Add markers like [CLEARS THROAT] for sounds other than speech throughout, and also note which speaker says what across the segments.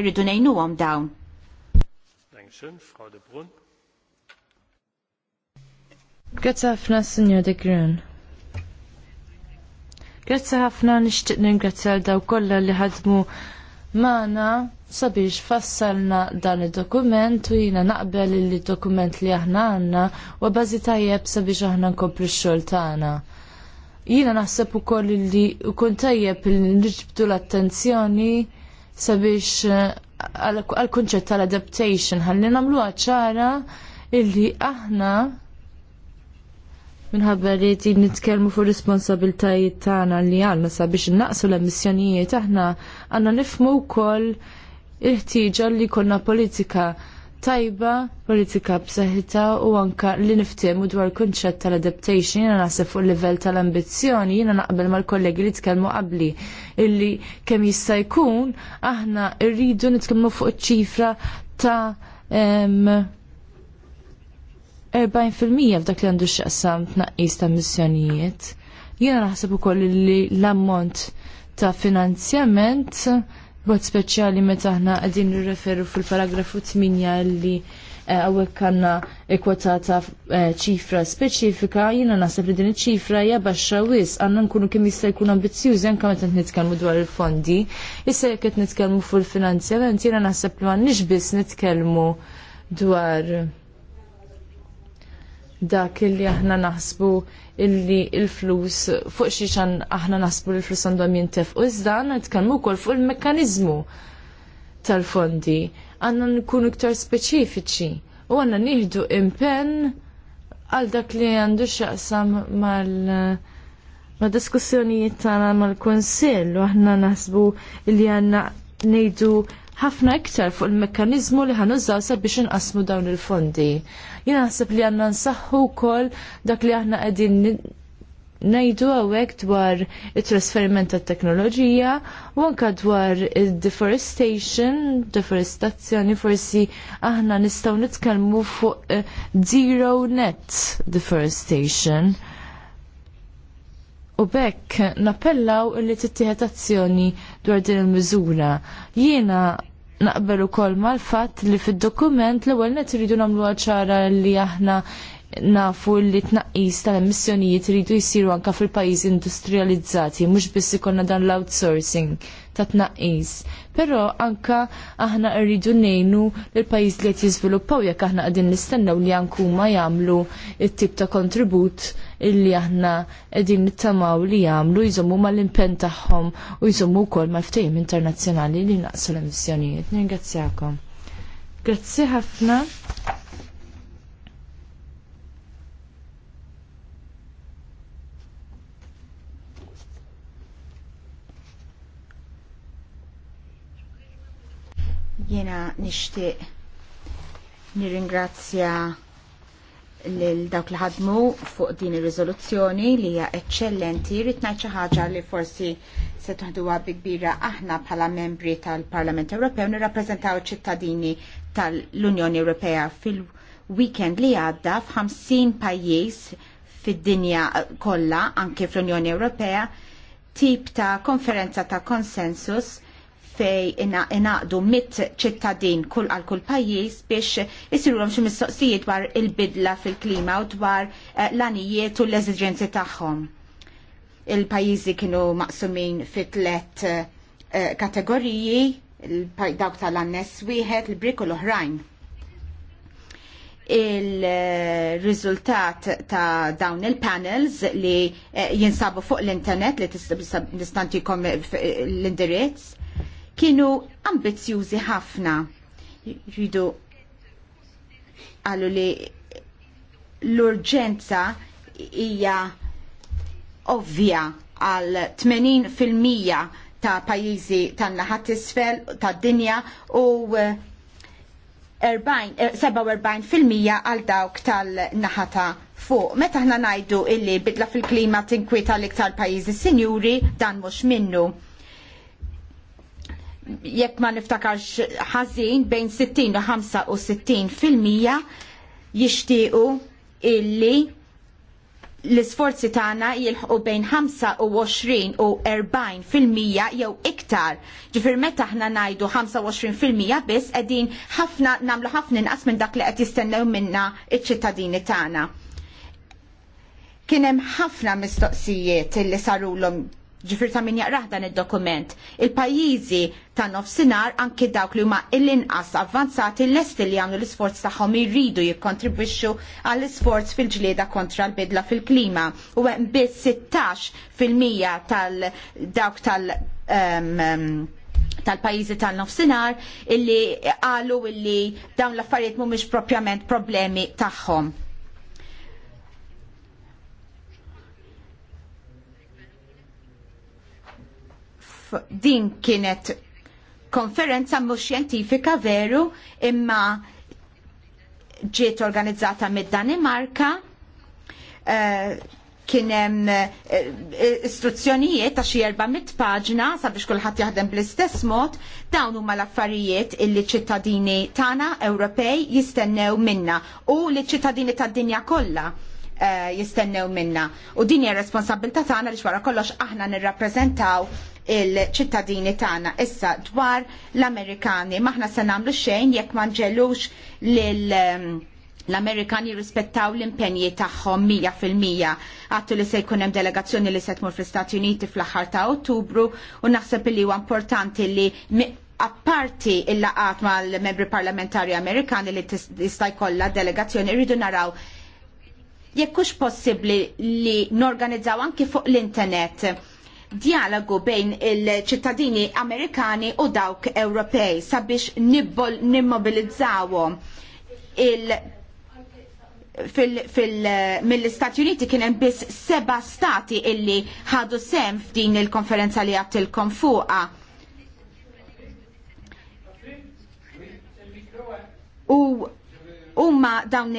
Speaker 1: irridu għom dawn. Grazie ħafna, Signor De Grun. Grazie ħafna nixtieq ningrazzja għal daw kollha li ħadmu mana sabiex fassalna dan id-dokument u jina naqbel li dokument li aħna għandna u bażi tajjeb sabiex aħna nkomplu x-xogħol tagħna jina naħseb u koll li kun tajjeb li nġibdu l-attenzjoni sabiex eh, għal-kunċett tal-adaptation ħalli namlu ċara illi aħna minħabba li ti nitkellmu fuq responsabiltajiet tagħna li għandna sabiex innaqsu l-emissjonijiet aħna għanna nifmu wkoll il ħtijġa li konna politika tajba, politika b'saħħitha u anka li niftehmu dwar kunċett tal-adaptation jiena naħseb fuq livell tal-ambizzjoni jiena naqbel mal-kollegi li tkellmu qabli illi kemm jista' jkun aħna rridu nitkellmu fuq iċ-ċifra ta' 40% f'dak li għandu x'aqsam tnaqqis ta' missjonijiet. Jiena naħseb ukoll li l-ammont ta' finanzjament Bot speċjali meta aħna qegħdin nirreferu fil-paragrafu 8 li għawek eh, għanna ekwatata eh, ċifra speċifika, jina nasab li din ċifra hija baxxa wis, għanna nkunu kemm jista' jkun ambizzjużi anke meta nitkellmu dwar il-fondi. Issa jekk qed nitkellmu fuq il-finanzjament, jiena naħseb li m'għandniex biss nitkellmu dwar dak li aħna naħsbu illi il-flus fuq xi xan aħna nasbu li l-flus għandhom jintefqu iżda għandna nitkellmu wkoll fuq il-mekkaniżmu tal-fondi. Għandna nkunu iktar speċifiċi u għandna nieħdu impenn għal dak li għandu x'jaqsam mal- ma diskussjonijiet tagħna mal-Kunsill u aħna naħsbu li għandna ngħidu ħafna iktar fuq il-mekkanizmu li ħanużaw sabiex inqasmu dawn il-fondi. Jina naħseb li għandna nsaħħu wkoll dak li aħna qegħdin najdu għawek dwar il-trasferiment ta' teknoloġija u anka dwar il-deforestation, deforestazzjoni forsi aħna nistaw nitkalmu fuq uh, zero net deforestation. U bekk nappellaw li tittieħed azzjoni dwar din il-miżura. Jiena naqbel ukoll mal-fatt li fid-dokument l-ewwel net iridu nagħmlu ċara li aħna nafu li tnaqqis tal-emissjonijiet iridu jsiru anke fil-pajjiżi industrializzati, mhux biss ikollna dan l-outsourcing ta' tnaqqis però anka aħna rridu nejnu lill pajjiż li qed jiżviluppaw jekk aħna qegħdin nistennew li anke huma jagħmlu it-tip ta' kontribut illi aħna qegħdin nittamaw li jagħmlu jżommu mal-impenn tagħhom u jżommu wkoll mal-ftehim internazzjonali li naqsu l-emissjonijiet. Ningrazzjakom. Grazzi ħafna.
Speaker 2: Jena nishtiq nirringrazzja lil dawk li ħadmu fuq din ir-riżoluzzjoni li hija eċċellenti, rrid ngħid xi ħaġa li forsi se toħduha bi kbira aħna bħala membri tal-Parlament Ewropew nirrappreżentaw ċittadini tal-Unjoni Ewropea fil-weekend li għadda f'50 pajjiż fid-dinja kollha anke fl-Unjoni Ewropea tip ta' konferenza ta' konsensus fej inaqdu mit ċittadin kull għal kull pajjiż biex għom xi mistoqsijiet dwar il-bidla fil-klima u dwar eh, l-anijiet u l-eżiġenzi tagħhom. Il-pajjiżi kienu maqsumin fit tlet eh, kategoriji, dawk tal-annes wieħed, il-brik u l-oħrajn il-rizultat ta' dawn il-panels li eh, jinsabu fuq l-internet li tistantikom l-indirizz kienu ambizjużi ħafna. Jridu għallu li l-urġenza hija ovvja għal 80% ta' pajjiżi tan-naħat isfel tad-dinja u 47% eh, eh, għal dawk tal-naħata fuq. Meta ħna najdu illi bidla fil-klima tinkwita l-iktar pajizi sinjuri dan mux minnu jekk ma niftakarx ħażin bejn 60 u 65 fil-mija jixtiequ illi l-isforzi tagħna jilħqu bejn 25 u 40 fil-mija jew iktar. Ġifir meta aħna ngħidu 25 fil-mija biss qegħdin ħafna nagħmlu ħafna inqas minn dak li qed jistennew minna iċ-ċittadini tagħna. Kien hemm ħafna mistoqsijiet li sarulhom ġifir ta' min jaqrah dan id-dokument. Il-pajjiżi ta' nofsinhar anki dawk li huma l-inqas avvanzati lest li jagħmlu l-isforz tagħhom jridu jikkontribwixxu għall isforz fil-ġlieda kontra l-bidla fil-klima. U hemm biss 16 fil-mija tal-dawk tal- tal-pajizi tal-nofsinar illi qalu illi dawn l-affarijiet mhumiex propjament problemi tagħhom. din kienet konferenza mhux xjentifika veru imma ġiet organizzata mid-Danimarka uh, kien hemm eh, istruzzjonijiet ta' xi 400 paġna sabiex kulħadd jaħdem bl-istess mod dawn huma l-affarijiet illi ċittadini tagħna Ewropej jistennew minna u li ċittadini tad-dinja kollha eh, jistennew minna. U din hija responsabilità tagħna li xwara kollox aħna nirrappreżentaw il-ċittadini tagħna issa dwar l-Amerikani. Maħna se nagħmlu xejn jekk ma nġellux lil ehm, l-Amerikani jirrispettaw l-impenji tagħhom mija fil-mija. Għattu li se jkun hemm delegazzjoni li se tmur fl-Istati Uniti fl-aħħar ta' Ottubru u naħseb li huwa importanti li apparti il-laqat mal-membri parlamentari Amerikani li tista' jkollha delegazzjoni rridu naraw jekkux possibbli li norganizzaw anki fuq l-internet dialogu bejn il-ċittadini Amerikani u dawk Ewropej sabiex nibbol nimmobilizzawhom il mill-Istati Uniti kien hemm biss seba' stati illi ħadu sem f'din il-konferenza li għattilkom fuqha. U huma dawn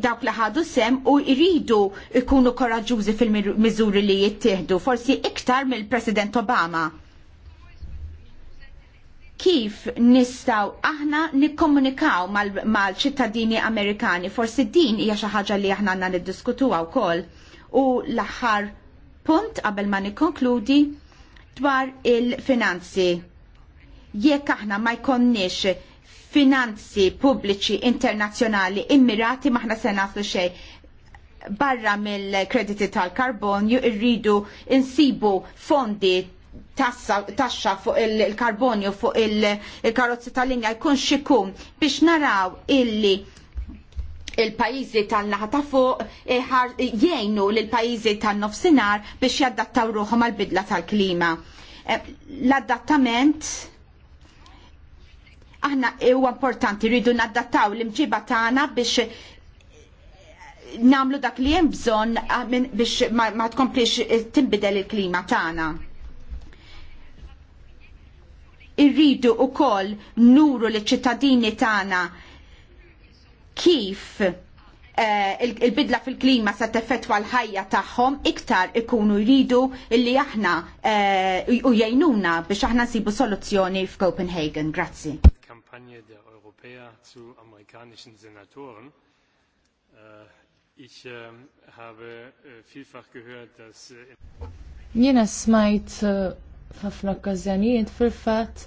Speaker 2: dawk li ħadu sem u jridu jkunu koraġużi fil-miżuri li jittieħdu, forsi iktar mill-President Obama. Kif nistaw aħna nikkomunikaw mal-ċittadini mal Amerikani, forsi din hija xi ħaġa li aħna għandna niddiskutuha wkoll. U l-aħħar punt qabel ma nikkonkludi dwar il-finanzi. Jekk aħna ma jkonniex finanzi pubbliċi internazzjonali immirati maħna se naslu xejn barra mill-krediti tal-karbonju irridu insibu fondi taxxa fuq il-karbonju fuq il-karozzi tal-linja jkun xikun biex naraw illi il-pajizi tal-naħa ta' fuq eh, jgħinu l-pajizi tal-nofsinar biex jaddattaw ruħom għal-bidla tal-klima. Eh, L-adattament Aħna huwa importanti rridu naddattaw l-imġiba tagħna biex namlu dak li hemm bżonn ah, biex ma, ma tkomplix tinbidel il-klima tagħna. Irridu wkoll nuru li ċittadini tagħna kif eh, il bidla fil klima se teffettwa l-ħajja tagħhom iktar ikunu jridu illi aħna eh, u jgħinuna biex aħna nsibu soluzzjoni f'Copenhagen. Grazzi. Kampagne der Europäer zu amerikanischen Senatoren. Äh,
Speaker 3: ich ähm, habe äh, vielfach gehört, dass. Äh,
Speaker 1: Jena smajt ħafna okkażjonijiet fil fat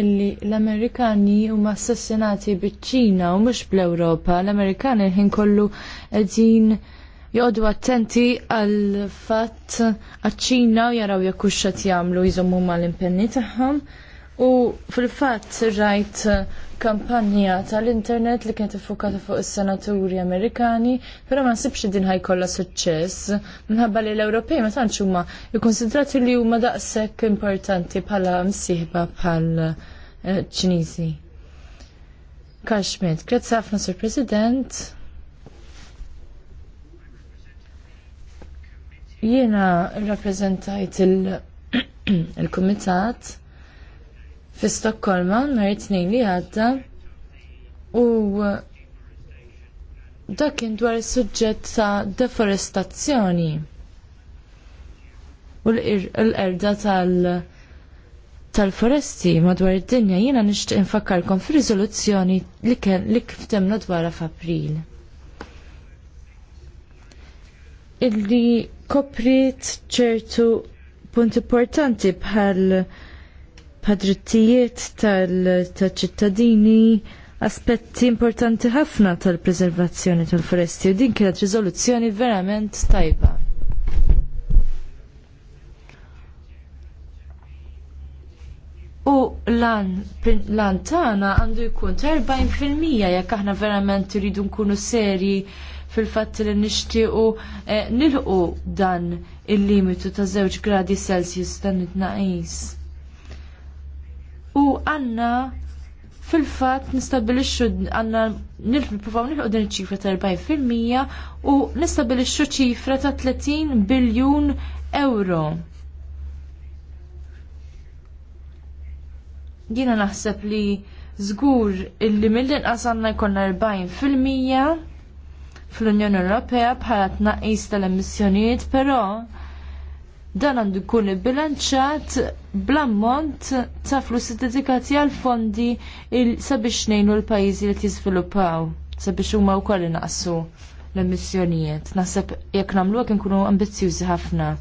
Speaker 1: illi l-Amerikani huma assassinati biċ-Ċina u mux bl europa L-Amerikani ħin kollu qegħdin joddu attenti għal fat għal ċina u jaraw jekk hux jizommu jagħmlu jżommu mal-impenni tagħhom. U fil-fatt rajt uh, kampanja tal-internet li kienet iffokata fuq is-senaturi Amerikani, però ma nsibx din ħaj kollha suċċess minħabba li l-Ewropej ma tantx huma jikkonsidrati li huma daqshekk importanti bħala msieħba bħal uh, Ċiniżi. Schmidt, grazzi ħafna Sur President. Jiena rrappreżentajt [CLEARS THROAT] il-Kumitat fi Stokkolma nhar it-tnejn li għadda u dak kien dwar is-suġġett ta' deforestazzjoni u l-erda tal- tal-foresti madwar id-dinja jiena nixtieq infakkarkom fir-riżoluzzjoni li kien li kif temna dwarha f'April. Illi koprit ċertu punt importanti bħal padrittijiet tal-ċittadini aspetti importanti ħafna tal-preservazzjoni tal-foresti u din kienet riżoluzzjoni verament tajba. U lan, lan tana għandu jkun ta' 40% jekk aħna verament rridu nkunu serji fil-fatt li nixtiequ eh, nilqu dan il-limitu ta' 0 gradi Celsius dan it-naqis u għanna fil-fat nistabilixxu għanna nil-provaw nilħu din iċ-ċifra ta' 40% u nistabilixxu ċifra ta' 30 biljun euro. Jiena naħseb li żgur illi mill-inqas għandna jkollna 40% fil-Unjoni Ewropea bħala tnaqqis tal-emissjonijiet, però dan għandu jkun bilanċat bl-ammont ta' flus dedikati għal fondi sabiex nejnu l-pajjiżi li t-jizviluppaw sabiex huma wkoll naqsu l-emissjonijiet. Nasab jekk nagħmlu hekk inkunu ambizzjużi ħafna.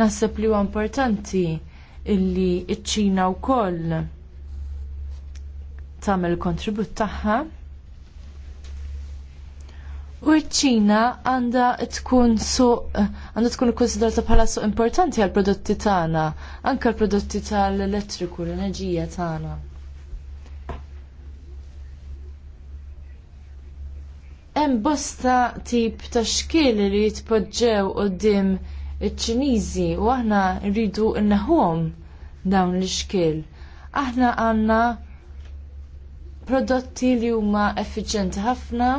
Speaker 1: Naħseb li huwa importanti illi iċ ċina wkoll tagħmel kontribut tagħha U ċ-Ċina għandha tkun suq eh, għandha tkun ikkonsidrata bħala suq importanti għall prodotti tagħna, anke l-prodotti tal-elettriku, l-enerġija tagħna. Hemm bosta tip ta' xkieli li jitpoġġew quddiem iċ-Ċiniżi u aħna rridu nneħuhom dawn l ixkiel Aħna għandna prodotti li huma effiċjenti ħafna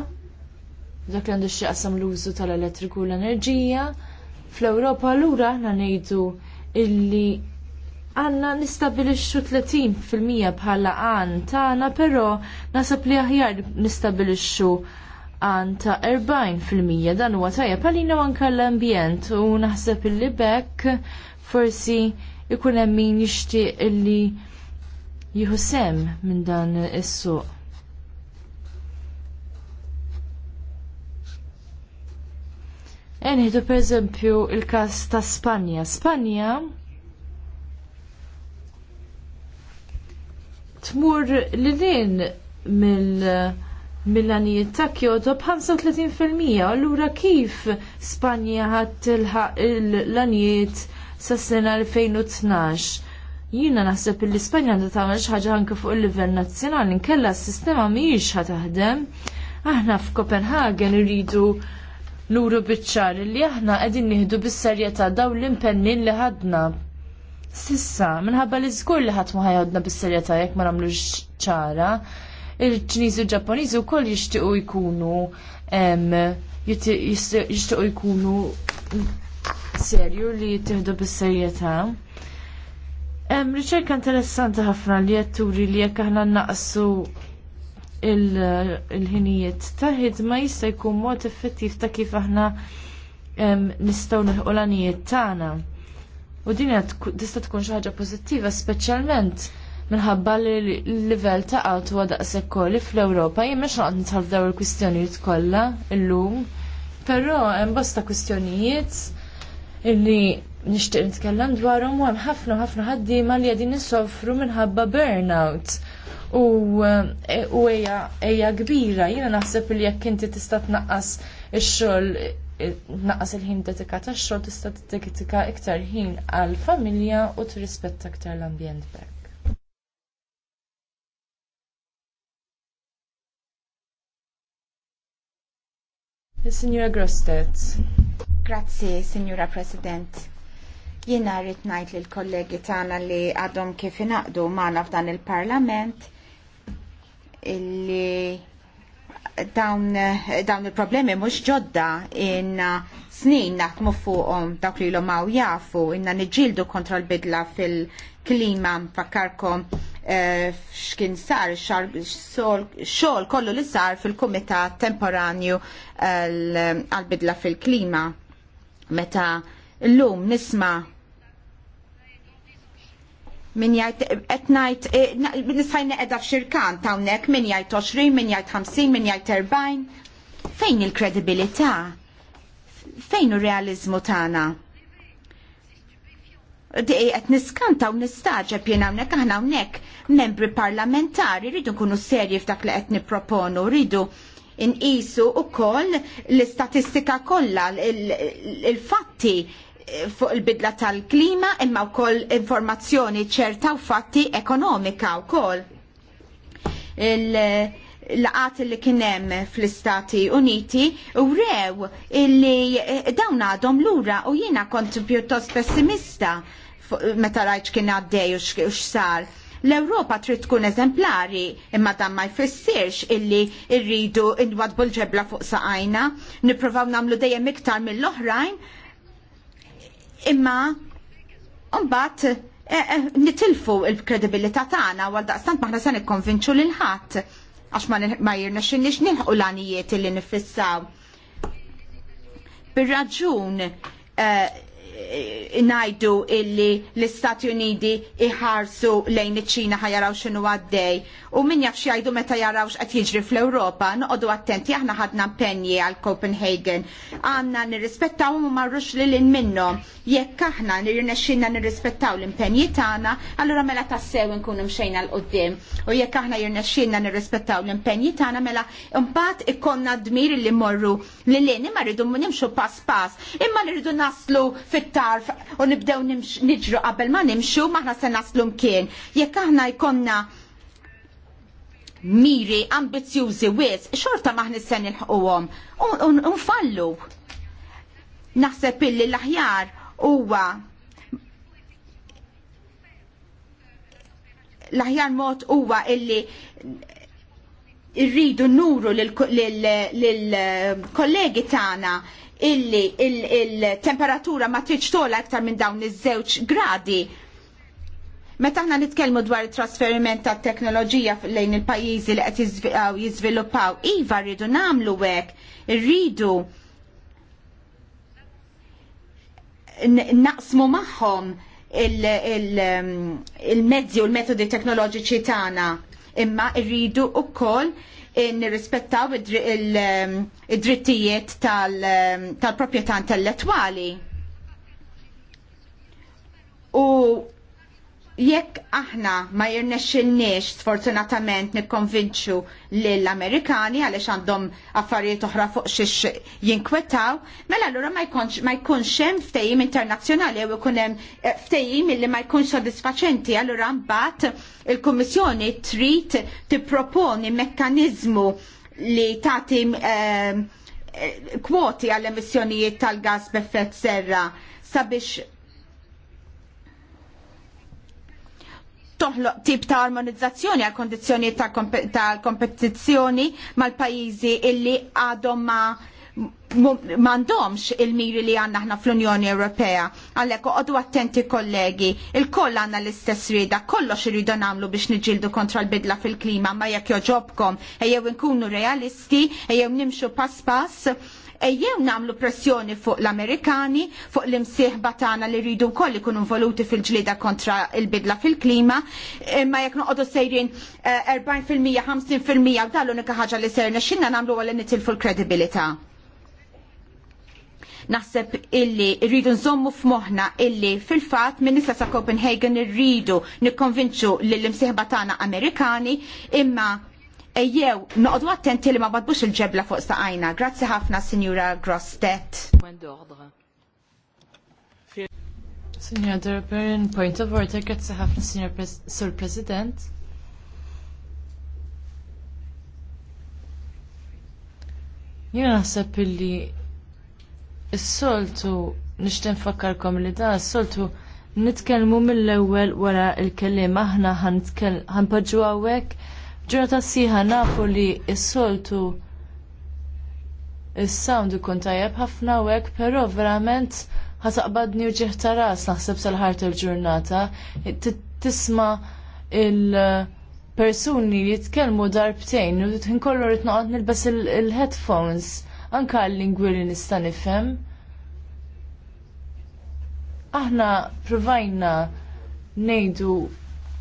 Speaker 1: dak li għandu x'jaqsam l-użu tal-elettriku l-enerġija. Fl-Ewropa ura aħna ngħidu illi għanna nistabilixxu 30% bħala għan tagħna però nasab li aħjar nistabilixxu għan ta' 40% dan huwa tajjeb għalina anke l-ambjent u naħseb illi bekk forsi ikun hemm min jixtieq illi jieħu sem minn dan is-suq. Enħidu per eżempju il-kas ta' Spanja. Spanja tmur lilin mill- mill-għanijiet ta' Kyoto b'35% allura kif Spanja ħadd tilħaq l-għanijiet sas sena 2012. Jiena naħseb li Spanja għandha tagħmel xi ħaġa anke fuq il-livell nazzjonali inkella s-sistema mhijiex ħa taħdem. Aħna f'Kopenhagen irridu nuru bitċar li aħna qegħdin nieħdu bis-serjetà dawn l-impenni li ħadna. Sissa, minħabba li żgur li ħadd ma ħajħodna bis-serjetà jekk ma nagħmlux ċara, il-Ċiniżi u l-Ġapponiżi wkoll jixtiequ jkunu jixtiequ jkunu serju li jittihdu bis-serjetà. Hemm riċerka interessanti ħafna li qed turi li jekk aħna naqsu il-ħinijiet ta' ħidma jista' jkun mod effettiv ta' kif aħna nistgħu nilħu l-għanijiet tagħna. U din tista' tkun xi ħaġa pożittiva speċjalment minħabba li l-livell ta' qatt huwa daqshekk kolli fl-Ewropa jien mhux noqgħod nitħallef il-kwistjonijiet kollha illum, però hemm bosta kwistjonijiet illi nixtieq nitkellem dwarhom u hemm ħafna ħafna ħaddiema li qegħdin isofru minħabba burnout Eh, u eja kbira. Jiena naħseb li jekk inti tista' tnaqqas ix-xogħol eh, naqqas il-ħin dedikat għax-xogħol tista' tiddedika iktar ħin għall familja u tirrispetta aktar l-ambjent bekk. Signora
Speaker 2: Grostet. Grazie, Signora President. Jiena rrit ngħid lill kollegi tagħna li għadhom kif inaqdu magħna f'dan il-Parlament illi dawn, dawn il-problemi mhux ġodda in snin naħdmu fuqhom dawk li l għaw jafu inna niġġieldu kontra l-bidla fil-klima fakkarkom xkin eh, x'kien sar xogħol kollu li sar fil-kumitat temporanju eh, għall-bidla fil-klima meta llum nisma' min jajt etnajt nisajna edha f'xirkan tawnek min jajt 20, min jajt 50, min jajt 40 fejn il-kredibilità fejn u realizmu tana di qed niskanta u nistaġeb jien hawnhekk aħna hawnhekk membri parlamentari rridu nkunu serji f'dak li qed nipproponu rridu inqisu koll l-istatistika kollha il-fatti il fuq il-bidla tal-klima imma wkoll informazzjoni ċerta u fatti ekonomika wkoll. Il- laqat li kienem fl-Istati Uniti u rew illi dawn għadhom lura u jina kont pjuttost pessimista meta rajt kien għaddej u x'sar. L-Ewropa trid tkun eżemplari imma dan ma jfissirx illi rridu inwadbu l-ġebla fuq saqajna, nippruvaw nagħmlu dejjem iktar mill-oħrajn imma mbagħad e, e, nitilfu il-kredibilità tagħna għal daqstant maħna se nikkonvinċu lil ħadd għax ma jirnexxinniex nilħu l-għanijiet li nifissaw. Bir-raġun e, ngħidu illi l-Istati Uniti iħarsu lejn iċ-Ċina ħajaraw x'inhu għaddej u min jaf jgħidu meta jarawx qed jiġri fl-Ewropa noqogħdu attenti aħna ħadna penji għal Copenhagen. Għandna nirrispettaw u marrux lil minnhom. Jekk aħna nirnexxinna nirrispettaw l-impenji tagħna, allura mela tassew nkunu mxejn għal qudiem U jekk aħna jirnexxinna nirrispettaw l-impenji tagħna mela mbagħad ikkonna dmir li morru lil ma rridu nimxu pass pass, imma nirridu naslu fit tarf u nibdew niġru qabel ma nimxu maħna se naslu mkien. Jekk aħna jkonna miri ambizjużi wis, xorta maħni se nilħquhom u nfallu. Naħseb illi l-aħjar huwa l-aħjar mod huwa illi irridu nuru lill-kollegi eh, tagħna illi il-temperatura ma tridx tola aktar minn dawn iż-żewġ gradi. Meta aħna nitkellmu dwar it trasferiment tat teknoloġija lejn il-pajjiżi li qed jiżviluppaw, iva rridu nagħmlu hekk, irridu naqsmu magħhom mm, il-mezzi u l-metodi teknoloġiċi tagħna imma u wkoll eh, nirrispettaw ehm, id-drittijiet ehm, tal-proprjetà intellettwali. U jekk aħna ma jirnexxilniex sfortunatament nikkonvinċu lill-Amerikani għaliex għandhom affarijiet oħra fuq xiex jinkwetaw, mela allura ma jkunx hemm ftehim internazzjonali jew ikun hemm eh, ftehim illi ma jkunx sodisfaċenti, allura mbagħad il-Kummissjoni trid tipproponi mekkaniżmu li tagħti eh, eh, kwoti għall-emissjonijiet tal-gas b'effett serra sabiex toħloq tip ta' armonizzazzjoni għal kondizzjoni tal-kompetizzjoni mal-pajjiżi illi għadhom ma mandomx il-miri li għanna ħna fl-Unjoni Ewropea. Għallek, għodu attenti kollegi, il-koll għanna l-istess rida, kollox irridu namlu biex nġildu kontra l-bidla fil-klima, ma jekk joġobkom, ejjew nkunu realisti, ejjew nimxu pass pass, ejjew namlu pressjoni fuq l-Amerikani, fuq l-imsieħba tagħna li rridu wkoll ikunu involuti fil-ġlieda kontra il-bidla fil-klima, imma jekk noqogħdu sejrin 40%, eh, 50% u dan l-unika ħaġa li serna xinna nagħmlu għal nitilfu l-kredibilità. Naħseb illi rridu nżommu f'moħħna illi fil-fatt min nisa sa' Copenhagen irridu nikkonvinċu lill-imsieħba tagħna Amerikani imma ejjew noqdu attenti li ma badbux il-ġebla fuq staqajna. Grazzi ħafna, Signora
Speaker 1: Grostet. Signora Durban, point of order, grazzi ħafna, Signor Sur President. Jena naħseb illi s-soltu nishtin fakkarkom li da s-soltu nitkelmu mill-ewel wara il-kellim aħna ħanpoġġu għawek Ġurnata siħa nafu li s-soltu is-sound ikun tajjeb ħafna u hekk, però verament ħataqbadni u ġieħ ta' ras naħseb sal-ħart il-ġurnata. Tisma' il-persuni li jitkellmu darbtejn u tinkollu rid noqgħod nilbes il-headphones anka l-lingwi li nista' nifhem aħna provajna ngħidu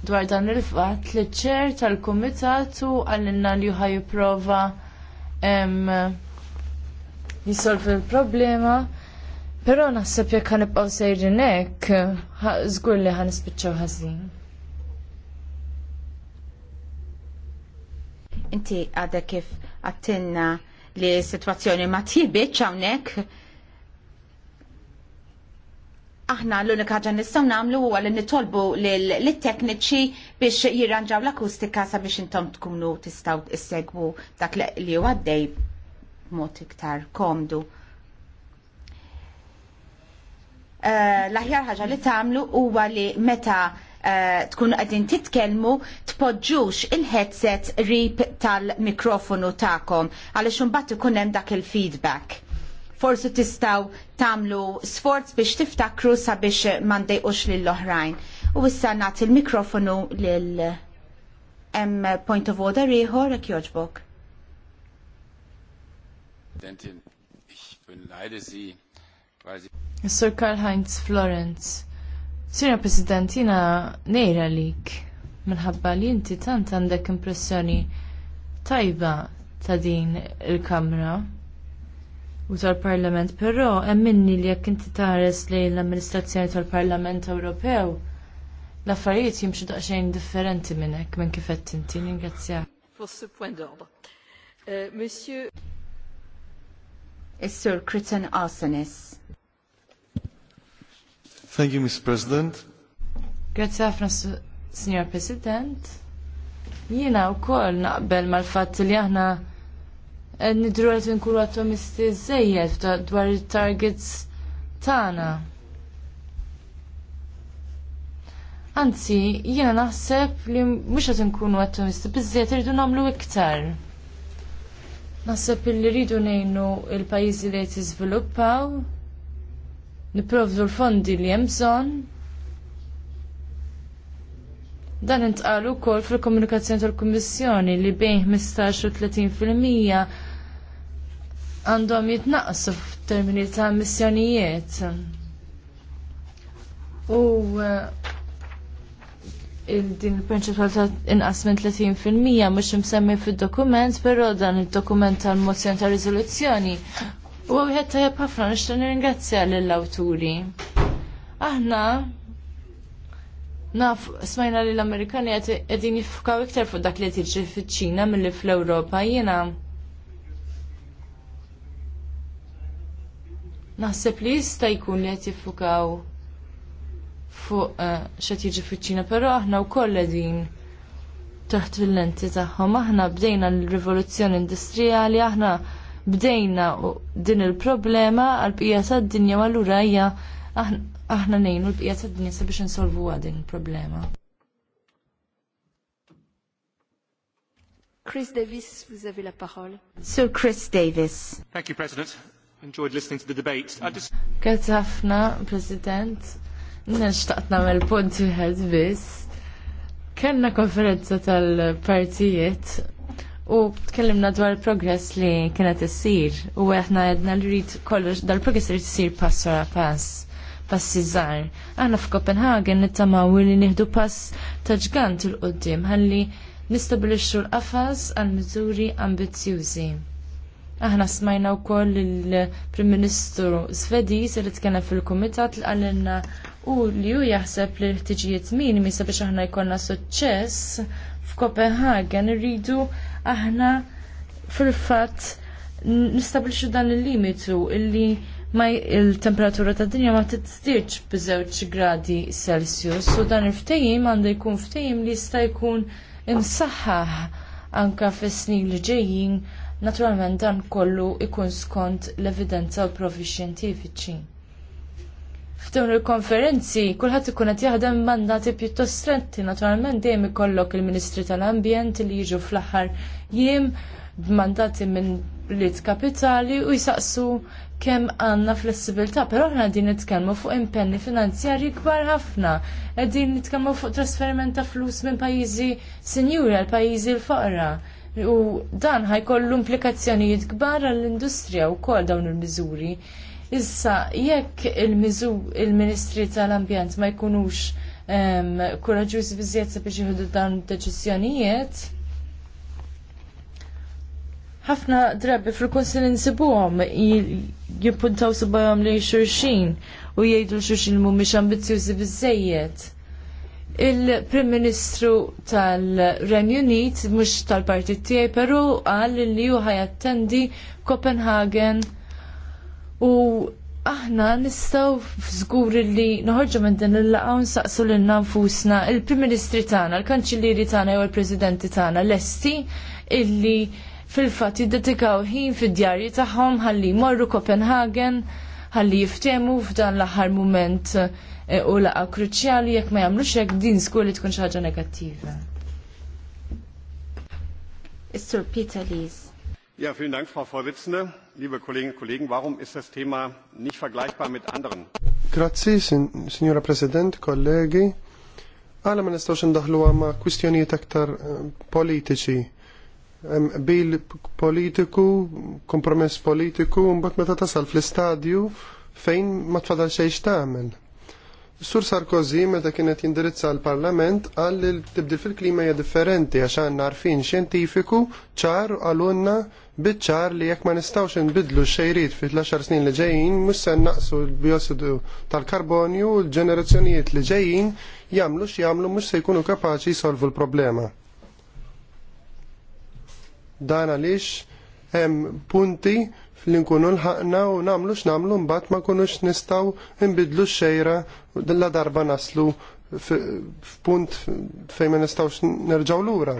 Speaker 1: dwar dan il-fatt li ċer tal kumitatu għal għallinna li juħaj jipprova jisolvi l-problema. Però naħseb jekk għan sejrin sejrinek, żgur li ispicċaw ħażin.
Speaker 2: Inti għadha kif għattinna li situazzjoni ma tjibieċ hawnhekk aħna l-unika ħaġa nistgħu nagħmlu huwa li nitolbu lit-tekniċi biex jirranġaw l-akustika sabiex intom tkunu tistgħu issegwu dak li huwa għaddej b'mod iktar komdu. Eh, l-aħjar ħaġa li tagħmlu huwa li meta eh, tkun qegħdin titkelmu tpoġġux il-headset rip tal-mikrofonu ta'kom għalix un ikun hemm dak il-feedback forsi tistaw tamlu sforz biex tiftakru sabiex mandejqux lill-oħrajn. U issa nagħti il-mikrofonu lil hemm point of order
Speaker 1: ieħor jekk jogħġbok. Sur Karl Heinz Florence, Sira President, jina nejra lik, minħabba li inti tant għandek impressjoni tajba ta' din il-kamra u tal-Parlament, però hemm minni li jekk inti tares lejn l-amministrazzjoni tal-Parlament Ewropew, l-affarijiet jimxu daqsxejn differenti minn hekk minn kif qed inti ningrazzjak.
Speaker 2: Euh, monsieur
Speaker 1: Arsenis.
Speaker 3: Thank you, Mr. President.
Speaker 1: Grazie ħafna, Signor President. Jiena wkoll naqbel mal-fatt li aħna nidru għet nkunu attomisti zzejjed dwar il-targets tagħna. Anzi, jiena naħseb li mhux qed nkunu attomisti bizzejed rridu nagħmlu iktar. Naħseb li rridu ngħinu il-pajjiżi li qed izviluppaw nipprovdu l-fondi li hemm bżonn. Dan intqalu wkoll fil-komunikazzjoni tal-Kummissjoni li bejn 15 u 30 fil-mija għandhom jitnaqqsu f'termini ta' missjonijiet. U eh, din il-prinċipal ta' inqas minn 30% mhux msemmi fid-dokument, però dan id-dokument tal-mozzjoni ta' riżoluzzjoni u wieħed tajjeb ħafna nixtieq nirringrazzja lill-awturi. Aħna naf smajna li l-Amerikani qegħdin jiffukaw iktar fuq dak li tiġri fiċ-Ċina milli fl-Ewropa jiena naħseb li jista' jkun qed jiffukaw fuq eh, xed jiġi fuċċina, ċina però aħna wkoll qegħdin taħt fil-lenti tagħhom aħna bdejna l-rivoluzzjoni industrijali, aħna bdejna din il-problema għal-bqija tad-dinja u allura hija aħna nejnu l-bqija tad-dinja sabiex insolvuha din il-problema. Chris Davis, vous avez la parole.
Speaker 2: Sir Chris Davis. Thank you,
Speaker 1: President enjoyed listening to the debate. Grazzi ħafna, President. Nixtaqt nagħmel punt wieħed biss. Kellna konferenza tal-partijiet U tkellimna dwar progress li kienet issir u aħna għedna li rid kollox dal-progress rrid sir pass wara pass pass iżgħar. Aħna f'Kopenhagen nittamaw li nieħdu pass ta' ġgant il qudiem ħalli nistabilixxu l-qafas għal miżuri ambizzjużi. Aħna smajna wkoll il-Prim Ministru se li tkellem fil-Kumitat li qalilna u li hu jaħseb li l-ħtiġijiet minimi sabiex aħna jkollna suċċess f'Kopenhagen irridu aħna fil-fatt nistabliċu dan il-limitu illi ma il-temperatura tad dinja ma titstirċ b'żewġ gradi Celsius u dan il-ftehim għandu jkun ftejim li jista' jkun imsaħħaħ anka fis-snin li ġejjin Naturalment dan kollu ikun skont l-evidenza u provi xjentifiċi. F'dawn il-konferenzi kulħadd ikun qed jaħdem mandati pjuttost stretti, naturalment dejjem ikollok il-Ministri tal-Ambjent li jiġu fl-aħħar jiem b'mandati minn bliet kapitali u jisaqsu kemm għandna flessibilità, però aħna qegħdin nitkellmu fuq impenni finanzjarji kbar ħafna. Qegħdin nitkellmu fuq trasferiment ta' flus minn pajjiżi sinjuri għal pajjiżi l faqra U dan ħajkollu implikazzjonijiet kbar għall-industrija wkoll dawn il-miżuri. Issa, jekk il-Ministri il tal-Ambjent ma jkunux um, kuraġuż biżjed biex jieħdu dan deċiżjonijiet, ħafna drabi fil-konsil insibuhom jippuntaw għom li xulxin u jgħidu l mu mhumiex ambizzjużi biżejjed il-Prim Ministru tal-Renju Unit, mhux tal-partit tiegħi, però qal li hu ħajattendi Copenhagen u aħna nistgħu żgur li noħorġu minn din il-laqgħa nsaqsu lil nfusna il-Prim Ministri tagħna, il-Kanċillieri tagħna jew il-Presidenti tagħna lesti illi fil-fatt jiddedikaw ħin fid-djarji tagħhom ħalli jmorru Copenhagen ħalli jiftemu f'dan l-aħħar mument E, u laqa kruċjali jekk ma jagħmlux hekk din skur li tkun xi ħaġa negattiva. Is-Sur Peter Lees.
Speaker 3: Ja, vielen Dank, Frau Vorsitzende. Liebe Kolleginnen und Kollegen, warum ist das Thema nicht vergleichbar mit anderen? Grazie, signora President, kollegi. Għala ma nistawx ndaħlu ma kwistjonijiet aktar eh, politiċi. Bil politiku, kompromess politiku, mbagħad meta tasal fl-istadju fejn ma tfadal xejn tagħmel. Sur Sarkozy, meta kienet jindirizza l-Parlament, għal li tibdil fil-klima hija differenti għax għandna xjentifiku ċar għalunna biċ-ċar li jekk ma nistgħux nbidlu x-xejrid fit-10 snin li ġejjin, mhux se naqsu l-biossidu tal-karbonju u l-ġenerazzjonijiet li ġejjin jagħmlu x'jagħmlu mhux se jkunu kapaċi jsolvu l-problema. Dan għaliex hemm punti li nkunu l-ħakna u namlu x-namlu mbagħad ma kunux nistgħu imbidlu x-xejra dilla darba naslu f'punt fejn ma nistgħux l lura.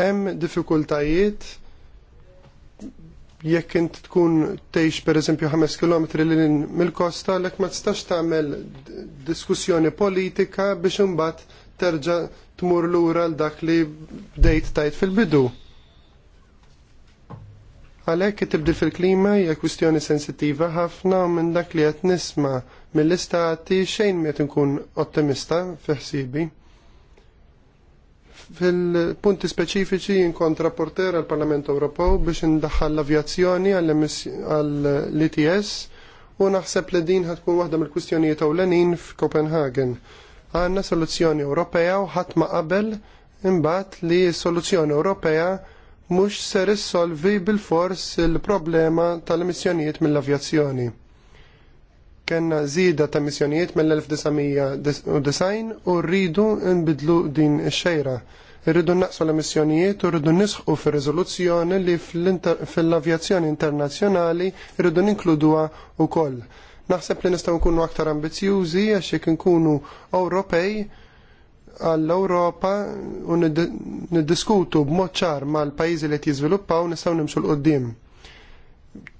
Speaker 3: Hemm diffikultajiet jekk int tkun tgħix pereżempju 5 km lil mill-kosta lek ma tistax tagħmel diskussjoni politika biex imbagħad terġa' tmur lura l dak li bdejt tajt fil-bidu għalhekk tibdil fil-klima hija kwistjoni sensittiva ħafna minn dak li qed nisma mill-istati xejn qed inkun ottimista fi ħsibi. Fil-punti speċifiċi inkontra porter għal Parlament Ewropew biex indaħħal l-avjazzjoni għall-ITS u naħseb li din ħatkun waħda mill-kwistjonijiet ewlenin f'Copenhagen. Għandna soluzzjoni Ewropea u ħadd ma qabel imbagħad li s-soluzzjoni Ewropea mhux ser issolvi bil-fors il-problema tal-emissjonijiet mill-avjazzjoni. Kenna zida ta' emissjonijiet mill-1990 u rridu nbidlu din ix-xejra. Rridu naqsu l-emissjonijiet u rridu nisħu fir-riżoluzzjoni li fil-avjazzjoni internazzjonali rridu u wkoll. Naħseb li nistgħu nkunu aktar ambizjużi għax jekk nkunu Ewropej għall-Ewropa u niddiskutu b'mod ċar mal-pajjiżi li qed jiżviluppaw nistgħu nimxu l qudiem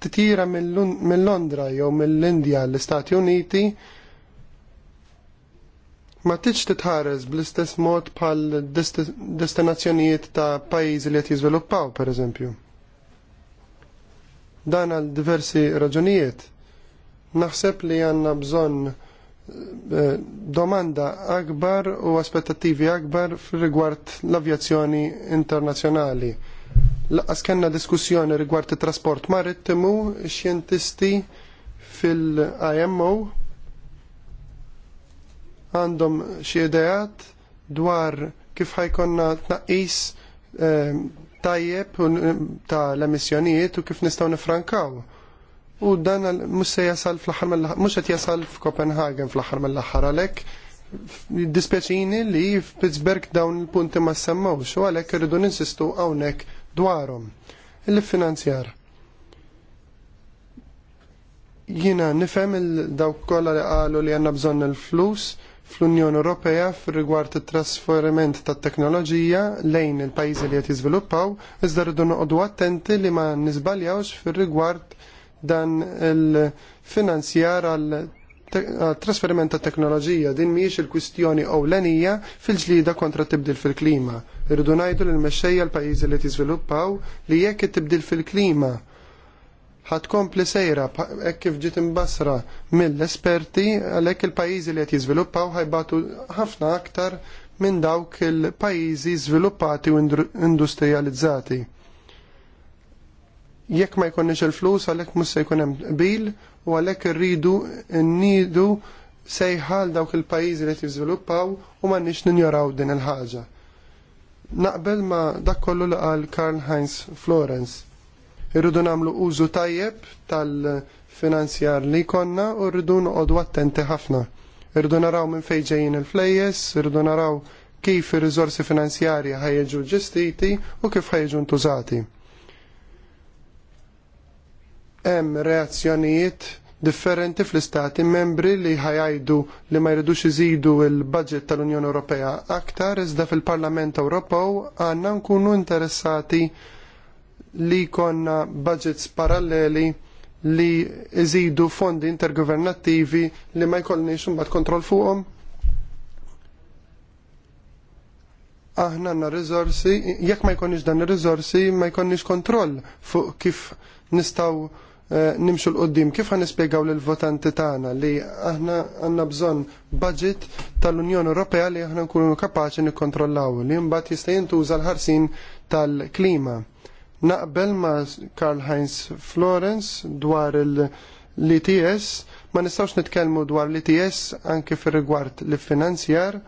Speaker 3: Titira mill-Londra jew mill-Indja l-Istati Uniti ma tiġ titħares bl-istess mod bħal destinazzjonijiet ta' pajjiżi li qed jiżviluppaw pereżempju. Dan għal diversi raġunijiet. Naħseb li għandna bżonn Eh, domanda akbar u aspettattivi akbar rigward l-avjazzjoni internazzjonali. Laqqas kellna diskussjoni rigward it-trasport marittimu, xjentisti fil-IMO għandhom xi ideat dwar kif ħajkonna tnaqqis eh, tajjeb ta' l-emissjonijiet u kif nistgħu nifrankaw u dan mhux se jasal fl-aħħar mill mhux qed jasal f'Kopenhagen fl-aħħar mill-aħħar għalhekk dispjaċini li f'Pittsburgh dawn il-punti ma semmawx u għalhekk irridu ninsistu hawnhekk dwarhom. Il-finanzjar. Jiena nifhem il-dawk kollha li qalu li għandna bżonn il-flus fl-Unjoni Ewropea fir-rigward it-trasferiment tat-teknoloġija lejn il-pajjiżi li qed jiżviluppaw, iżda rridu noqogħdu attenti li ma nisbaljawx fir-rigward dan il-finanzjar għal trasferiment ta' teknoloġija din mhijiex il-kwistjoni ewlenija fil-ġlida kontra tibdil fil-klima. Irridu ngħidu lil mexxejja l-pajjiżi li tiżviluppaw li jekk it-tibdil fil-klima kompli sejra hekk kif ġiet imbasra mill-esperti għalhekk il-pajjiżi li qed jiżviluppaw ħajbatu ħafna aktar minn dawk il-pajjiżi żviluppati u industrializzati jekk ma jkunniex il-flus għalhekk mhux se jkun hemm bil u għalhekk irridu nnidu sejħal dawk il-pajjiżi li jiżviluppaw u m'għandniex ninjoraw din il-ħaġa. Naqbel ma dak kollu li qal Karl Heinz Florence. Irridu nagħmlu użu tajjeb tal-finanzjar li konna u rridu noqogħdu attenti ħafna. Irridu naraw minn fejn ġejjin il-flejjes, irridu naraw kif ir-riżorsi finanzjarji ħajjeġu ġestiti u kif ħajġu ntużati hemm reazzjonijiet differenti fl-istati membri li ħajajdu li ma jridux iżidu il-budget tal-Unjoni Ewropea aktar iżda fil-Parlament Ewropew għandna nkunu interessati li konna budgets paralleli li iżidu fondi intergovernattivi li ma jkollniex imbagħad kontroll fuqhom. Aħna għandna riżorsi, jekk ma jkollniex dan ir-riżorsi ma jkollniex kontroll fuq kif nistgħu Eh, nimxu l-qoddim, kif għan nispiegaw l-votanti tagħna li aħna għanna bżon budget tal-Unjoni Ewropea li aħna nkunu kapaċi nikkontrollaw li mbagħad jista' jintuża l-ħarsin tal-klima. Naqbel ma' Karl Heinz Florence dwar l-ITS, ma nistawx nitkellmu dwar l-ITS anke fir-rigward l-finanzjar.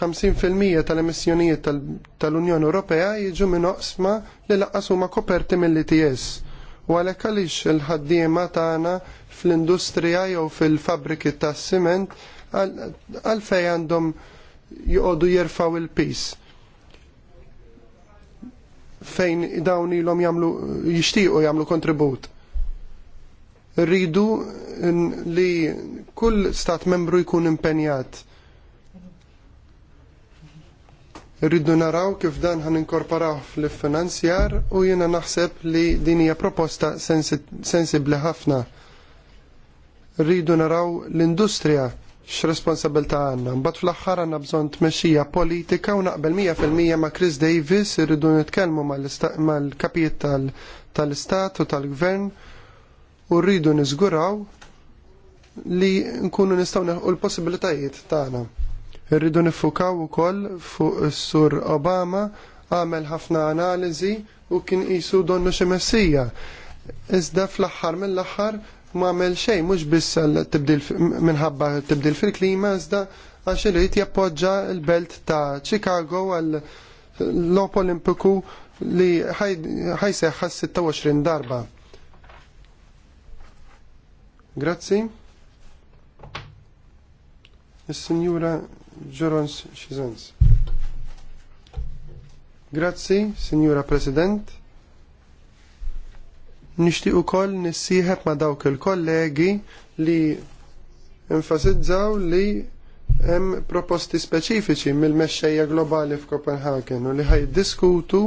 Speaker 3: 50% tal-emissjonijiet tal-Unjoni Ewropea jiġu minn oqsma li laqqas huma koperti mill-ITS u għalhekk għaliex il-ħaddiema tagħna fl-industrija jew fil-fabriki tas-siment għalfej għandhom joqogħdu jerfaw il-pis fejn dawn ilhom jagħmlu jixtiequ jagħmlu kontribut. Rridu li kull stat membru jkun impenjat Rridu naraw kif dan ħan inkorporaw fil-finanzjar u jiena naħseb li din hija proposta sensibbli ħafna. Rridu naraw l-industrija x-responsabilta għandna. Mbagħad fl-aħħar għandna bżonn tmexxija politika u naqbel 100% ma' Chris Davis irridu nitkellmu mal-kapijiet tal-istat u tal-gvern u rridu niżguraw li nkunu nistgħu l possibilitajiet tagħna. Irridu nifukaw ukoll fuq is-sur Obama għamel ħafna analiżi u kien qisu donnu xi messija. Iżda fl-aħħar mill-aħħar ma għamel xejn mhux biss minħabba tibdil fil-klima iżda għax irid jappoġġa l-belt ta' Chicago għal l-op Olimpiku li ħajseħħa 26 darba. Grazzi. Il sinjura Ġurons Xizons. Grazzi, Signora President. u ukoll nissiħet ma' dawk il-kollegi li enfasizzaw li hemm proposti speċifiċi mill-mexxejja globali f'Copenhagen u li ħajdiskutu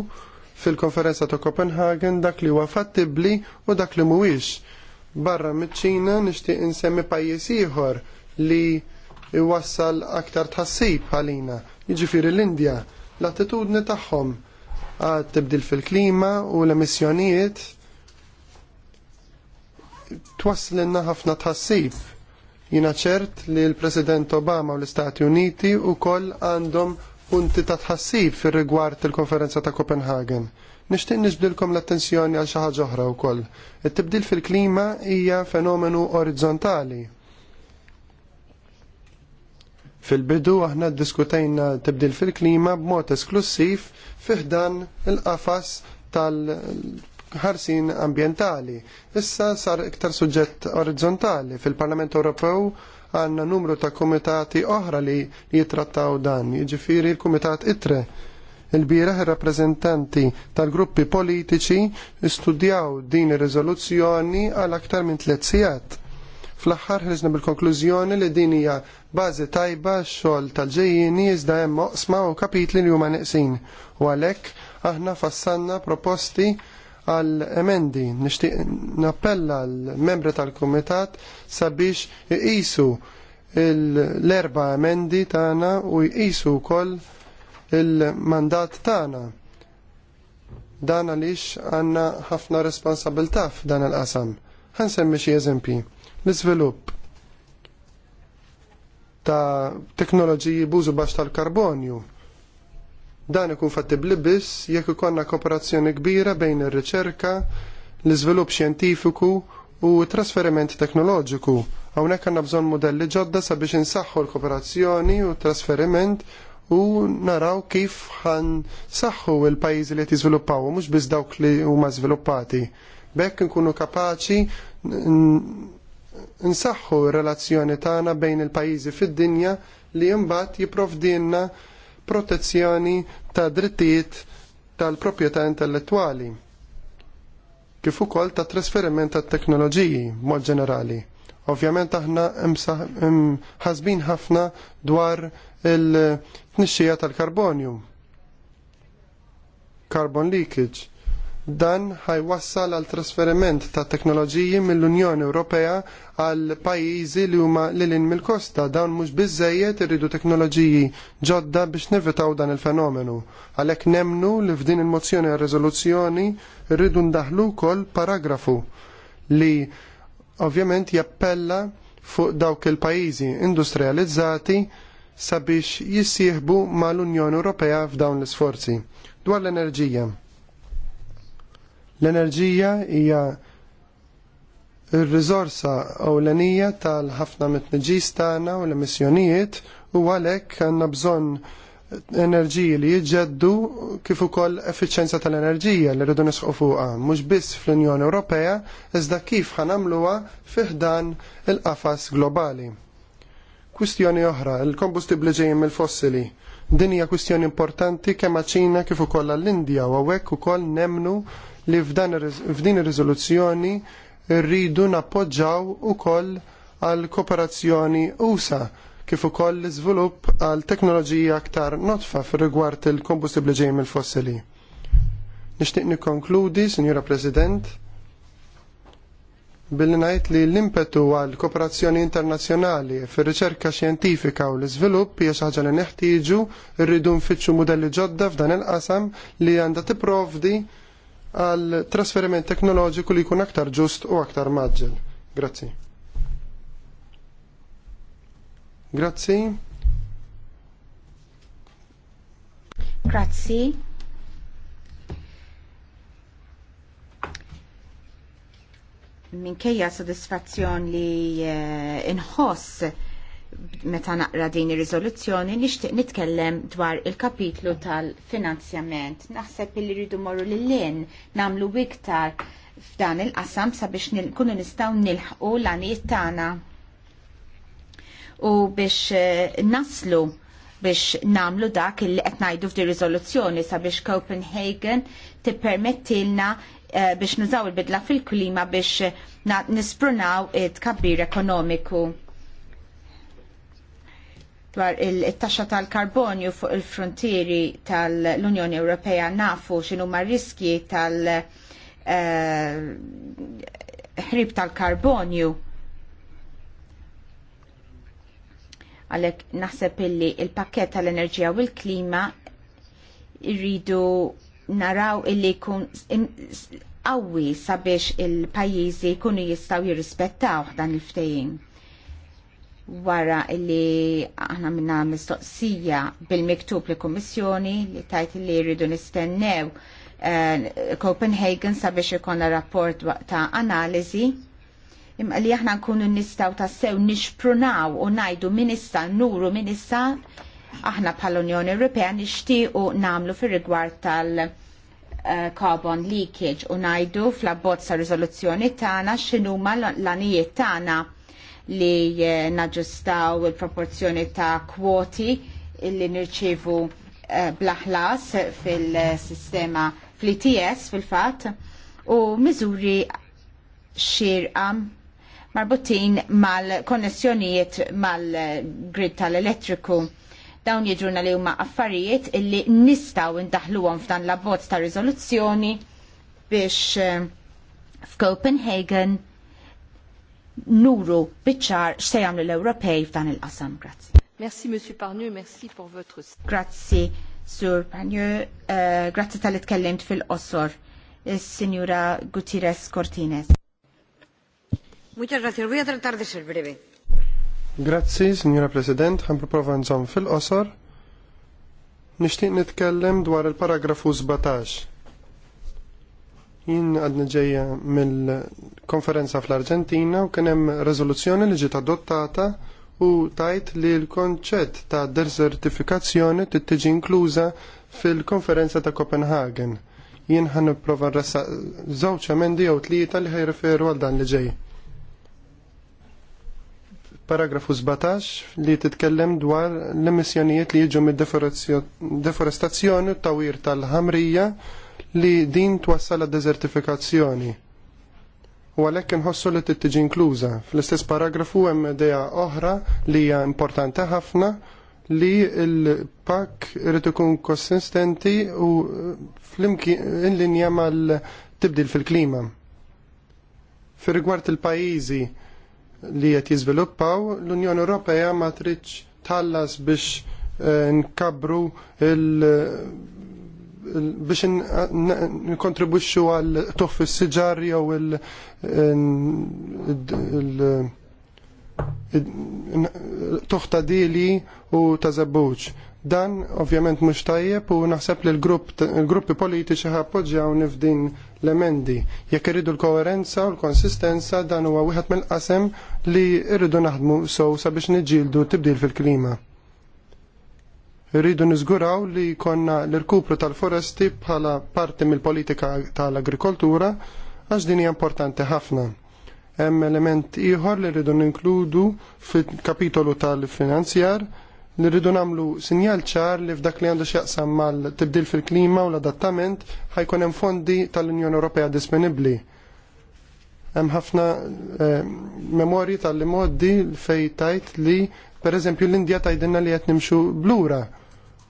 Speaker 3: fil-konferenza ta' Copenhagen dak li huwa fattibbli u dak li mhuwiex. Barra miċ-Ċina nixtieq insemmi pajjiż ieħor li iwassal aktar tħassib għalina. Jiġifieri l-Indja l-attitudni tagħhom għad tibdil fil-klima u l-emissjonijiet twassilna ħafna tħassib. Jina ċert li l-President Obama u l-Istati Uniti u koll għandhom punti ta' tħassib fir rigward il-konferenza ta' Copenhagen. Nishtin nisbdilkom l-attenzjoni għal xi ħaġa oħra wkoll. It-tibdil fil-klima hija fenomenu orizzontali Fil-bidu aħna diskutajna tibdil fil-klima b'mod esklusiv fiħdan il-qafas tal-ħarsin ambientali. Issa sar iktar suġġett orizzontali fil-Parlament Ewropew għanna numru ta' komitati oħra li jitrattaw dan, jiġifieri l-Kumitat ITRE il il rappresentanti tal-gruppi politiċi istudjaw din ir-riżoluzzjoni għal aktar minn tliet sigħat Fl-aħħar ħrizna bil-konklużjoni li din hija bażi tajba xogħol tal-ġejjin iżda hemm oqsma u kapitli li huma neqsin. U għalhekk aħna fassanna proposti għal emendi nixtieq nappella l-membri tal-kumitat sabiex iqisu l-erba emendi tagħna u jqisu wkoll il-mandat tagħna. Dan għaliex għandna ħafna responsabilità f'dan il-qasam. Ħansemmi xi eżempji. L-iżvilupp ta' teknoloġiji bużu baxx tal-karbonju. Dan ikun fattibli biss jekk ikonna kooperazzjoni kbira bejn ir-riċerka, l-iżvilupp xjentifiku u t trasferiment teknoloġiku. Hawnhekk għandna bżonn modelli ġodda sabiex insaħħu l-kooperazzjoni u t trasferiment u naraw kif ħan saħħu il-pajjiżi li qed jiżviluppaw mhux biss dawk li huma żviluppati. Bekk nkunu kapaċi nsaħħu r-relazzjoni tagħna bejn il-pajjiżi fid-dinja li mbagħad jipprovdilna protezzjoni ta' drittijiet tal-proprjetà intellettwali kif ukoll ta' trasferiment tat teknoloġiji mod ġenerali. Ovvjament aħna ħasbin ħafna dwar il-tnixxija tal-karbonju. Carbon leakage Dan ħajwassal għal trasferiment ta' teknoloġiji mill-Unjoni Ewropea għal pajjiżi li huma lilin mill-kosta dawn mhux biżejjed irridu teknoloġiji ġodda biex nevitaw dan il-fenomenu. Għalhekk nemnu li f'din il-mozzjoni għal riżoluzzjoni rridu ndaħlu wkoll paragrafu li ovvjament jappella fuq dawk il-pajjiżi industrializzati sabiex jissieħbu mal-Unjoni Ewropea f'dawn l-isforzi. Dwar l-enerġija L-enerġija hija ir-riżorsa ewlenija tal-ħafna mit-tniġis tagħna u l-emissjonijiet u għalhekk għandna bżonn enerġiji li jiġġeddu kif ukoll effiċjenza tal-enerġija li rridu nisħu fuqha mhux biss fl-Unjoni Ewropea iżda kif ħanamluha fih dan il-qafas globali. Kwistjoni oħra, il-kombustibbli ġejjin mill-fossili. Din hija kwistjoni importanti kemm ċina kif ukoll għall-Indja u hawnhekk ukoll nemnu li f'din ir-riżoluzzjoni rridu nappoġġaw ukoll għal kooperazzjoni USA kif ukoll l-iżvilupp għal teknoloġija aktar notfa fir-rigward il-kombustibbli ġej mill-fossili. Nixtieq nikkonkludi, Sinjura President, billi ngħid li l-impetu għal kooperazzjoni internazzjonali fir-riċerka xjentifika u l-iżvilupp hija xi ħaġa li neħtieġu rridu nfittxu mudelli ġodda f'dan il-qasam li għandha tipprovdi għal trasferiment teknoloġiku li jkun aktar ġust u aktar maġġel. Grazzi. Grazzi.
Speaker 2: Grazzi. Minkejja sodisfazzjon li eh, inħoss meta naqra din ir-riżoluzzjoni nixtieq nitkellem dwar il-kapitlu tal-finanzjament. Naħseb li rridu morru lil lin nagħmlu iktar f'dan il-qasam sabiex nkunu nistgħu nilħqu l-għanijiet tagħna u biex eh, naslu biex namlu dak il qed ngħidu f'di riżoluzzjoni sabiex Copenhagen tippermettilna eh, biex nużaw il-bidla fil-klima biex nisprunaw it-kabbir ekonomiku dwar il-taxxa tal-karbonju fuq il-frontieri tal-Unjoni Ewropea nafu x'inhu ma' riski tal-ħrib eh, tal-karbonju. Għalek naħseb illi il-pakket tal-enerġija u l-klima irridu naraw illi kun qawwi sabiex il-pajjiżi jkunu jistgħu jirrispettaw dan il ftejn wara li aħna minna mistoqsija bil-miktub li kommissjoni li tajt li rridu nistennew eh, Copenhagen sabiex ikonna rapport ta' analizi imma li aħna nkunu nistaw ta' sew nixprunaw u najdu minista nuru minista aħna l Unjoni Ewropea nixtiequ namlu fir-rigward tal- eh, carbon leakage u najdu fl-abbozza riżoluzzjoni tagħna x'inhuma l-anijiet tagħna li eh, naġustaw il-proporzjoni ta' kwoti li nirċivu eh, blaħlas fil-sistema fl-ITS fil-fat u miżuri xirqa marbutin mal-konnessjonijiet mal-grid tal-elettriku dawn jiġuna li huma affarijiet illi nistaw indaħluhom f'dan l-abbozz ta' riżoluzzjoni biex eh, f'Copenhagen nuru biċċar x'se jagħmlu l-Ewropej f'dan il-qasam. Grazzi. Merci Monsieur Parnu, merci pour votre Grazzi Sur Parnu, uh, eh, grazzi tal tkellimt fil-qosor. Signora Gutierrez Cortines. Muchas gracias. Voy a tratar de ser breve.
Speaker 3: Grazzi, Signora President, ħan prova nżomm fil-qosor. Nixtieq nitkellem dwar il-paragrafu 17 Jien għadna ġejja mill-konferenza fl-Arġentina u kien hemm rezoluzzjoni li ġiet adottata u tajt li l-konċett ta' desertifikazzjoni tittiġi inkluża fil-konferenza ta' Copenhagen. Jien ħan prova rassa zawċ emendi jew tlieta li referu għal dan li ġej. Paragrafu 17 li titkellem dwar l-emissjonijiet li jiġu mid-deforestazzjoni u tawir tal-ħamrija li din twassal la desertifikazzjoni. U għalhekk inħossu li t-tġi inkluża. Fl-istess paragrafu hemm idea oħra li hija importanti ħafna li l-pak irid ikun konsistenti u fl-imkien linja mal-tibdil fil-klima. Fir rigward il-pajjiżi li qed jiżviluppaw, l-Unjoni Ewropea ma tridx tallas biex eh, nkabru biex nkontribwixxu għal toħf is-siġar jew il toħta dili u ta' żebbuġ. Dan ovvjament mhux tajjeb u naħseb li l-gruppi politiċi ħappoġġjaw nifdin l-emendi. Jekk irridu l-koerenza u l-konsistenza dan huwa wieħed mill-qasem li rridu naħdmu sowsa sabiex niġġieldu tibdil fil-klima. Rridu niżguraw li konna l-irkupru tal-foresti bħala parti mill-politika tal-agrikoltura għax din hija importanti ħafna. Hemm element ieħor li rridu ninkludu fil-kapitolu tal-finanzjar li rridu nagħmlu sinjal ċar li f'dak li għandu x'jaqsam mal-tibdil fil-klima u l-adattament ħajkun hemm fondi tal-Unjoni Ewropea disponibbli hemm ħafna eh, memorji tal-li moddi fejn tajt li pereżempju l-Indja tajdinna li qed nimxu blura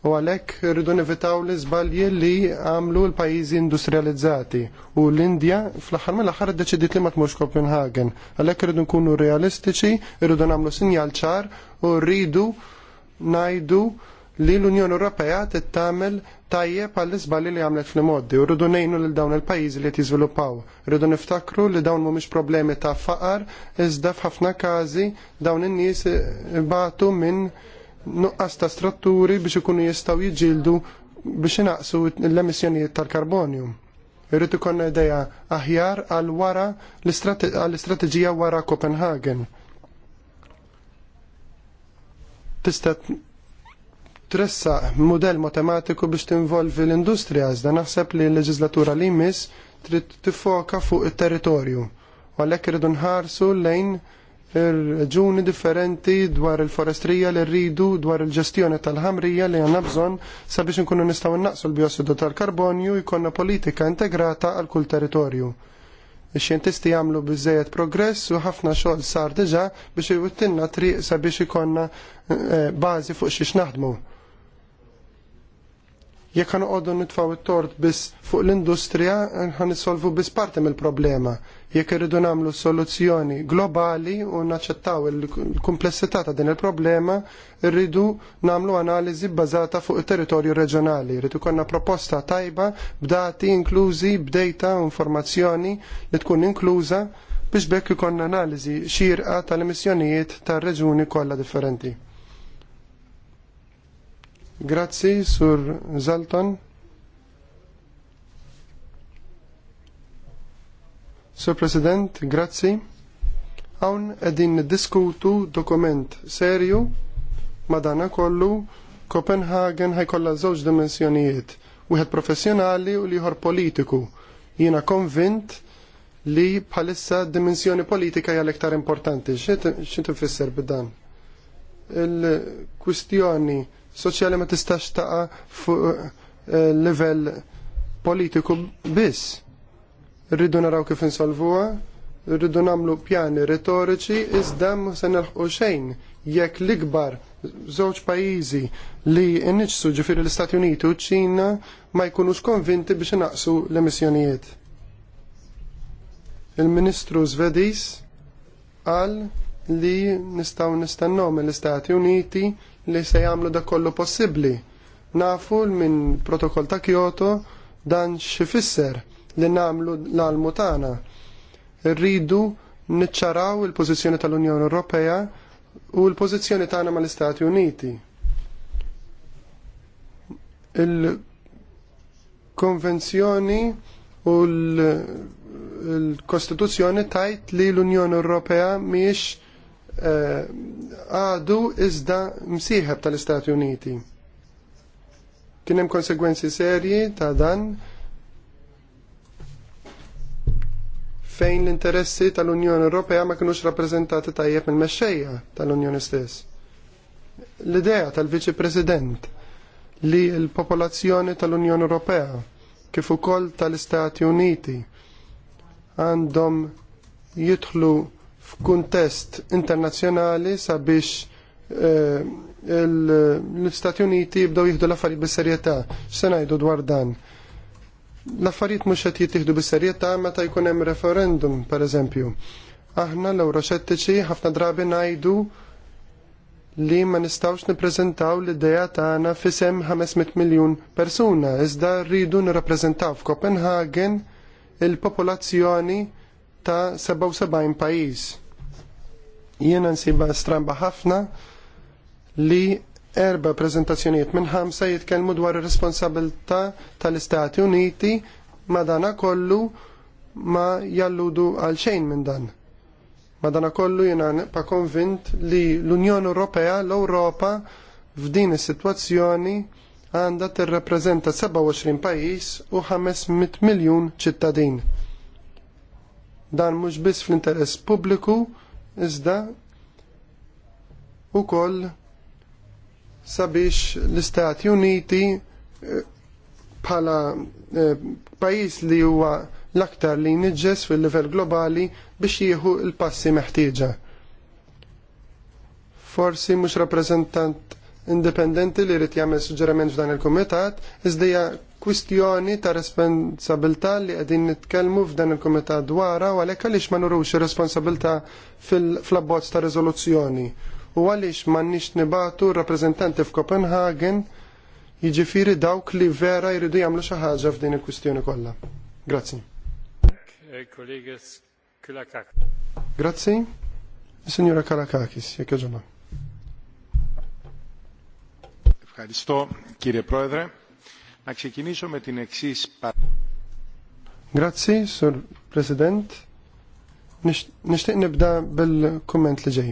Speaker 3: u għalhekk rridu nevitaw l iżbalji li għamlu l-pajjiżi industrializzati u l-Indja fl-aħħar mill-aħħar iddeċidiet li ma tmurx Copenhagen. Għalhekk rridu nkunu realistiċi, rridu nagħmlu sinjal ċar u rridu ngħidu li l-Unjoni Ewropea tittamel tajjeb għall iżbalji li għamlet fl-moddi u rridu nejnu l dawn il-pajjiżi li jiżviluppaw. Rridu niftakru li dawn mhumiex problemi ta' faqar iżda f'ħafna każi dawn in-nies batu minn nuqqas ta' strutturi biex ikunu jistgħu jiġġieldu biex inaqsu l-emissjonijiet tal-karbonju. Irrid ikonna idea aħjar għal wara l-istrateġija wara Copenhagen. Tista' tressa model matematiku biex tinvolvi l-industrija iżda naħseb li l-leġislatura li jmiss trid tifoka fuq it-territorju. Għalhekk irridu nħarsu lejn il-ġuni differenti dwar il-forestrija li rridu dwar il-ġestjoni tal-ħamrija li għanna bżon sabiex nkunu nistaw naqsu l-biossidu tal-karbonju jkonna politika integrata għal kull territorju. Ix-xjentisti jagħmlu bizzejet progress u ħafna xogħol sar diġà biex iwittilna triq sabiex ikonna eh, bażi fuq xiex naħdmu jekk ħanqogħdu nitfgħu it-tort biss fuq l-industrija ħan nissolvu biss parti mill-problema jekk irridu nagħmlu soluzzjoni globali u naċċettaw il-kumplessità ta' din il-problema, irridu nagħmlu analiżi bbażata fuq it-territorju reġjonali. Rrid konna proposta tajba b'dati inklużi b'data u informazzjoni li tkun inkluża biex bekk ikon analiżi xirqa tal-emissjonijiet tar-reġuni kollha differenti. Grazzi, Sur Zalton. Sur President, grazzi. Hawn qegħdin diskutu dokument serju madana kollu Copenhagen ħajkolla żewġ dimensjonijiet, wieħed professjonali u liħor politiku. Jiena konvint li bħalissa dimensjoni politika hija l-iktar importanti. X'int infisser b'dan? Il-kwistjoni soċjali ma tistax taqa' fuq eh, livell politiku biss rridu naraw kif insolvuha, rridu nagħmlu pjani retoriċi iżda ma se nelħqu xejn jekk l-ikbar żewġ pajjiżi li nniġsu ġifieri l-Istati Uniti u ċ-Ċina ma jkunux konvinti biex inaqsu l-emissjonijiet. Il-Ministru Żvedis qal li nistgħu nistennhom l-Istati Uniti li se jagħmlu dak kollu possibbli. Nafu minn protokoll ta' Kyoto dan xifisser li namlu l-almu tagħna. Rridu niċċaraw il-pożizzjoni tal-Unjoni Ewropea u l-pożizzjoni tagħna mal-Istati Uniti. Il-konvenzjoni u l-Kostituzzjoni tajt li l-Unjoni Ewropea miex eh, għadu iżda msieħeb tal-Istati Uniti. Kien hemm konsegwenzi serji ta' dan fejn l-interessi tal-Unjoni Ewropea ma kinux rappreżentati tajjeb mill-mexxejja tal-Unjoni stess. L-idea tal-Viċi President li l-popolazzjoni tal-Unjoni Ewropea kif ukoll tal-Istati Uniti għandhom jidħlu f'kuntest internazzjonali sabiex eh, l-Istati Uniti jibdew jieħdu l-affarijiet bis-serjetà. X'se ngħidu dwar dan? L-affarijiet mhux qed jittieħdu bis-serjetà meta jkun hemm referendum, pereżempju. Aħna l-Euroxettiċi ħafna drabi ngħidu li ma nistawx nippreżentaw l-idea tagħna fisem 500 miljun persuna, iżda rridu nirrappreżentaw f'Copenhagen il-popolazzjoni ta' 77 pajjiż. Jiena nsiba stramba ħafna li erba prezentazzjonijiet minn ħamsa jitkellmu dwar ir-responsabilità tal-Istati Uniti madana kollu ma jalludu għal xejn minn dan. Madana kollu jena pa konvint li l-Unjoni Ewropea, l-Ewropa f'din is-sitwazzjoni għandha tirrappreżenta 27 pajjiż u 500 miljun ċittadin. Dan mhux biss fl-interess pubbliku iżda koll sabiex l-Istati Uniti eh, bħala eh, pajis li huwa l-aktar li nidġes fil-livell globali biex jieħu l-passi meħtieġa. Forsi mhux rappreżentant indipendenti li rrit jagħmel suġġerament f'dan il-kumitat, iżda hija kwistjoni ta' responsabilità li qegħdin nitkellmu f'dan il-kumitat dwarha u għalhekk għaliex ma nurux ir-responsabilità fil-abbozz ta' riżoluzzjoni u għaliex m'għandniex nibatu rappresentanti f'Copenhagen jiġifieri dawk li vera jridu jamlu xaħġa f'din il kustjoni kollha. Grazzi. Eh, Grazzi. Signora Kalakakis, jekk ġemma. Ευχαριστώ κύριε Πρόεδρε. Να ξεκινήσω με την εξής Grazie, Sir President. Nishtiq nibda bil-komment li ġej.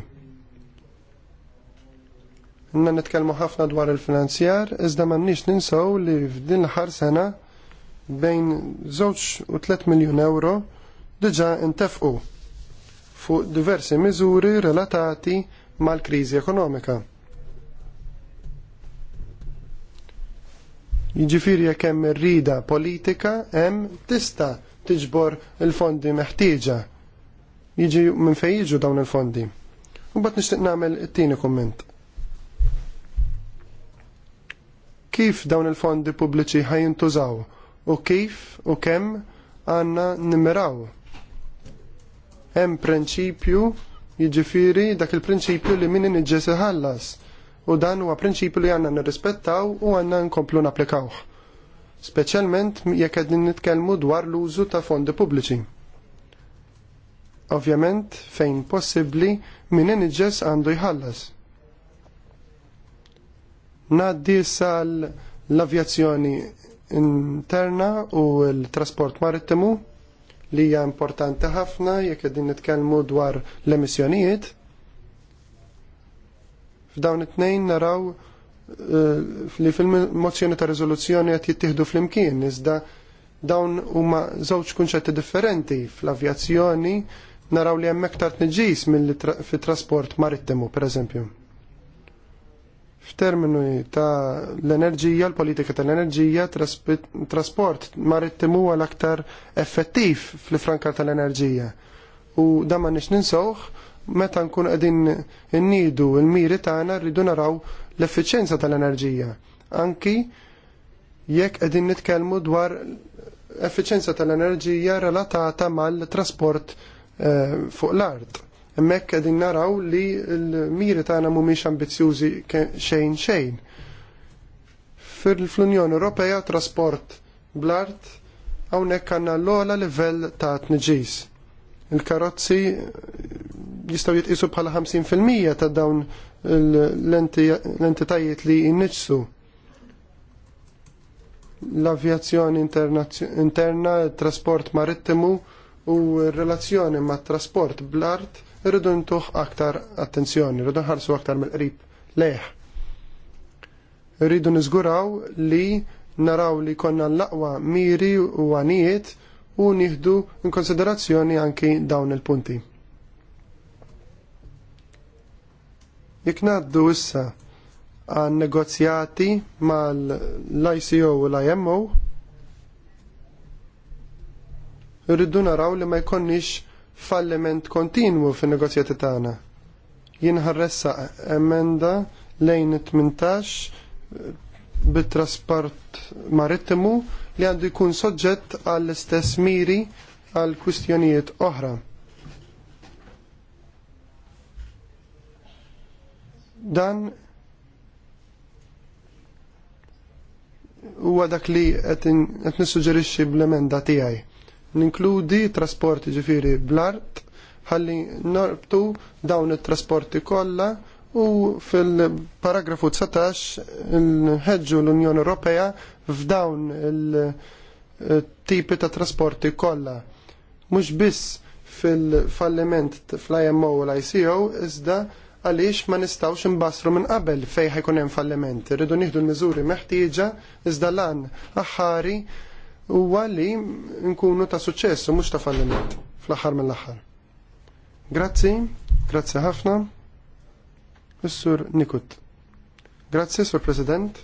Speaker 3: Inna nitkellmu ħafna dwar il-finanzjar, iżda nix ninsaw li f'din l-ħar sena bejn żewġ u 3 miljun euro diġa' intefqu fuq diversi miżuri relatati mal-kriżi ekonomika. Jiġifieri jekk hemm rida politika hemm tista tiġbor il-fondi meħtieġa. Jiġi minn fejn jiġu dawn il-fondi. U bat nixtieq nagħmel it-tieni kumment. kif dawn il-fondi pubbliċi ħajintużaw u kif u kemm għanna nimmeraw. Hemm prinċipju jiġifieri dak il-prinċipju li min inġes iħallas u dan huwa prinċipju li għandna nirrispettaw u għandna nkomplu napplikawh speċjalment jekk qed nitkellmu dwar l-użu ta' fondi pubbliċi. Ovvjament fejn possibbli min inġess għandu jħallas. Naddi sal l-avjazzjoni interna u l-trasport marittimu li hija importanti ħafna jekk qegħdin nitkellmu dwar l-emissjonijiet. F'dawn it-tnejn naraw eh, li fil-mozzjoni ta' riżoluzzjoni qed jittieħdu flimkien iżda dawn huma żewġ kunċetti differenti fl-avjazzjoni naraw li hemm iktar tniġġis mill-trasport marittimu, pereżempju f'termini ta' l-enerġija, l-politika tal-enerġija, trasport marittimu għal aktar effettiv fl-franka tal-enerġija. U da ma nix meta nkun qegħdin innidu l-miri tagħna rridu naraw l effiċjenza tal-enerġija. Anki jekk qegħdin nitkellmu dwar effiċjenza tal-enerġija relatata mal-trasport eh, fuq l-art Hemmhekk qegħdin naraw li l-miri tagħna mhumiex ambizzjużi xejn xejn. Fil-Unjoni Ewropea trasport bl-art hawnhekk għandna l-ogħla livell ta' tniġis. Il-karozzi eh, jistgħu jitqisu bħala 50% ta' dawn l-entitajiet li jinniġsu l-avjazzjoni interna, trasport marittimu u r relazzjoni ma' trasport bl-art irridu ntuħ aktar attenzjoni, irridu nħarsu aktar mill-qrib leħ. Irridu niżguraw li naraw li konna l-aqwa miri u għanijiet u nieħdu in konsiderazzjoni anki dawn il-punti. Jekk ngħaddu issa għan negozjati mal-ICO u l-IMO, irridu naraw li ma jkonniex falliment kontinwu fin negozjati tagħna. Jien ħarressa emenda lejn 18 eh, bit-trasport marittimu li għandu jkun soġġett għall-istess miri għal kwistjonijiet oħra. Dan huwa dak li qed nissuġġerixxi bl-emenda tiegħi ninkludi trasporti ġifiri bl-art, ħalli norbtu dawn it-trasporti kollha u fil-paragrafu 19 nħeġġu l-Unjoni Ewropea f'dawn il-tipi ta' trasporti kollha. Mhux biss fil-falliment fl-IMO u l-ICO iżda għaliex ma nistawx imbasru minn qabel fejn ħajkun hemm falliment. Irridu nieħdu l-miżuri meħtieġa iżda lan aħħari huwa li nkunu ta' suċċess u mhux ta' falliment fl-aħħar mill-aħħar. Grazzi, grazzi ħafna. Is-Sur Nikut. Grazzi, Sur President.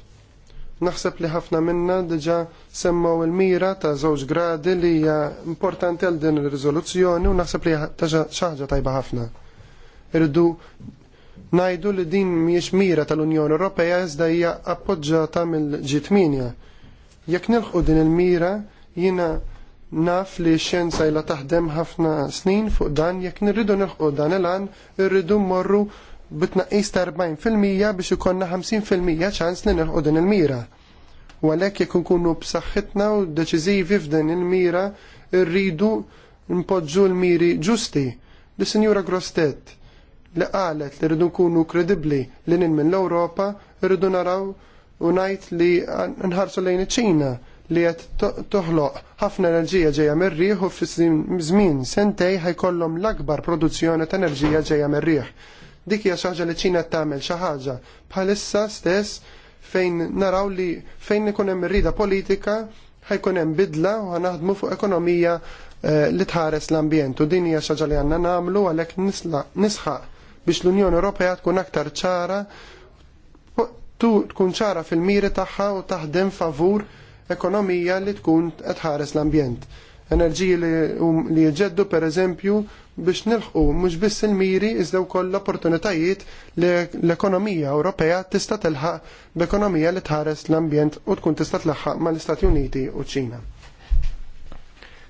Speaker 3: Naħseb li ħafna minna diġa semmaw il-mira ta' żewġ gradi li hija importanti għal din ir-riżoluzzjoni u naħseb li xaħġa tajba ħafna. Irridu najdu li din mhijiex mira tal-Unjoni Ewropea iżda hija appoġġjata mill ġitminja Jekk nilħu din il-mira, jiena naf li xienza jla taħdem ħafna snin fuq dan, jekk nirridu nilħu dan il-għan, irridu morru bitnaqis ta' 40% biex ikonna 50% ċans li nilħu din il-mira. U għalhekk jekk nkunu b'saħħitna u deċiżivi f'din il-mira, irridu npoġġu l-miri ġusti. Li Sinjura Grostet li qalet li rridu nkunu kredibbli li minn l-Ewropa, rridu naraw u najt li nħarsu lejn iċ-Ċina li qed toħloq ħafna enerġija ġejja mir-riħ u żmien sentej ħajkollhom l-akbar produzzjoni ta' enerġija ġejja mir-riħ. Dik hija xi ħaġa li ċina tagħmel xi ħaġa bħalissa stess fejn naraw li fejn ikun hemm rida politika ħajkun hemm bidla u ħanaħdmu fuq ekonomija eh, li tħares l-ambjent u din hija xi ħaġa li għandna nagħmlu għalhekk nisħaq biex l-Unjoni Ewropea tkun aktar ċara Tu tkun ċara fil-miri tagħha u taħdem favur ekonomija li tkun qed l-ambjent. Enerġiji li jġeddu per eżempju biex nilħqu mhux biss il-miri iżda wkoll l-opportunitajiet li l-ekonomija Ewropea tista' tilħaq b'ekonomija li tħares l-ambjent u tkun tista' tlaħħaq mal-Istati Uniti u ċina.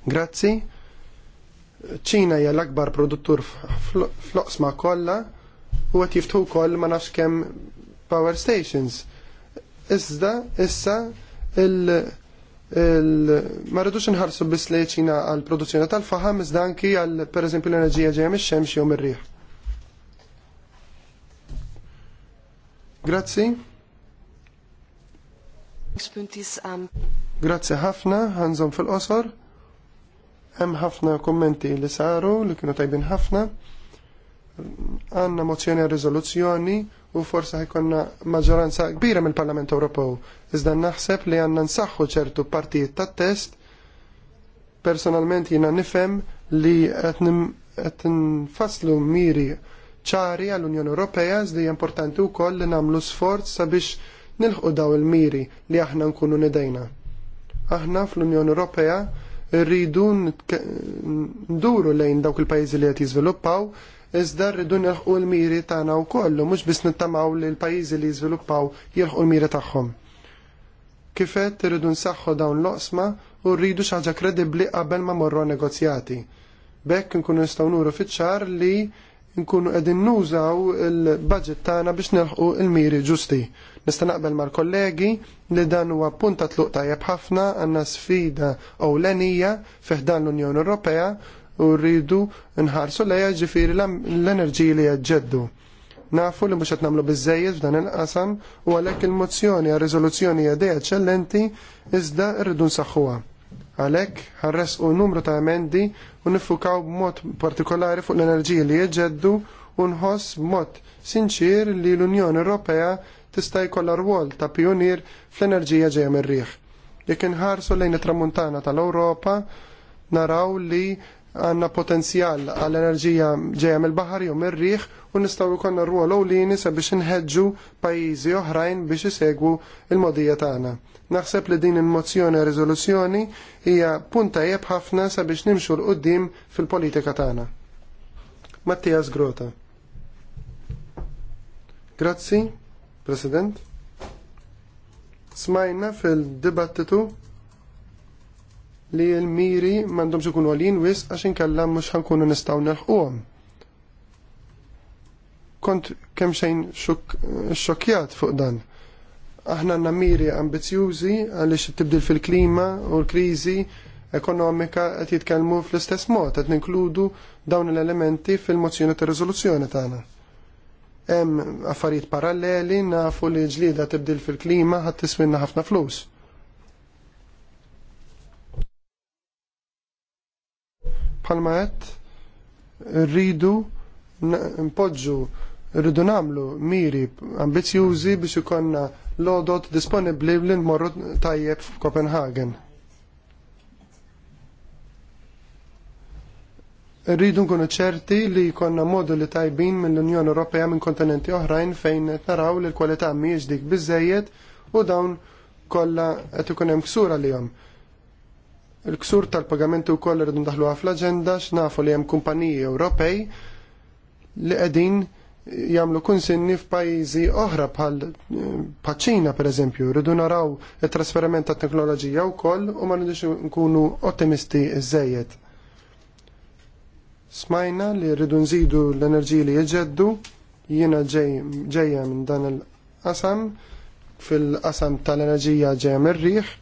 Speaker 3: Grazzi. ċina hija l-akbar produttur f'loqsma kollha u qed jiftħu wkoll ma nafx kemm power stations. Iżda, issa, il- ma rridux nħarsu biss li ċina għal produzzjoni tal-faħam iżda anki għal pereżempju l-enerġija ġejja mix-xemx jew mir-riħ. Grazzi. Um, Grazzi ħafna, ħanżom fil-qosor. Hemm ħafna kummenti li saru li kienu tajbin ħafna. Għandna mozzjoni għal riżoluzzjoni u forsa ħajkonna maġġoranza kbira mill-Parlament Ewropew. Iżda naħseb li għandna nsaħħu ċertu partijiet tat-test. Personalment jiena nifhem li qed nfasslu miri ċari għall-Unjoni Ewropea iżda importanti wkoll li nagħmlu sforz sabiex nilħqu daw il-miri li aħna nkunu nidejna. Aħna fl-Unjoni Ewropea rridu nduru lejn dawk il-pajjiżi li qed jiżviluppaw iżda rridu nilħqu l-miri tagħna wkoll u mhux biss nittamaw li l-pajjiżi li jiżviluppaw jilħqu l-miri tagħhom. Kifet irridu nsaħħu dawn l-oqsma u rridu xi ħaġa kredibbli qabel ma morru negozjati. Bekk nkunu nistgħu nuru fiċ-ċar li nkunu qegħdin nużaw il-budget tagħna biex nilħqu l-miri ġusti. Nista' naqbel mal-kollegi li dan huwa punt ta' tluq tajjeb ħafna għandna sfida ewlenija fih dan l-Unjoni Ewropea u rridu nħarsu lejha ġifieri l-enerġiji li jaġġeddu. Nafu li mhux qed nagħmlu f'dan il-qasam u għalhekk il-mozzjoni għal riżoluzzjoni għadej eċċellenti iżda rridu nsaħħuha. Għalhekk u numru ta' emendi u nifukaw b'mod partikolari fuq l-enerġiji li jaġġeddu u nħoss b'mod sinċir li l-Unjoni Ewropea tista' jkollha rwol ta' pionir fl-enerġija ġejja mir-riħ jekk inħarsu lejn it-tramuntana tal-Ewropa naraw li għanna potenzjal għall enerġija ġejja mill-baħar jew mir-riħ u nistgħu jkollna rwol ewlieni sabiex inħeġġu pajjiżi oħrajn biex isegwu l-modija tagħna. Naħseb li din il-mozzjoni riżoluzzjoni hija punta tajjeb ħafna sabiex nimxu l qudiem fil-politika tagħna. Mattias Grota. Grazzi, President. Smajna fil-dibattitu li l-miri m'għandhomx ikunu għalin wis għax inkella mhux ħankunu nistgħu nerħuħom. Kont kemm xejn xokjat fuq dan. Aħna għandna miri ambizjużi għaliex tibdil fil-klima u l-kriżi ekonomika qed jitkellmu fl-istess mod qed ninkludu dawn l-elementi fil-mozzjoni ta' riżoluzzjoni tagħna. Hemm affarijiet paralleli nafu li ġlieda tibdil fil-klima ħadd tiswinna ħafna flus bħalma qed rridu npoġġu rridu namlu miri ambizjużi biex ikonna lodot disponibli li nmorru tajjeb f'Kopenhagen. Rridu nkunu ċerti li jkonna moduli tajbin mill-Unjoni Ewropea minn kontinenti oħrajn fejn qed naraw li l-kwalità mhijiex dik biżejjed u dawn kollha qed ikun hemm ksura lihom. Il-ksur tal-pagamenti u koll rridu ndaħlu fl aġenda x'nafu li hemm kumpaniji Ewropej li qegħdin jagħmlu kunsinni f'pajjiżi oħra bħal paċina eh, pereżempju, rridu naraw it-trasferiment ta' teknoloġija wkoll u ma rridux nkunu ottimisti żejjed. Smajna li rridu nżidu l-enerġiji li jġeddu, jiena ġejja minn dan il-qasam fil-qasam tal-enerġija ġejja mir-riħ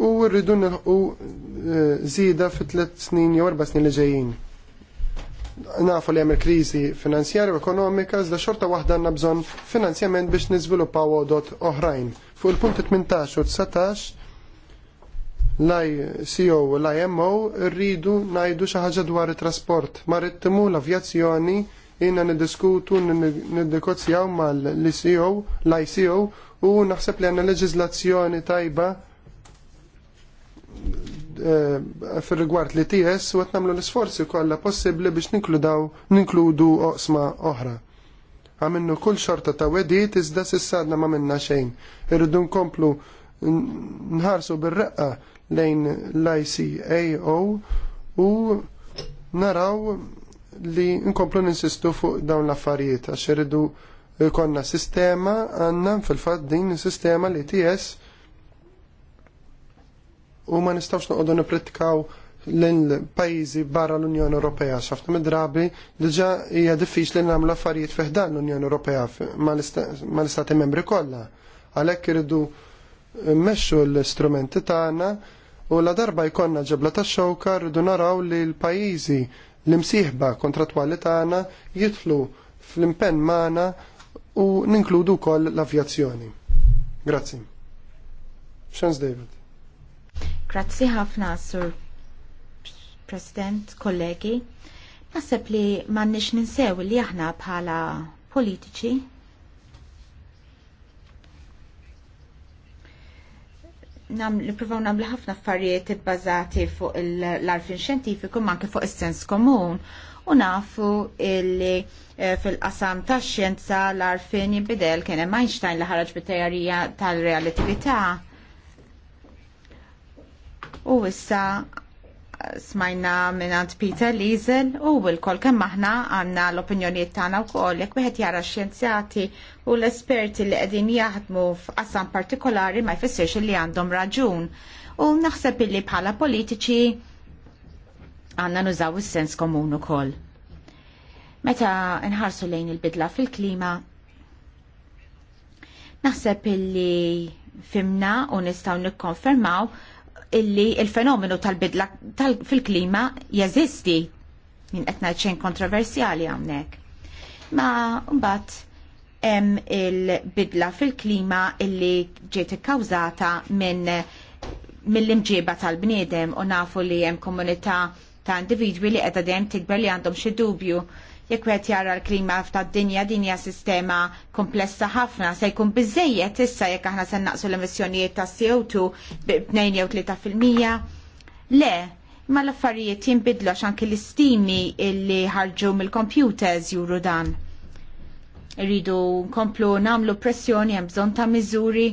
Speaker 3: u rridu nilħu zida fit tliet snin jew erba' snin li ġejjin. Nafu li hemm il-kriżi finanzjarja u ekonomika iżda xorta waħda għandna bżonn finanzjament biex niżviluppaw għodot oħrajn. Fuq il-punti 18 u 19 l CEO, u l-IMO rridu ngħidu xi ħaġa dwar it-trasport marittimu l-avjazzjoni jina nidiskutu, nidikozzjaw mal l-ICO, l-ICO, u naħseb li għanna leġizlazzjoni tajba Eh, fil-rigward li TS u għet namlu l-sforzi kolla possibli biex ninkludaw ninkludu oqsma oħra. Għamennu kull xorta ta' wedit iżda sissadna ma minna xejn. Irridu nkomplu nħarsu bil-reqqa lejn l-ICAO u naraw li nkomplu ninsistu fuq dawn l-affarijiet għax irridu konna sistema għanna fil-fat din sistema li TS u ma nistawx noqogħdu nippritkaw l-pajjiżi barra l-Unjoni Ewropea. xaft mid-drabi diġà hija diffiċli nagħmlu affarijiet fiħdan l-Unjoni Ewropea ma l-istati membri kollha. Għalhekk irridu mmexxu l-istrumenti tagħna u la darba jkollna ġebla tax xewka rridu naraw li l-pajjiżi l-imsieħba kontratwali tagħna jidħlu fl-impenn magħna u ninkludu wkoll l-avjazzjoni. Grazzi. Shans David.
Speaker 2: Grazzi ħafna, Sur President, kollegi. Naseb li mannix ninsew li aħna bħala politiċi nam li provaw namlu ħafna affarijiet bbażati fuq l-arfin xjentifiku manke fuq is-sens komun u nafu illi eh, fil-qasam tax xjenza l-arfin jinbidel kien hemm Einstein li ħarġ bit-teorija tal-relatività U issa smajna minnant Peter Liesel u wilkol kem kemm aħna għanna l-opinjoniet tagħna wkoll jekk wieħed jara xjenzjati u l-esperti li qegħdin jaħdmu f'qasam partikolari ma jfissirx li għandhom raġun. U naħseb illi bħala politiċi għanna nużaw is-sens komun ukoll. Meta nħarsu lejn il-bidla fil-klima, naħseb illi fimna u nistaw nikkonfermaw illi il-fenomenu tal-bidla tal fil-klima jeżisti minn qed ngħid xejn kontroversjali hawnhekk. Ma mbagħad hemm il-bidla fil-klima illi ġiet ikkawżata minn mill imġiba tal-bniedem u nafu li hemm komunità ta' individwi li qiegħda dejjem tikber li għandhom xi dubju jekk wieħed jara l-klima tad dinja din hija sistema komplessa ħafna se jkun biżejjed issa jekk aħna se naqsu l-emissjonijiet ta' CO2 jew tlieta jew 3%. Le, ma l-affarijiet jinbidlox anki l-istimi li ħarġu mill-computers juru dan. Rridu nkomplu nagħmlu pressjoni hemm bżonn ta' miżuri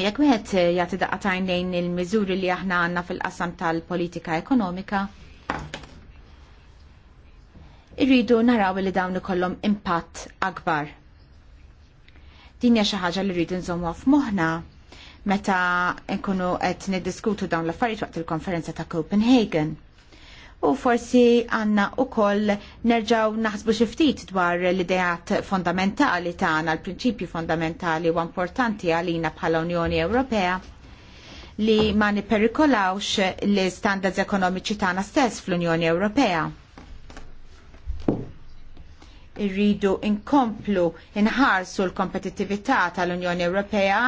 Speaker 2: Jekk wieħed jagħti daqatajn lejn il-miżuri li aħna għandna fil-qasam tal-politika ekonomika, irridu naraw li dawn ikollhom impatt akbar. Din hija xi ħaġa li rridu nżommuha f'moħħna meta nkunu qed niddiskutu dawn l-affarijiet waqt il-konferenza ta' Copenhagen u forsi għanna u koll nerġaw naħsbu xiftit dwar l-idejat fondamentali tagħna, l-prinċipju fondamentali u importanti għalina bħala Unjoni Ewropea li ma niperikolawx l standards ekonomiċi tagħna stess fl-Unjoni Ewropea irridu inkomplu inħarsu l-kompetittività tal-Unjoni Ewropea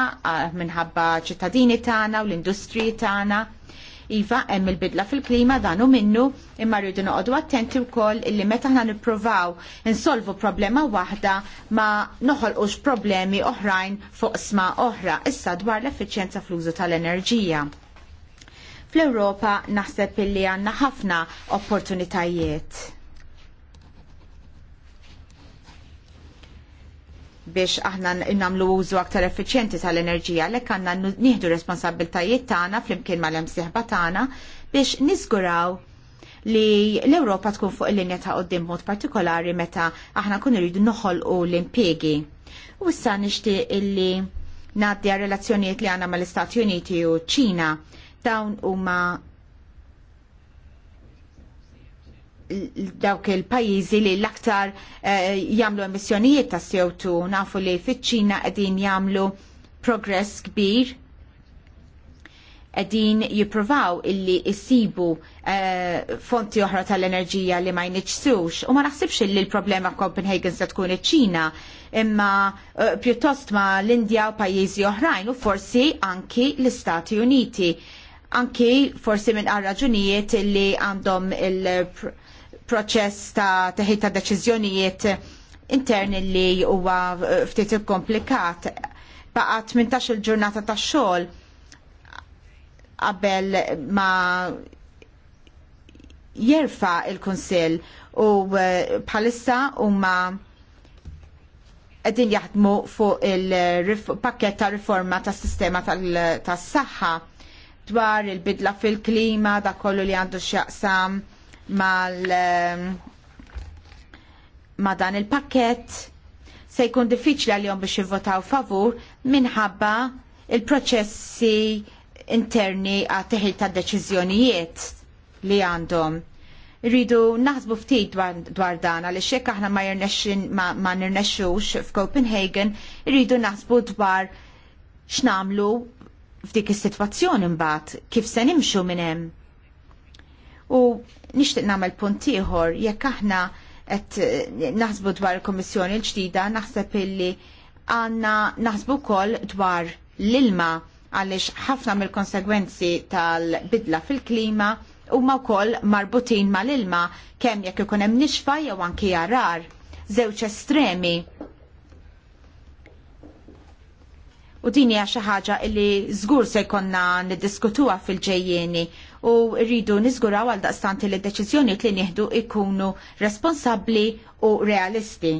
Speaker 2: minħabba ċittadini tagħna u l-industriji tagħna. Iva, hemm il-bidla fil-klima danu minnu, imma rridu noqogħdu attenti wkoll illi meta aħna nippruvaw insolvu problema waħda ma noħolqux problemi oħrajn fuq sma oħra issa dwar l-effiċjenza fl-użu tal-enerġija. Fl-Ewropa naħseb illi għandna ħafna opportunitajiet biex aħna namlu użu aktar effiċjenti tal-enerġija lek għanna nieħdu responsabiltajiet tagħna flimkien mal-emsieħba tagħna biex niżguraw li l-Ewropa tkun fuq il-linja ta' qoddim mod partikolari meta aħna kun irridu noħolqu l impiegi U issa nixtieq illi ngħaddi relazzjonijiet li għandna mal-Istati Uniti u Ċina dawn huma dawk il-pajjiżi li l-aktar eh, jagħmlu emissjonijiet ta' CO2 nafu li fiċ-Ċina qegħdin jagħmlu progress kbir qegħdin jippruvaw illi jsibu eh, fonti oħra tal-enerġija li ma jniċsux u ma naħsibx illi l-problema Copenhagen se tkun iċ-Ċina imma eh, pjuttost ma l-Indja u pajjiżi oħrajn u forsi anki l-Istati Uniti anki forsi minn raġunijiet li għandhom il- proċess ta' teħid ta' deċiżjonijiet interni li huwa eh, ftit komplikat. Baqa 18 il-ġurnata ta' xogħol qabel ma jerfa il-Kunsill u eh, bħalissa huma qegħdin jaħdmu fuq il-pakket ta' riforma tas sistema tas-saħħa dwar il-bidla fil-klima, dak kollu li għandu x'jaqsam mal ehm, ma dan il-pakket se jkun diffiċli għal-jom biex jivvotaw favur minħabba il-proċessi interni għat teħil ta' deċiżjonijiet li għandhom. Rridu naħsbu ftit dwar dan għaliex hekk aħna ma, ma, ma nirnexxux f'Copenhagen, rridu naħsbu dwar x'namlu f'dik is-sitwazzjoni mbagħad kif se nimxu minn hemm U nixtieq nagħmel punt ieħor jekk aħna qed eh, naħsbu dwar il-Kummissjoni l-ġdida naħseb illi għandna naħsbu wkoll dwar l-ilma għaliex ħafna mill-konsegwenzi tal-bidla fil-klima huma wkoll marbutin mal-ilma kemm jekk ikun hemm nixfa jew anki jarar, żewġ estremi. U din hija xi ħaġa li żgur se jkollna niddiskutuha fil-ġejjieni u rridu niżguraw għal daqstanti li d-deċiżjonijiet li nieħdu ikunu responsabbli u realisti.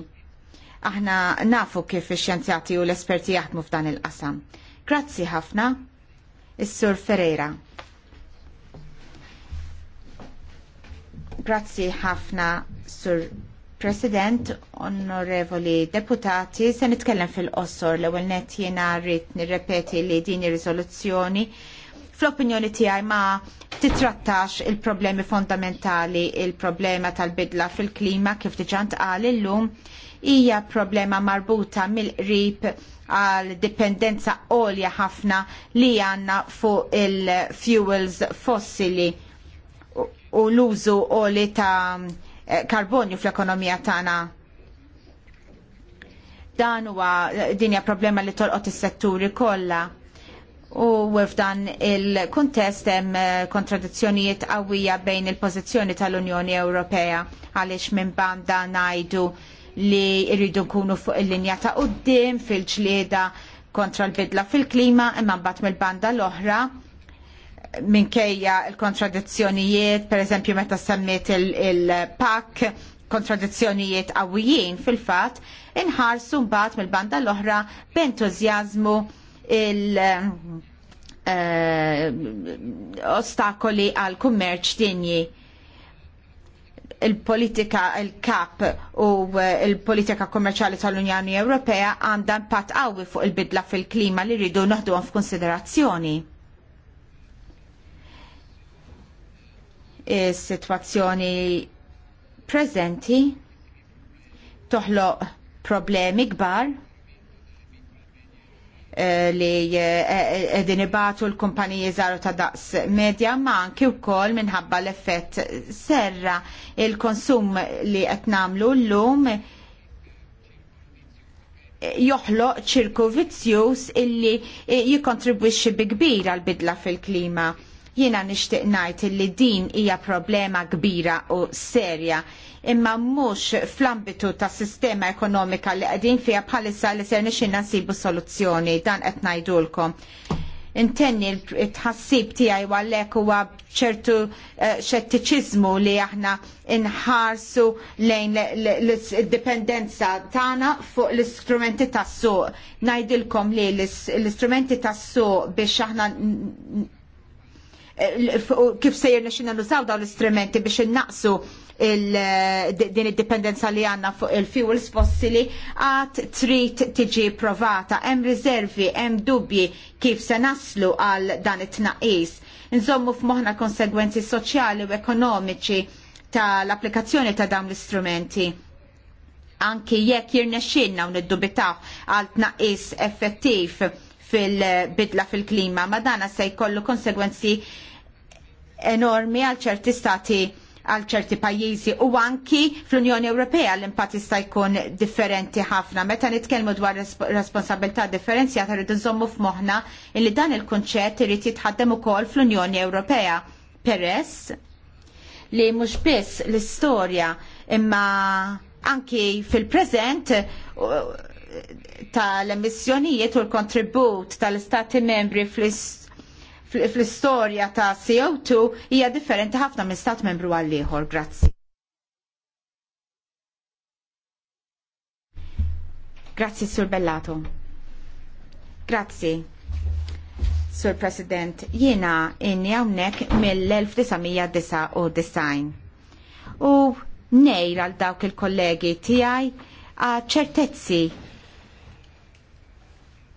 Speaker 2: Aħna nafu kif ix-xjenzjati u l-esperti jaħdmu f'dan il-qasam. Grazzi ħafna, is-Sur Ferreira. Grazzi ħafna, Sur President, onorevoli deputati, se nitkellem fil-qossor l ewwel net jiena rrid nirrepeti li din ir-riżoluzzjoni fl-opinjoni tiegħi ma titrattax il-problemi fondamentali, il-problema tal-bidla fil-klima kif diġà ntqal illum hija problema marbuta mill-qrib għal dipendenza għolja ħafna li għanna fuq il-fuels fossili u l-użu għoli ta' karbonju fl-ekonomija tagħna. Dan huwa dinja problema li tolqot is-setturi kollha U f'dan il-kuntest hemm eh, kontradizzjonijiet qawwija bejn il-pożizzjoni tal-Unjoni Ewropea għaliex minn banda ngħidu li rridu nkunu fuq il-linja ta' qudiem fil-ġlieda kontra l-bidla fil-klima imma mbagħad mill-banda l-oħra minkejja l kontradizzjonijiet per eżempju meta semmiet il-pak, kontradizzjonijiet qawwijin fil-fatt, inħarsu mbagħad mill-banda l-oħra b'entużjażmu il- eh, ostakoli għal kummerċ dinji il-politika il-kap u eh, il-politika kommerċali tal-Unjoni Ewropea għandha impatt qawwi fuq il-bidla fil-klima li rridu naħduhom f'konsiderazzjoni. Is-sitwazzjoni prezenti toħloq problemi kbar Eh, li eh, eh, edin ibatu l-kumpaniji zaru ta' daqs medja ma' anki u kol minħabba l-effett serra il-konsum li etnamlu l-lum joħloq ċirku vizzjus illi jikontribwixxi bi kbir għal bidla fil-klima Jiena nixtieq ngħid li din hija problema kbira u serja imma mhux fl-ambitu ta' sistema ekonomika li qegħdin fiha bħalissa li ser nixinna nasibu soluzzjoni dan qed ngħidulkom. Intenni l-tħassib tiegħi għalhekk huwa ċertu eh, xettiċiżmu li aħna inħarsu lejn l-dipendenza tagħna fuq l-istrumenti tas-suq. Ngħidilkom li l-istrumenti tas-suq biex aħna kif sejjer nexina nużaw dawn l-istrumenti biex innaqsu din id-dipendenza li għanna fuq il-fuels fossili għat trid tiġi provata, hemm riservi, hemm dubji kif se naslu għal dan it-tnaqis. Nżommu f'moħna konsegwenzi soċjali u ekonomiċi tal-applikazzjoni ta' dawn l-istrumenti anki jekk jirnexxinna u niddubitaw għal tnaqqis effettiv fil-bidla fil-klima, ma dana se jkollu konsegwenzi enormi għal ċerti stati għal ċerti pajjiżi u anki fl-Unjoni Ewropea l-impatt jista' jkun differenti ħafna. Meta nitkellmu dwar responsabilità differenzjata rridu nżommu f'moħħna li dan il-kunċett irid jitħaddem ukoll fl-Unjoni Ewropea peress li mhux biss l-istorja imma anki fil-preżent tal-emissjonijiet u l-kontribut tal-istati membri fl-istorja ta' CO2 hija differenti ħafna minn stat membru għal ieħor. Grazzi. Grazzi, Sur Bellato. Grazzi. Sur President, jiena inni hawnhekk mill-1999. U ngħid għal dawk il-kollegi tiegħi għal ċertezzi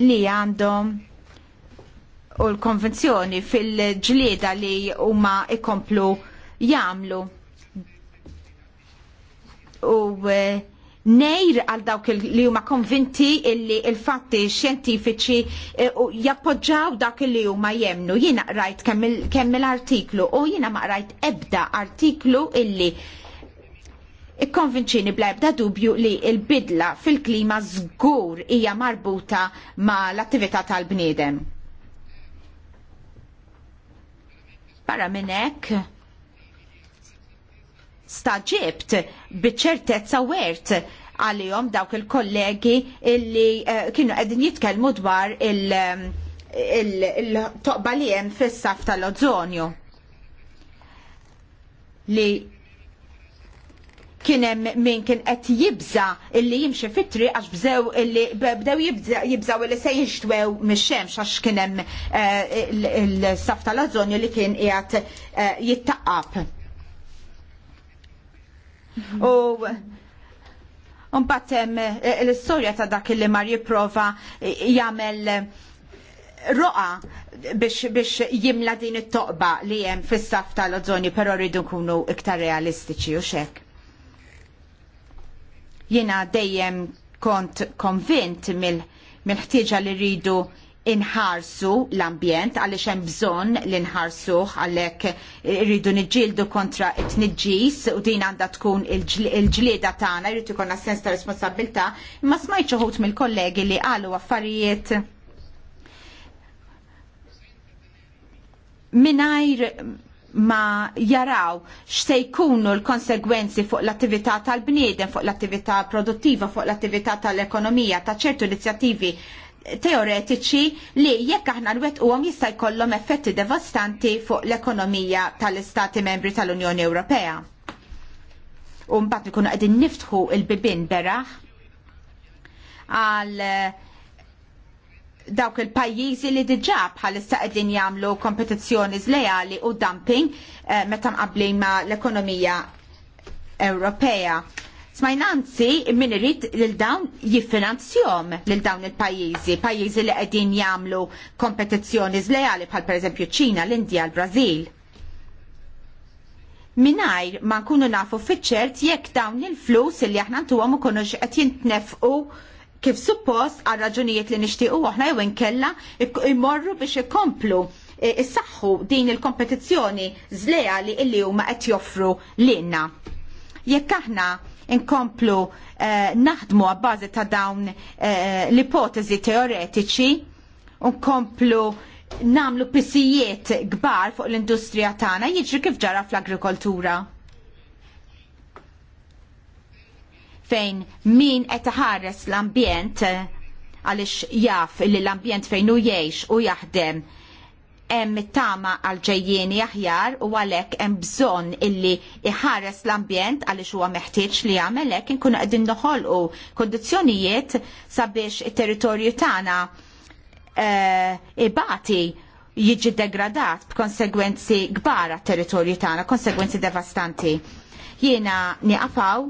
Speaker 2: li għandhom u l-konvenzjoni fil-ġlieda li huma ikomplu jagħmlu. U eh, nejr għal dawk li huma konvinti illi il-fatti xjentifiċi eh, jappoġġaw dak li huma jemnu. Jiena qrajt kemm l-artiklu u jiena ma qrajt ebda artiklu illi ikkonvinċini bla ebda dubju li il-bidla fil-klima żgur hija marbuta ma l-attività tal-bniedem. Barra minn hekk staġibt biċertezza wert għalihom dawk il-kollegi illi uh, kienu qegħdin jitkellmu dwar il-toqba il, il fis-saf tal-ozzonju li kien hemm min kien qed jibża illi jimxi fitri għax bżew illi bdew jibżaw illi se jinxtwew mix-xemx għax kien hemm eh, il-saf tal-azzonju li kien qiegħed eh, jittaqab. U hemm eh, l-istorja ta' dak illi mar jipprova jagħmel roqa biex, biex jimla din it-toqba li hemm fis-saf tal-ozzoni, però rridu nkunu iktar realistiċi u xekk. Jiena dejjem kont konvint mill-ħtieġa li rridu inħarsu l-ambjent għaliex hemm bżonn li nħarsuh għalhekk rridu nġildu kontra t tniġġis u din għandha tkun il-ġlieda tagħna jrid kon sens ta' responsabilità imma smajċuħut uħut mill-kollegi li qalu affarijiet minajr ma jaraw x'se jkunu l-konsegwenzi fuq l-attività tal-bniedem, fuq l-attività produttiva, fuq l-attività tal-ekonomija, ta' ċertu inizjattivi teoretiċi li jekk aħna nwet u jista' jkollhom effetti devastanti fuq l-ekonomija tal-Istati membri tal-Unjoni Ewropea. U mbagħad ikunu qegħdin niftħu il-bibin beraħ għal dawk il-pajjiżi li diġà bħalissa qegħdin jagħmlu kompetizzjoni żlejali u dumping eh, meta mqabblin ma l-ekonomija Ewropea. Smajnanzi min irid lil dawn jiffinanzjom lil dawn il-pajjiżi, pajjiżi li qegħdin jagħmlu kompetizzjoni żlejali bħal pereżempju ċina, l-Indja, l-Brażil minajr ma nkunu nafu fiċċert jekk dawn il-flus li aħna ntuhom ikunux qed jintnefqu kif suppost għal raġunijiet li nixtiequ aħna jew inkella imorru biex ikomplu e, issaħħu din il-kompetizzjoni li illi huma qed joffru lilna. Jekk aħna inkomplu e, naħdmu għabbażi ta' dawn e, l-ipotezi teoretiċi, nkomplu namlu pisijiet gbar fuq l-industrija tagħna jiġri kif ġara fl-agrikoltura. fejn min qed iħares l-ambjent eh, għaliex jaf li l-ambjent fejn hu jgħix u jaħdem hemm tama għal ġejjieni aħjar u għalhekk hemm bżonn illi iħares l-ambjent għaliex huwa meħtieġ li jagħmel hekk inkunu qegħdin noħolqu kondizzjonijiet sabiex it-territorju tagħna eh, ibati jiġi degradat b'konsegwenzi kbar għat-territorju tagħna, konsegwenzi devastanti. Jiena niqafaw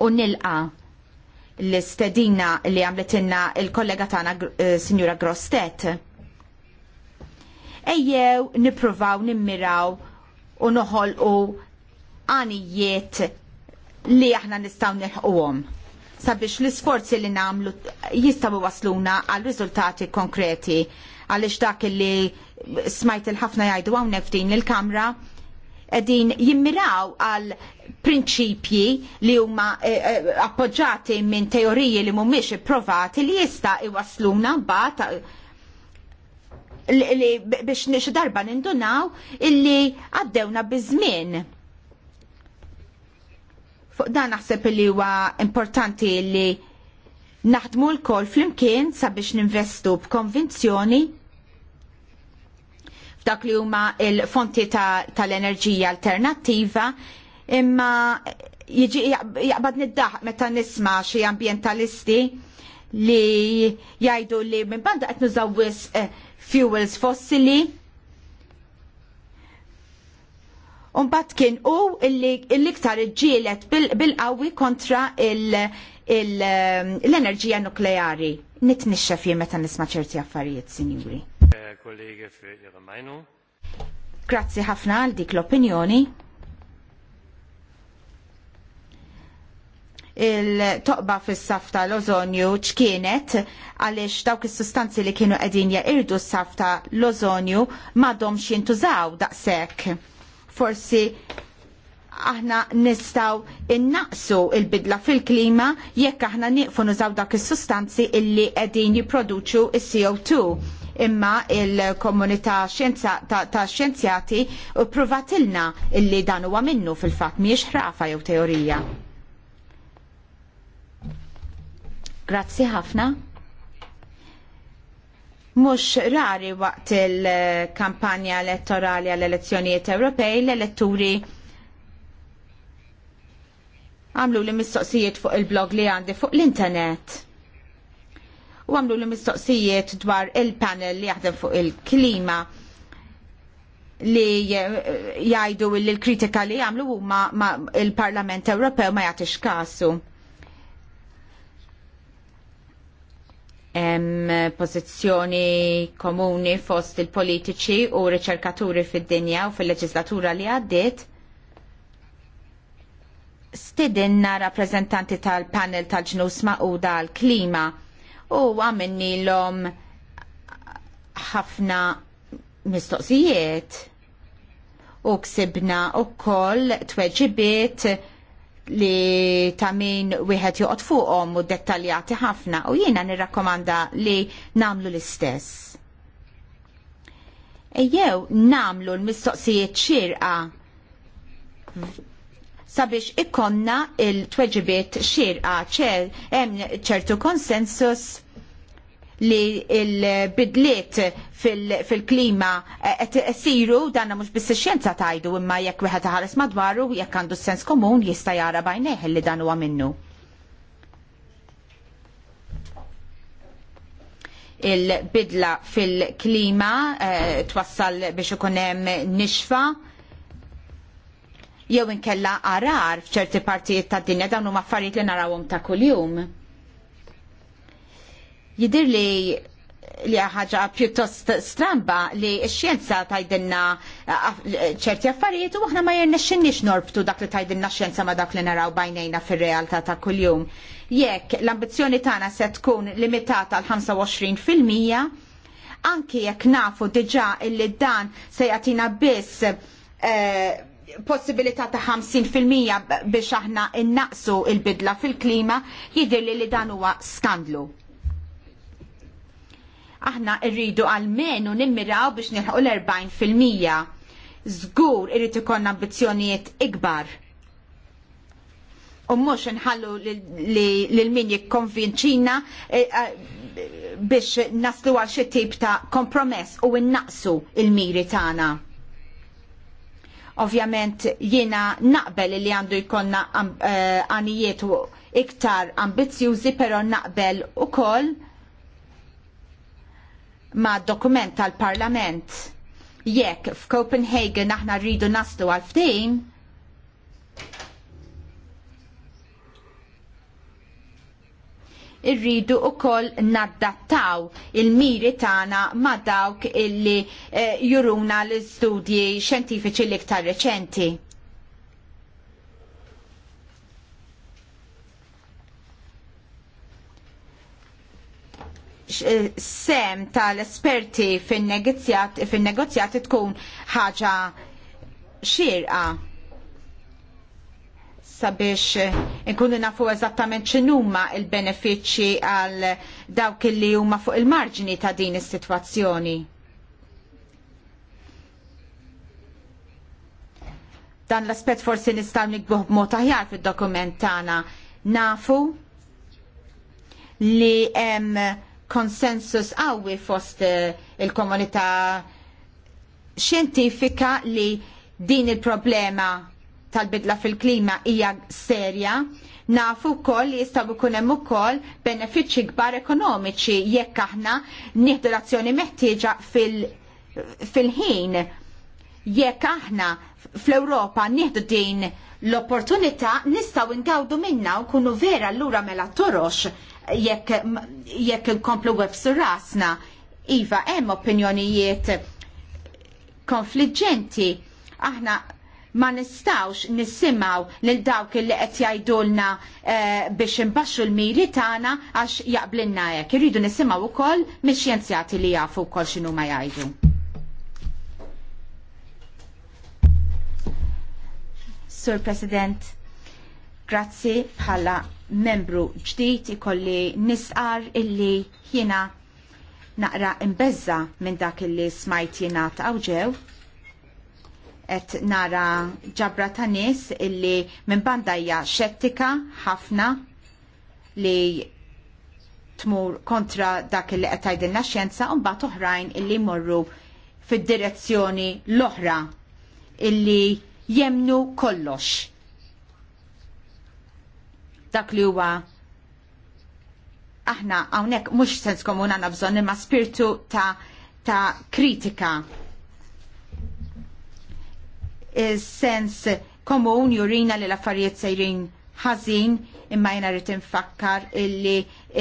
Speaker 2: u nilqa l-istedina li għamletinna il-kollega tagħna eh, Signora Grostet. Ejjew nippruvaw nimmiraw u noħolqu għanijiet li aħna nistgħu nilħquhom sabiex l-isforzi li nagħmlu jistgħu wasluna għal riżultati konkreti għaliex dak li smajt il-ħafna jgħidu hawnhekk neftin il-kamra edin jimmiraw għal prinċipji li huma eh, eh, appoġġati minn teoriji li mhumiex ipprovati li jista' iwasluna mbagħad eh, li biex nix darba nindunaw illi għaddewna biżmien. Fuq dan naħseb li huwa importanti li naħdmu l-kol fl-imkien sabiex ninvestu b'konvinzjoni dak li huma il-fonti tal-enerġija ta alternattiva imma jiġi jaqbad niddaħ meta nisma xi ambientalisti li jgħidu li minn banda qed nużawwis eh, fuels fossili Unbat kien u l-iktar ġielet bil-qawwi kontra l-enerġija nukleari. Nitnixxa fie meta nisma ċerti affarijiet, sinjuri.
Speaker 3: Kollege für Ihre Meinung.
Speaker 2: Grazzi ħafna għal dik l-opinjoni. il-toqba fis-saf tal-ozonju ċkienet għaliex dawk is-sustanzi li kienu qegħdin jaqirdu s-saf tal-ozonju m'għadhomx jintużaw daqshekk. Forsi aħna nistaw innaqsu il-bidla fil-klima jekk aħna nieqfu nużaw dak is-sustanzi illi qegħdin jipproduċu is-CO2 imma il-komunità ta' xjenzjati provatilna illi dan huwa minnu fil-fatt mhijiex ħrafa jew teorija. Grazzi ħafna. Mux rari waqt il-kampanja elettorali għall-elezzjonijiet Ewropej l-elettori għamlu li mistoqsijiet fuq il-blog li għandi fuq l-internet u għamlu l-mistoqsijiet dwar il-panel li jaħdem fuq il-klima li jajdu li l-kritika li jamlu huma il-Parlament Ewropew ma jagħtix kasu. Hemm pożizzjoni komuni fost il-politiċi u riċerkaturi fid-dinja u fil-leġislatura li għaddiet stidinna rappreżentanti tal-panel tal-ġnus u dal klima u l-om ħafna mistoqsijiet u ksibna u koll tweġibiet li ta' min wieħed joqgħod fuqhom u dettaljati ħafna u jiena nirrakkomanda li namlu l-istess. Ejjew namlu l-mistoqsijiet xirqa sabiex ikonna il-tweġibiet xirqa hemm ċertu konsensus li il-bidliet fil-klima eh, qed isiru danna mhux biss xienza xjenza tajdu imma jekk wieħed ħares madwaru jekk għandu sens komun jista' jara bajnejh li dan huwa minnu. il-bidla fil-klima eh, twassal biex ikun hemm nixfa jew inkella arar f'ċerti partijiet tad dinja dawn huma affarijiet li narawhom ta' kuljum. Jidir li li ħaġa pjuttost stramba li x-xjenza tajdinna ċerti affarijiet u aħna ma jirnexxinniex norbtu dak li tajdinna x-xjenza ma dak li naraw bajnejna fir-realtà ta' kuljum. Jekk l-ambizzjoni tagħna se tkun limitata għal 25 fil-mija, anki jekk nafu diġà illi dan se jagħtina biss eh, possibilità ta' 50% biex aħna innaqsu il-bidla fil-klima jidher li li dan huwa skandlu. Aħna rridu għalmenu nimmiraw biex nilħu l-40%. Zgur irrid ikun ambizzjonijiet ikbar. U mhux inħallu lil min jikkonvinċina eh, eh, biex naslu għal xi tip ta' kompromess u innaqsu il-miri tagħna Ovvjament jiena naqbel li għandu jkollna eh, għanijiet iktar ambizjużi, però naqbel ukoll ma' dokument tal-Parlament. Jekk f'Copenhagen aħna rridu naslu għal ftehim, irridu wkoll naddattaw il-miri tagħna ma' dawk illi eh, juruna l-istudji xjentifiċi l-iktar reċenti. Eh, sem tal-esperti fin negozjat tkun ħaġa xirqa sabiex eh, nkunu nafu eżattament x'inhuma l benefiċċji għal dawk li huma fuq il-marġini ta' din is-sitwazzjoni. Dan l-aspett forsi nistgħu nikbuh b'mod aħjar fid-dokument tagħna. Nafu li hemm konsensus qawwi fost eh, il-komunità xjentifika li din il-problema tal-bidla fil-klima hija serja, nafu wkoll li jistgħu jkun hemm ukoll benefiċċji kbar ekonomiċi jekk aħna nieħdu l-azzjoni meħtieġa fil-ħin. Fil jekk aħna fl-Ewropa nieħdu din l-opportunità nistgħu ngawdu minna u kunu vera allura mela torox jekk jekk inkomplu web rasna. Iva, hemm opinjonijiet konfliġġenti. Aħna ma nistawx nissimaw lil dawk li qed jgħidulna eh, biex imbaxxu l-miri tagħna għax jaqblilna hekk. Irridu nisimgħu wkoll mix-xjenzjati li jafu wkoll x'inhu ma jgħidu. Sur President, grazzi bħala membru ġdid ikolli nisqar illi jiena naqra imbezza minn dak illi smajt jingħata għawġew et nara ġabra ta' nies illi minn banda hija xettika ħafna li tmur kontra dak li qed tgħidilna xjenza u mbagħad oħrajn illi jmorru fid-direzzjoni l-oħra illi jemnu kollox. Dak li huwa aħna hawnhekk mhux sens komun għandna bżonn imma spiritu ta' ta' kritika sens komun jurina li l-affarijiet sejrin ħażin imma jena rrit infakkar illi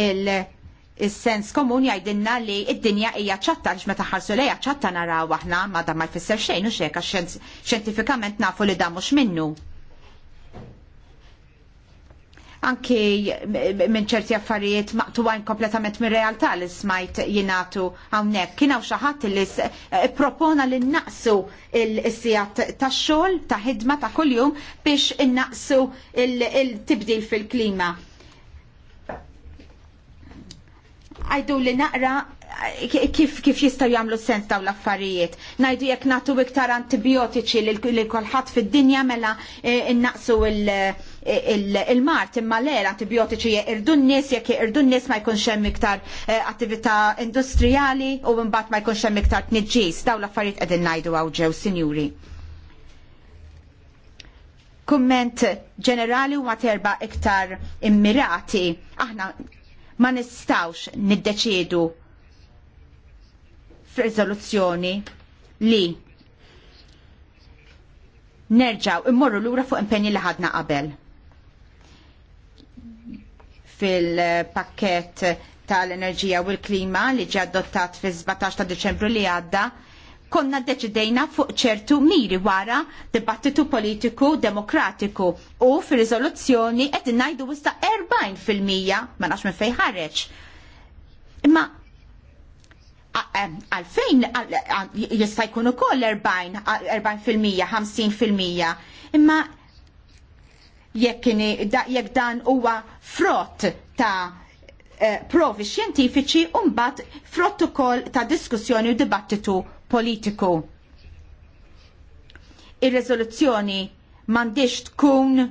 Speaker 2: il-sens komun jgħidilna li id-dinja hija ċatta għax meta ħarsu lejha ċatta naraw aħna ma dan ma jfisser xejn u xejn għax xjentifikament nafu li dan mhux minnu anki minn ċerti affarijiet maqtuwajn kompletament mir realtà li smajt jingħatu hawnhekk. Kien hawn xi li eh, propona li naqsu il-sijat tax-xogħol ta' ħidma ta' kuljum biex innaqsu il-tibdil fil-klima. Għajdu li naqra eh, kif kif jistaw jamlu sens dawn l-affarijiet. Ngħidu jekk nagħtu iktar antibiotiċi li kulħadd fid-dinja mela eh, innaqsu il- il-mart imma l l-antibiotiċi irdu n-nies jekk irdu n-nies ma jkunx hemm iktar eh, attività industrijali u mbagħad ma jkunx hemm iktar tniġġis Daw l-affarijiet qegħdin ngħidu hawn ġew sinjuri. Kumment ġenerali u ma terba iktar immirati, aħna ma nistawx niddeċiedu f'riżoluzzjoni li nerġaw immorru lura fuq impenji li ħadna qabel fil-pakket tal-enerġija u l-klima li ġi adottat fi 17 ta' Deċembru li għadda, konna deċidejna fuq ċertu miri wara dibattitu politiku demokratiku u fir riżoluzzjoni qed najdu wista 40% ma nafx minn fejn ħareġ. Imma għalfejn jista' jkun ukoll 40%, 50%, imma jekk dan huwa frott ta' eh, provi xjentifiċi u mbagħad frott ukoll ta' diskussjoni u dibattitu politiku. Ir-riżoluzzjoni m'għandix tkun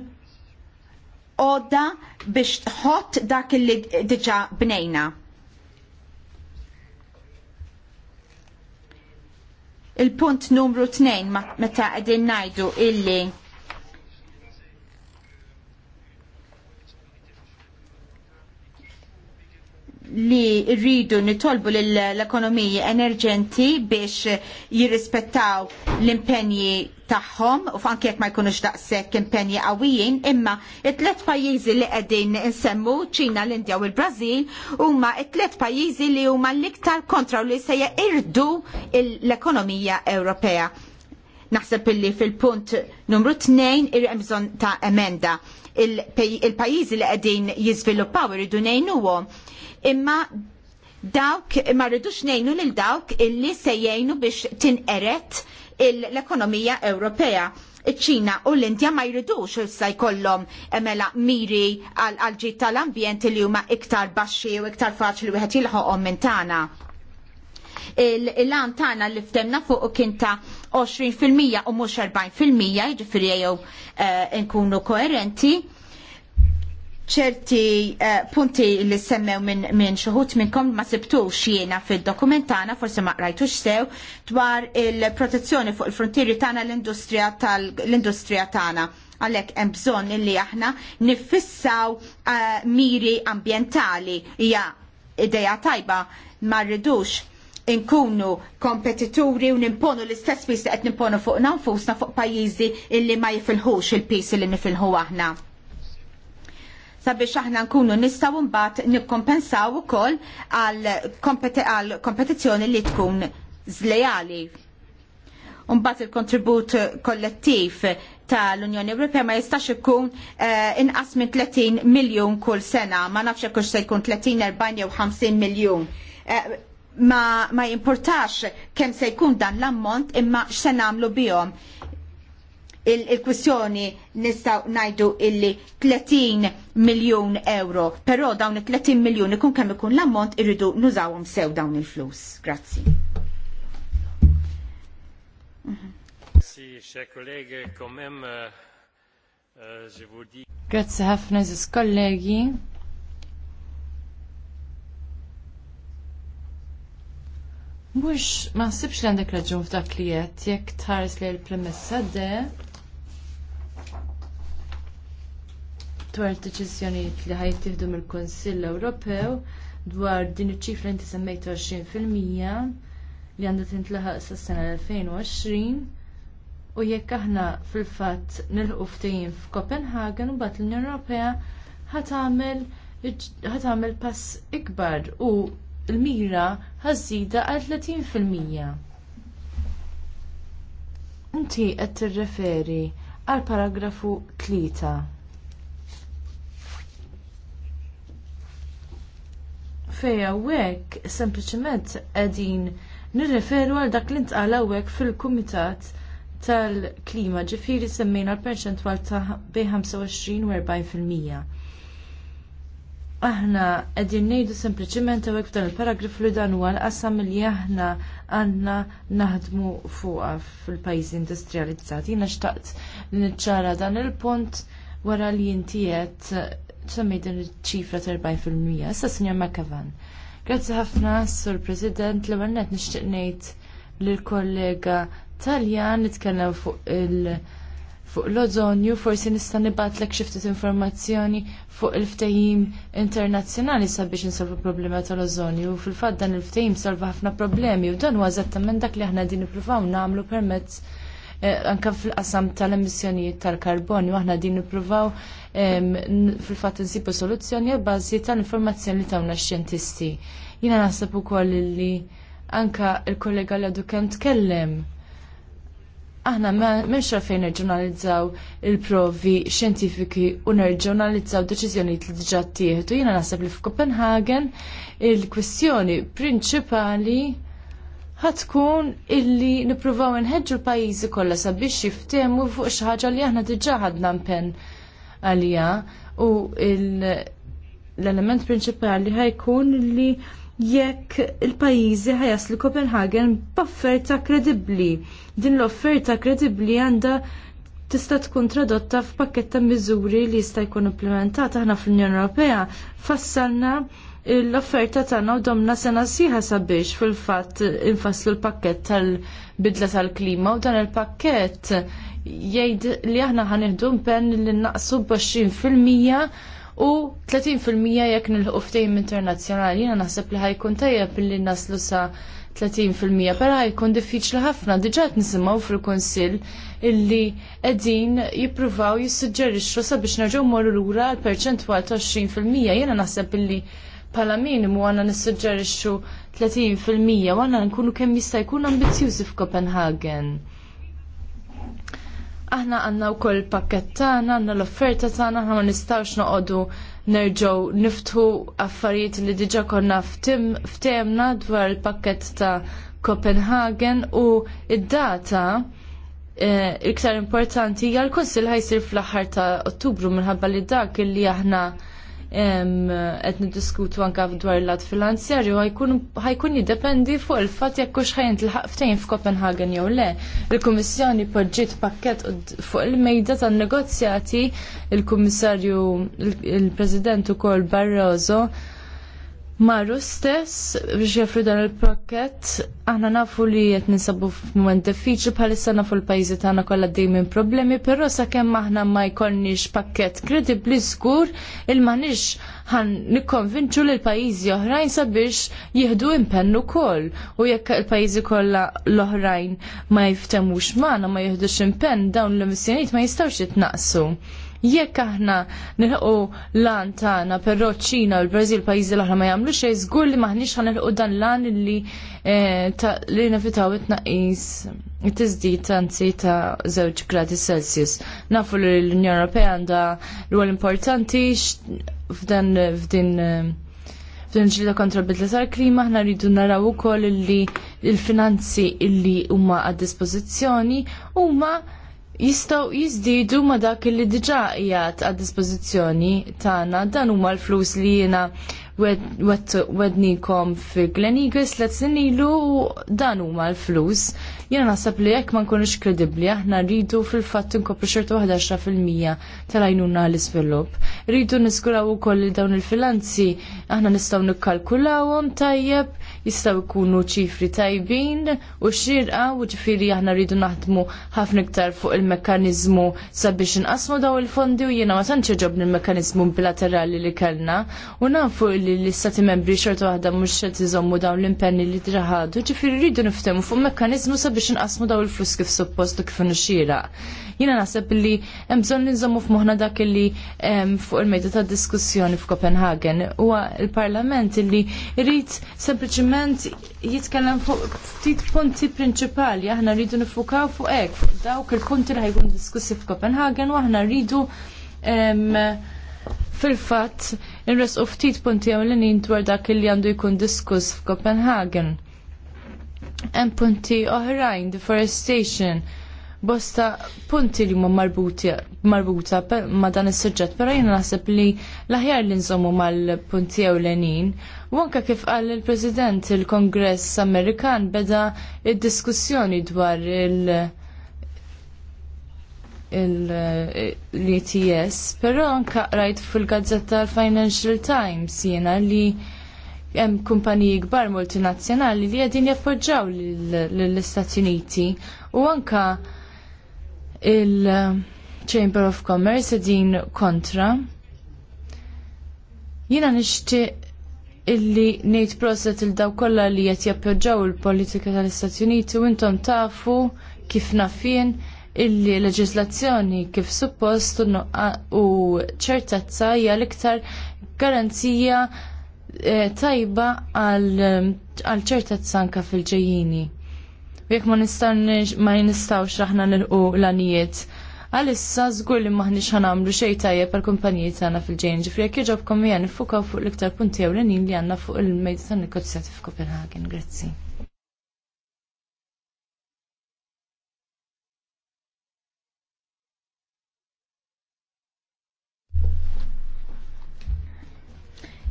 Speaker 2: għodda biex tħott dak li diġa bnejna. Il-punt numru 2 meta qegħdin ngħidu illi li rridu nitolbu l-ekonomiji enerġenti biex jirrispettaw l-impenji tagħhom u anke jekk ma jkunux daqshekk impenji qawwijin, imma t tlet pajjiżi li qegħdin insemmu ċina, l-Indja u l-Brażil huma t tlet pajjiżi li huma l-iktar kontra u li se irdu l-ekonomija Ewropea. Naħseb illi fil-punt numru 2 irqem bżonn ta' emenda il-pajjiżi li qegħdin jiżviluppaw irridu ngħinuhom imma dawk ma rridux ngħinu lil dawk illi se jgħinu biex tinqeret l-ekonomija Ewropea. Iċ-Ċina u l-Indja ma jridux issa jkollhom mela miri għal ġid tal-ambjent li huma iktar baxxi u iktar faċli wieħed jilħoqhom minn tagħna. Il-lan tagħna li ftemna fuq kien ta' 20% u mhux 40% jiġifieri jew eh, nkunu koerenti ċerti eh, punti li semmew minn min minnkom ma sibtux jiena fil-dokumentana, forse ma qrajtux sew, dwar il-protezzjoni fuq il-frontieri tagħna l-industrija tana. Għalek tagħna. Għalhekk hemm bżonn illi aħna niffissaw eh, miri ambjentali hija ideja tajba ma rridux inkunu kompetituri u nimponu l-istess pis li qed nimponu fuq nfusna fuq pajjiżi illi ma jifilħux il-pis li nifilħu aħna sabiex aħna nkunu nistaw mbagħad nikkompensaw ukoll għal kompetizzjoni li tkun żlejali. Mbagħad il-kontribut kollettiv tal-Unjoni Ewropea ma jistax ikun eh, inqas minn 30 miljun kull sena, ma nafx hekk se jkun 30, 40 jew 50 miljun. Eh, ma, ma jimportax kemm se jkun dan l-ammont imma x'se nagħmlu bihom il-kwistjoni nistaw najdu illi 30 miljon euro, pero dawn 30 miljon ikun kemm ikun l-ammont irridu nużawhom sew dawn il-flus. Grazzi. Euh, Grazzi ħafna ziz
Speaker 1: kollegi. Mux, ma nsibx li għandek raġun f'dak li jett, jekk tħares li l-premessa de, dwar deċiżjonijiet li ħajtieħdu mill-Kunsill Ewropew dwar din iċ-ċifra inti semmejtu 20% li għandha tintlaħaq sas-sena 2020 u jekk aħna fil-fatt nilħu ftehim f'Copenhagen u bat l-Unjoni Ewropea ħatamel tagħmel pass ikbar u l-mira ħażida għal 30%. Inti qed tirreferi għal paragrafu 3 fej hawnhekk sempliċement qegħdin nirreferu għal dak li ntqal hawnhekk fil-Kumitat tal-Klima ġifieri semmejna l-perċentwal ta' b 25 u 40%. Aħna qegħdin ngħidu sempliċement għawek f'dan il paragraf li dan huwa l-qasam li aħna għandna naħdmu fuqha fil-pajjiżi industrializzati. Jiena xtaqt li niċċara dan il-punt wara li jintijet semmej din il-ċifra ta' 40%. Issa Sinjor McEvan. Grazzi ħafna, Sur President, l għannet nixtieq ngħid lill-kollega Taljan nitkellem fuq il- fuq l-ozonju forsi nista' nibatlek xi ftit informazzjoni fuq il-ftehim internazzjonali sabiex insolvu problema tal-ozonju. Fil-fatt dan il-ftehim solva ħafna problemi u dan huwa eżattament dak li aħna din nippruvaw nagħmlu permezz Eh, anke fil-qasam tal-emissjonijiet tal-karbonju aħna din nippruvaw fil-fatt insibu soluzzjoni għal tal-informazzjoni li tawna x-xjentisti. Jiena naħseb ukoll li anke l kollega li għadu kemm tkellem aħna m'hemmx fejn nerġurnalizzaw il-provi xjentifiki u nerġurnalizzaw deċiżjonijiet li diġà ttieħdu. Jiena naħseb li f'Copenhagen il-kwistjoni prinċipali ħatkun illi nippruvaw nħeġġu l-pajjiżi kollha sabiex jiftehmu fuq xi ħaġa li aħna diġà ħadna mpenn għalija u l-element prinċipali ħajkun li jekk il-pajjiżi ħajaslu Copenhagen b'offerta kredibbli. Din l-offerta kredibbli għandha tista' tkun tradotta f'pakketta ta' miżuri li jista' jkun implementata aħna fl-Unjoni Ewropea. Fassalna l-offerta tagħna u domna sena siħa sabiex fil-fatt infasslu l-pakkett tal-bidla tal-klima u dan il-pakkett jgħid li aħna ħanieħdu pen li naqsu b'20 u 30% jekk nilħu ftehim internazzjonali jiena naħseb li ħajkun tajjeb li naslu sa 30% però jkun diffiċli ħafna diġà qed nisimgħu fil-Kunsill illi qegħdin jippruvaw jissuġġerixxu sabiex nerġgħu morru lura l-perċentwal ta' 20%. Jiena naħseb illi pala minimu għanna nissuġġerixxu 30% u għanna nkunu kemm jista' jkun ambizzjużi f'Copenhagen. Aħna għanna u koll pakket tagħna, għanna l-offerta tagħna, ma nistgħux noqogħdu nerġgħu niftħu affarijiet li diġà konna ftemna dwar il-pakket ta' Copenhagen u id-data eh, iktar importanti hija l-Kunsill ħajsir fl-aħħar ta' Ottubru minħabba li dak illi aħna qed niddiskutu anke dwar il-lat finanzjarju għajkun jiddependi fuq il-fatt jekk hux ħajn tilħaq ftehim f'Copenhagen jew le. Il-Kummissjoni poġġiet pakkett fuq il-mejda tan-negozjati il-Kummissarju il-President ukoll Barroso marru stess biex jaffru dan il-pakket, aħna nafu li qed ninsabu f'mument diffiċli bħalissa nafu l-pajjiżi tagħna kollha dejjem problemi, però sakemm aħna ma jkollniex pakket kredibbli żgur il m'għandniex ħan nikkonvinċu lil pajjiżi oħrajn sabiex jieħdu impenn ukoll u jekk il-pajjiżi kollha l-oħrajn ma jiftemux maħna ma jieħdux impenn dawn l-emissjonijiet ma jistgħux jitnaqsu. Jekk aħna nilħu lan tagħna però ċina u l-Brażil pajjiżi l-oħra ma jagħmlu xejn żgur li maħniex ħanilħu dan lan li eh, li nevitaw it-tnaqqis it-tiżdid anzi ta' żewġ gradi Celsius. Nafu li l-Unjoni Ewropea għandha rwol importanti f'dan f'din f'din-ġilda kontra bidla tal-klima, ħna rridu naraw ukoll li l-finanzi illi huma għad-dispożizzjoni huma jistaw jizdidu ma dak li diġa jgħat għad dispozizjoni tagħna dan huma l-flus li jiena wednikom fi Glen Eagles let ilu u dan huma l-flus. Jiena naħseb li jekk ma nkunux kredibbli aħna rridu fil-fatt nkopri xorta 11% fil-mija tal-għajnuna l-iżvilupp. Rridu niskuraw ukoll li dawn il-finanzi aħna nistgħu nikkalkulawhom tajjeb jistaw ikunu ċifri tajbin u xirqa u ġifiri aħna rridu naħdmu ħafna iktar fuq il-mekkanizmu sabiex inqasmu daw il-fondi u jiena ma tantx ġobni il-mekkanizmu bilaterali li kellna u nafu li l-istati membri xorta waħda mhux qed iżommu dawn l-impenni li draħadu ġifiri rridu niftehmu fuq mekkanizmu sabiex inqasmu daw il fluss kif suppost u kif nixxira. Jiena naħseb li hemm bżonn f f'moħħna dak li fuq il-mejda ta' diskussjoni f-Kopenhagen Huwa l-Parlament li rrit sempliċement jitkellem fuq ftit punti prinċipali, aħna rridu nifukaw fuq hekk, dawk il-punti li ħajkun diskussi f-Kopenhagen u aħna rridu fil-fatt nres ftit punti għamlenin dwar dak li għandu jkun diskuss f-Kopenhagen. hemm punti oħrajn, deforestation, bosta punti li huma marbuta ma dan is-suġġett, però jiena naħseb li l-aħjar li nżommu mal-punti ewlenin. U anke kif qal il-President il-Kongress Amerikan beda id-diskussjoni dwar il- l-ETS, però anka rajt fil-gazzetta l-Financial Times jiena li hemm kumpaniji kbar multinazzjonali li qegħdin jappoġġaw lill-Istati Uniti u anka il-Chamber of Commerce din kontra. Jina nixtieq illi nejt proset il-daw kolla li jett jappoġġaw il-politika tal-Istati Uniti u intom tafu kif nafien illi leġislazzjoni kif suppost u ċertezza hija l-iktar garanzija eh, tajba għal ċertezza anka fil-ġejjini jekk ma nistawx ma nistawx aħna nilqu l-anijiet. Għalissa żgur li maħniex ħanamlu xej tajjeb għal kumpaniji tagħna fil-ġejn ġifri jekk jogħġobkom hija nifukaw fuq l-iktar punti ewlenin li għandna fuq il-mejda tan-negozjati f'Kopenhagen. Grazzi.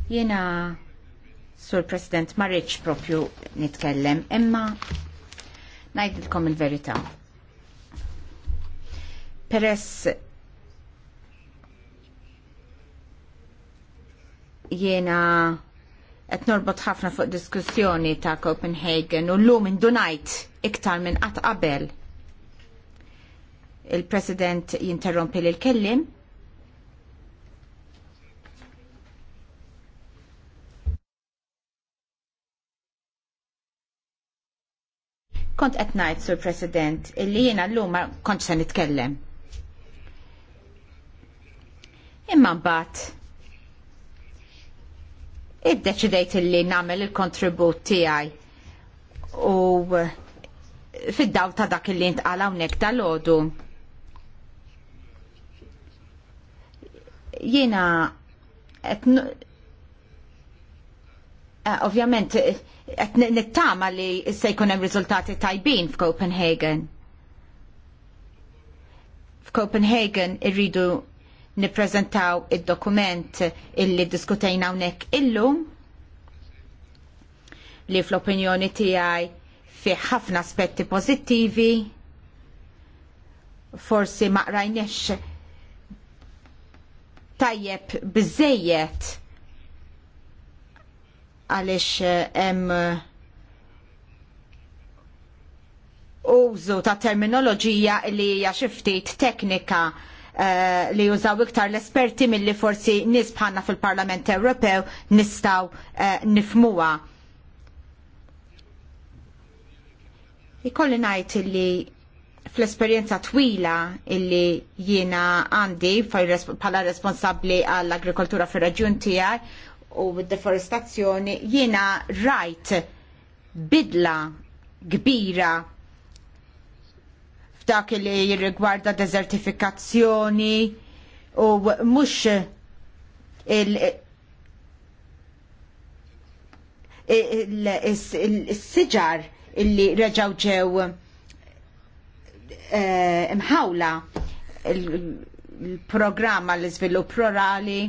Speaker 2: Jena Sur President, ma rridx propju nitkellem, imma Najdilkom il-verità. Peress jena qed norbot ħafna fuq diskussjoni ta' Copenhagen u llum indunajt iktar minn qatt qabel. Il-President jinterrompi lil kellim Kont qed ngħid, Sur President, illi jiena llum ma kontx se nitkellem. Imma mbagħad iddeċidejt illi nagħmel il-kontribut tiegħi u fid-daw ta' dak illi ntqal hawnhekk tal għodu Jiena Eh, ovvjament, eh, qed nittama li se jkun hemm riżultati tajbin f'Copenhagen. F'Copenhagen irridu nippreżentaw id-dokument illi diskutejna hawnhekk illum li fl-opinjoni tiegħi fi ħafna aspetti pożittivi forsi ma qrajniex tajjeb biżejjed għaliex eh, hemm eh, użu ta' terminoloġija li hija xi ftit teknika eh, li jużaw iktar l-esperti milli forsi nies bħalna fil-Parlament Ewropew nistgħu nifmuwa. Ikolli ngħid li fl-esperienza twila illi jiena għandi bħala responsabbli għall agrikoltura fir reġjun tiegħi u d-deforestazzjoni jiena rajt bidla kbira f'dak li jirrigwarda desertifikazzjoni u mhux il- il-siġar illi reġaw ġew eh, imħawla il-programma l-izvilupp rurali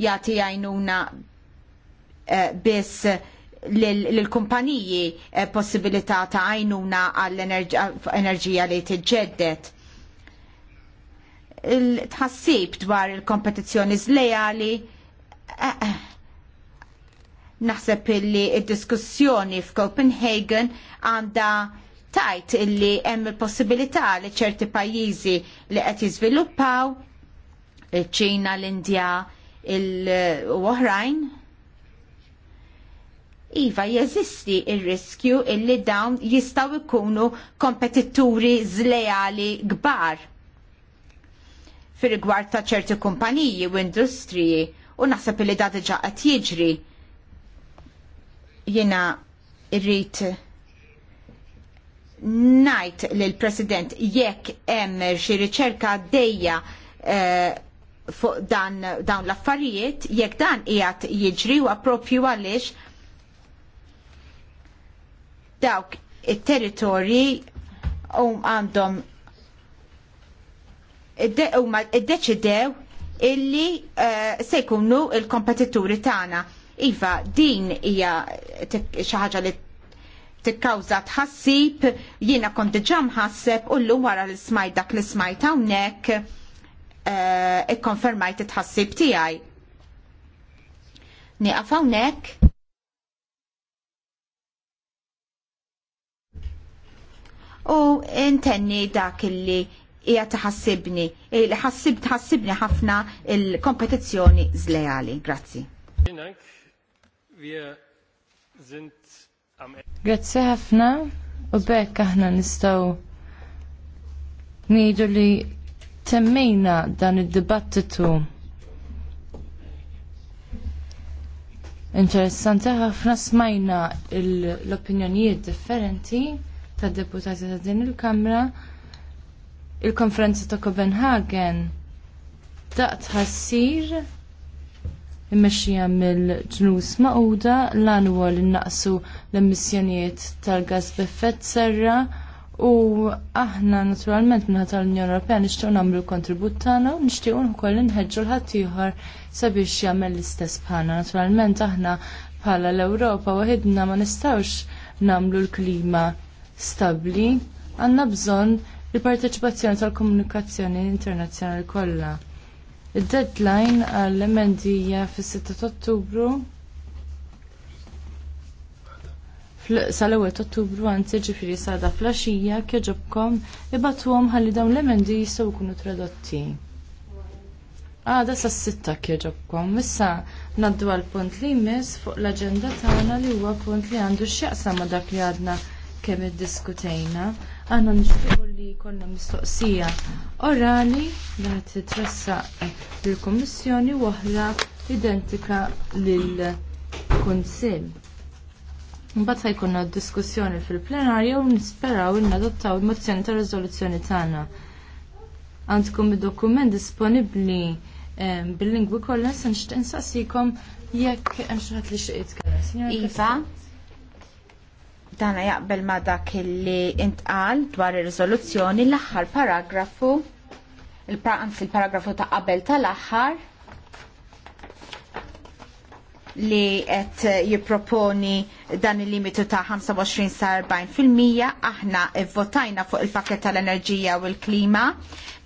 Speaker 2: jagħti għajnuna bis eh, biss lill-kumpaniji eh, possibilità ta' għajnuna għall-enerġija li t-ġeddet. Il-tħassib dwar il-kompetizzjoni zlejali eh, naħseb illi il diskussjoni f'Copenhagen għandha tajt illi hemm il-possibilità li ċerti pajjiżi li qed jiżviluppaw il ċina l-Indja, il-oħrajn Iva, jeżisti il-riskju illi dawn jistaw ikunu kompetitturi zlejali gbar fir-rigward ta' ċerti kumpaniji u industriji u naħseb li da diġa qed jiġri. Jiena irrid najt lill president jekk hemm xi riċerka għaddejja eh, fuq dan dan l-affarijiet jekk dan qiegħed jiġri u għapropju għaliex dawk it-territorji u għandhom huma deċidew illi uh, se jkunu l kompetituri tagħna. Iva, din hija xi ħaġa li tikkawża tħassib, jiena kont diġà mħasseb u llum wara li smajt dak l smajt hawnhekk Eh, ikkonfermajt it-ħassib tiegħi. Nieqaf hawnhekk. U intenni dak illi hija taħassibni, li ħassib tħassibni ħafna
Speaker 1: il-kompetizzjoni żlejali. Grazzi. Grazzi ħafna u bekk aħna nistgħu ngħidu li temmejna dan id-dibattitu Interessanti ħafna smajna l-opinjonijiet differenti ta' deputati ta' din il-Kamra. Il-konferenza ta' Copenhagen daqt ħassir immexxija mill-ġnus maquda l l-naqsu l-emissjonijiet tal-gas b'effett serra U aħna naturalment minn tal-Unjoni Ewropea nixtiequ nagħmlu l-kontribut tagħna u nixtiequ wkoll inħeġġu l-ħadd ieħor sabiex jagħmel l-istess bħalna. Naturalment aħna bħala l-Ewropa waħedna ma nistgħux nagħmlu l-klima stabbli, għandna bżonn il-parteċipazzjoni tal-komunikazzjoni internazzjonali kollha. Id-deadline għall-emendija fis-6 ta' Ottubru sal-ewwel Ottubru anzi ġifieri sada flaxija kieġobkom ibatuhom ħalli dawn l-emendi jistgħu jkunu tradotti. Għada sa sitta kieġobkom. Issa naddu għal punt li jmiss fuq l-aġenda tagħna li huwa punt li għandu x'jaqsam ma' dak li għadna kemm iddiskutejna. Aħna nixtiequ li jkollna mistoqsija orali li qed titressaq lill-Kummissjoni u oħra identika lill-Kunsill. Mbagħad ħajkunna diskussjoni fil-plenarju u nisperaw innadottaw il-mozzjoni ta' riżoluzzjoni tagħna. Għandkom id-dokument disponibbli ehm, bil-lingwi kollha se nixtieq insaqsikom jekk hemm xi ħadd li xi jitkellem. Iva,
Speaker 2: Dan jaqbel ma dak li intqal dwar ir-riżoluzzjoni l-aħħar paragrafu il-paragrafu ta' qabel tal-aħħar li qed jipproponi dan il-limitu ta' 25 sa 40% aħna votajna fuq il-pakket tal-enerġija u l-klima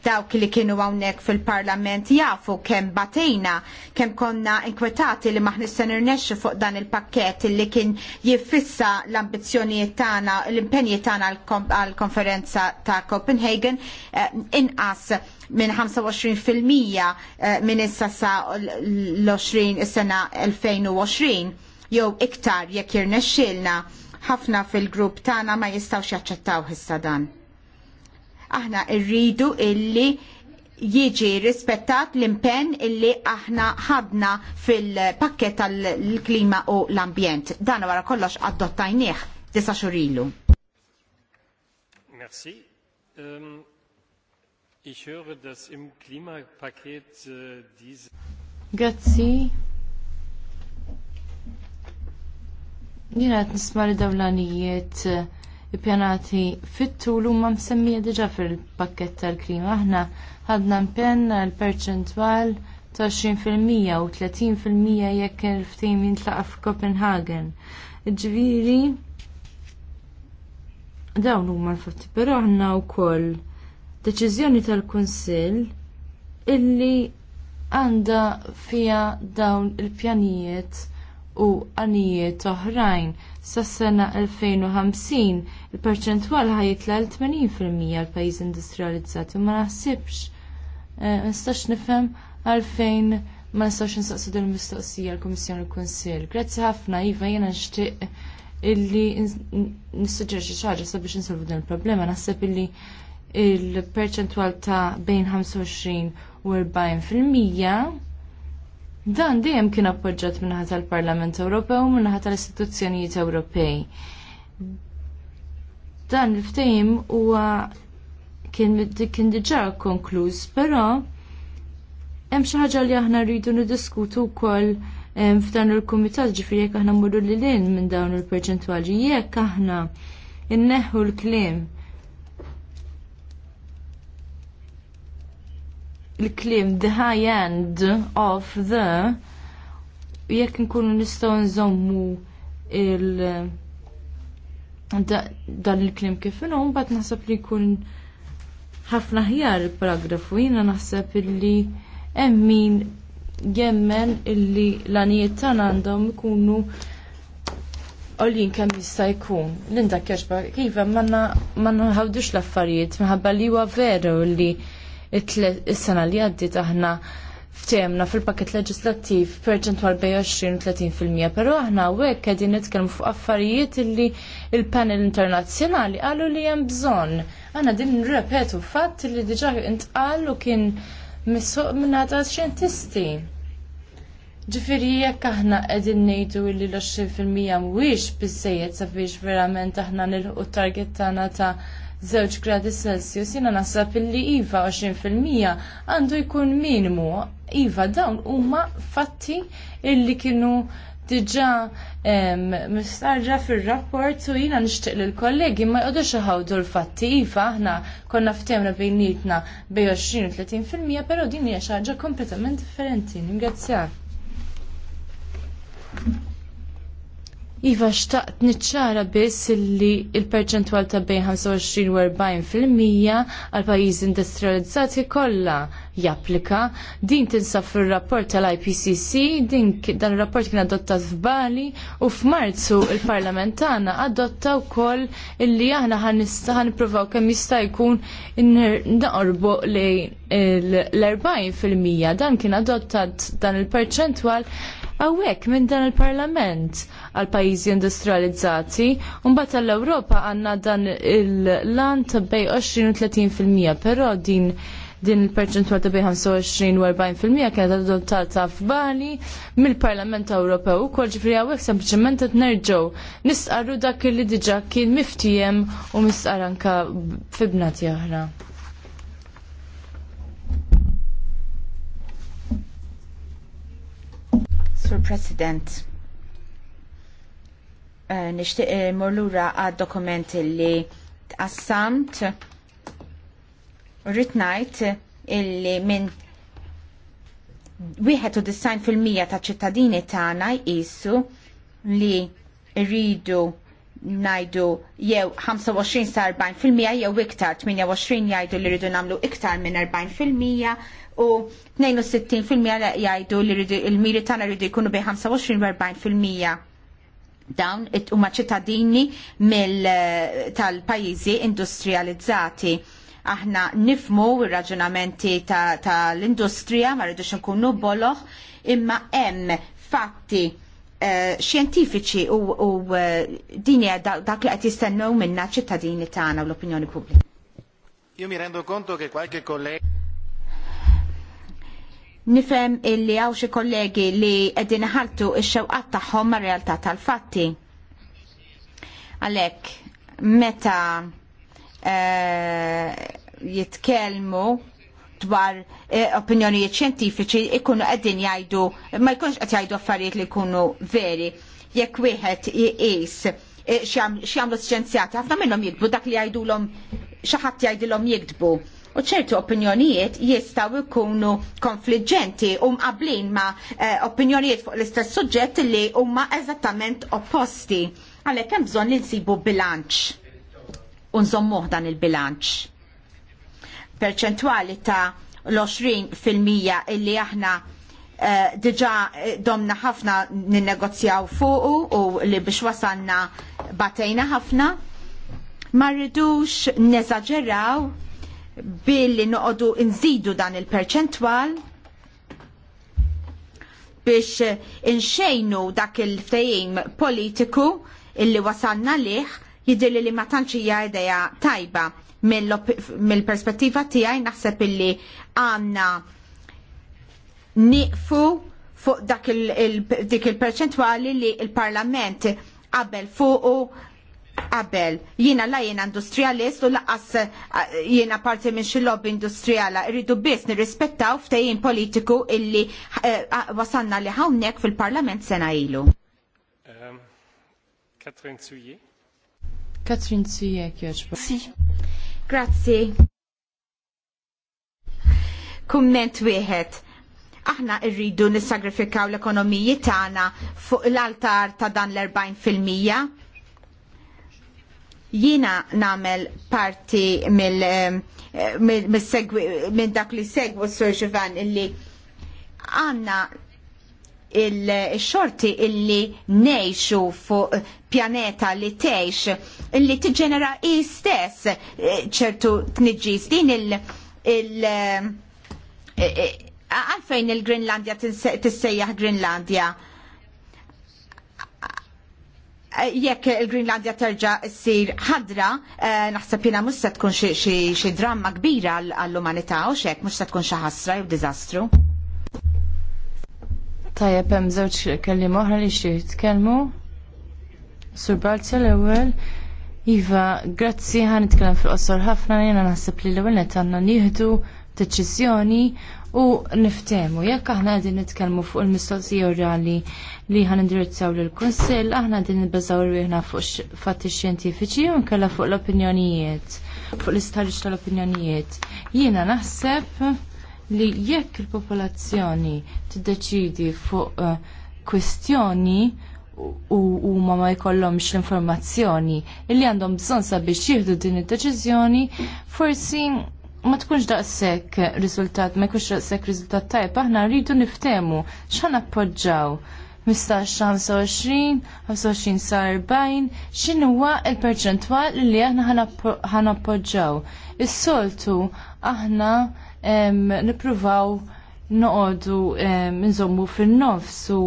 Speaker 2: dawk li kienu hawnhekk fil-parlament jafu kemm batejna kemm konna inkwetati li maħni s nirnexxu fuq dan il-pakket li kien jiffissa l-ambizzjonijiet tagħna l-impenji tagħna għall konferenza ta' Copenhagen eh, inqas minn 25% eh, minn issa sa l-20 is-sena 2020 jew iktar jekk jirnexxielna ħafna fil-grupp tagħna ma jistgħux jaċċettaw issa dan. Aħna rridu illi jiġi rispettat l-impenn illi aħna ħadna fil-pakket tal-klima u l-ambjent. Dan wara kollox adottajnieh disa xurilu.
Speaker 3: Merci. Um... Ich höre, dass im Klimapaket äh, diese.
Speaker 1: Grazzi. Jina għet nisma li dawlanijiet äh, ippjanati fit-tul u ma msemmija diġa fil-pakket tal-klima. Aħna ħadna mpenn l-perċentwal ta' 20% u 30% jekk il ftim jintlaqa f'Kopenhagen. Ġviri, dawn huma l-fatti, però aħna wkoll deċiżjoni tal-Kunsill illi għanda fija dawn il-pjanijiet u għanijiet oħrajn. Sas-sena 2050 il-perċentwal ħajitla l-80% l-pajjiż industrializzati ma naħsibx. Eh, nistax nifhem għalfejn ma nistax nistaqsu din mistoqsija l-Kummissjoni l-Kunsill. Grazzi ħafna iva jiena nixtieq illi nissuġġerixi xi ħaġa sabiex insolvu din il-problema. Naħseb illi il-perċentwal ta' bejn 25 u 40 fil-mija dan dejjem kien appoġġjat minnaħa tal-Parlament Ewropew u minnaħa tal-istituzzjonijiet Ewropej. Dan il-ftehim huwa kien diġà konkluż, però hemm xi ħaġa li aħna rridu niddiskutu wkoll f'dan il-kumitat ġifieri jekk aħna mmorru lil minn dawn il-perċentwali jekk aħna inneħħu l-kliem il-klim the high end of the jekk nkunu nistgħu nżommu il dan il-klim kif inhu mbagħad naħseb li jkun ħafna ħjar il-paragrafu jiena naħseb illi hemm min jemmen illi l-anijiet tagħna għandhom ikunu Olin kemm jista' jkun. Linda Kerxba, kif manna ma nħawdux l-affarijiet minħabba li huwa veru li Is-sena li għaddit aħna ftemna fil-pakket leġislattiv perċentwal bej 20-30%, pero aħna għek għedin nitkellmu fuq affarijiet li il-panel internazzjonali għallu li hemm bżonn. Għana din nirrepetu fatt li diġa intqal kien missuq minna ta' xjentisti. Ġifiri jekk aħna qegħdin ngħidu illi l-20% mhuwiex sa' sabiex verament aħna nil t-target tagħna ta' żewġ gradi Celsius, jiena naħseb illi iva 20% għandu jkun minimu. Iva dawn huma fatti illi kienu diġa mistarġa fil-rapport u jina nishtiq l-kollegi ma jgħodux ħawdu l-fatti iva aħna konna ftemna bejnietna bej 20-30% pero din hija xi ħaġa kompletament differenti. Ningrazzjak. Iva xtaqt nitċara biss li il-perċentwal ta' bejn 25 u 40% għal pajjiż industrializzati kollha japplika. Din tinsab fir-rapport tal-IPCC, din dan ir-rapport kien adottat f'Bali u f'Marzu il-Parlament tagħna adotta wkoll illi aħna ħanippruvaw kemm jista' jkun naqorbu lejn l-40% dan kien adottat dan il-perċentwal Awek minn dan il-parlament għal pajizi industrializzati, un-bat għall-Europa għanna dan il-lan ta' bej 20-30%, pero din din il perċentual ta' bej 25 u 40% kienet adottata f'Bali mill-Parlament Ewropew u kol ġifri għawek sempliciment qed nerġgħu nisqarru dak li diġà kien miftijem u nisqar anka f'ibnat oħra.
Speaker 2: Sur President, eh, nishtiq eh, morlura għad dokumenti li tqassamt rritnajt illi minn 91% ta' ċittadini tagħna jqisu li rridu ngħidu jew 25 sa 40% jew iktar 28 jgħidu li rridu nagħmlu iktar minn 40% u 62% jgħidu li il-miri tagħna rridu jkunu bej 25-40% dawn huma ċittadini eh, tal-pajjiżi industrializzati. Aħna nifmu r-raġunamenti tal-industrija ta ma rridux nkunu boloħ imma hemm fatti eh, xjentifiċi u, u uh, dak li qed jistennew minna ċittadini tagħna u l-opinjoni pubblika.
Speaker 3: Io mi rendo conto che qualche collega
Speaker 2: Nifem illi għaw xi kollegi li qegħdin ħaltu x-xewqat tagħhom mar-realtà tal-fatti. Għalhekk meta jitkelmu eh, jitkellmu dwar eh, opinjonijiet xjentifiċi ikunu qegħdin jgħidu ma jkunx qed jgħidu affarijiet li jkunu veri jekk wieħed jqis eh, x'jagħmlu xjenzjati ħafna minnhom jikbu dak li jgħidulhom xi ħadd jgħidilhom jikdbu u ċertu opinjonijiet jistaw ikunu konfliġenti u mqablin ma eh, opinjonijiet fuq l-istess suġġett li huma eżattament opposti. Għalhekk hemm bżonn li nsibu bilanċ. U nżommuh dan il-bilanċ. Perċentwali ta' l-20 fil-mija illi aħna eh, diġa eh, domna ħafna ninnegozjaw fuqu u li biex wasanna batejna ħafna ma rridux neżaġeraw billi noqogħdu nżidu dan il-perċentwal biex inxejnu dak il-ftejim politiku illi wasalna liħ jidilli li ma tantx hija idea tajba mill-perspettiva tiegħi naħseb illi għandna niqfu fuq dak il-perċentwali il li il-Parlament qabel fuqu qabel jiena la jiena industrialist u laqas eh, jiena parti minn xi lobby industrijala irridu biss nirrispettaw ftehim politiku illi eh, wasanna li hawnhekk fil-Parlament sena ilu.
Speaker 3: Katrin um, Suje.
Speaker 2: Katrin Suje kjoġba. Si. Grazzi. Kumment wieħed aħna rridu nissagrifikaw l-ekonomiji tagħna fuq l-altar ta' dan l-40 fil-mija Jiena nagħmel parti mill minn dak li segwu s-Sur Ġivan illi għanna il-xorti illi nejxu fuq pjaneta li tgħix illi tiġġenera istess eh, ċertu tniġġis din il- il eh, eh, għalfejn il-Grenlandja tissejjaħ Grenlandja. Eh, jekk il-Greenlandja terġa ssir ħadra, eh, naħseb jiena mhux se tkun xi dramma kbira għall-umanità u xek, mhux se tkun xi ħasra jew diżastru.
Speaker 1: Tajja hemm żewġ kelli oħra li xi jitkellmu. Sur Balza l-ewwel. Iva, grazzi ħan nitkellem fil-qosor ħafna jiena naħseb li l-ewwel qed għandna nieħdu deċiżjoni u niftemu. Jekk aħna qegħdin nitkellmu fuq il-mistoqsija orali li ħan indirizzaw l konsell aħna din nibbażaw rwieħna fuq fatti xjentifiċi u nkella fuq l-opinjonijiet, fuq l-istarġ tal-opinjonijiet. Jiena naħseb li jekk il-popolazzjoni t-deċidi fuq eh, kwestjoni u huma ma jkollhomx l-informazzjoni li għandhom bżonn sabiex jieħdu din id-deċiżjoni, forsi ma tkunx daqshekk riżultat, ma jkunx daqshekk riżultat tajb, aħna rridu niftemu x'għan appoġġaw 15-25, 25 sa 40, x'inhuwa il-perċentwal li aħna poġġaw. Is-soltu aħna nippruvaw noqogħdu nżommu fin-nofs u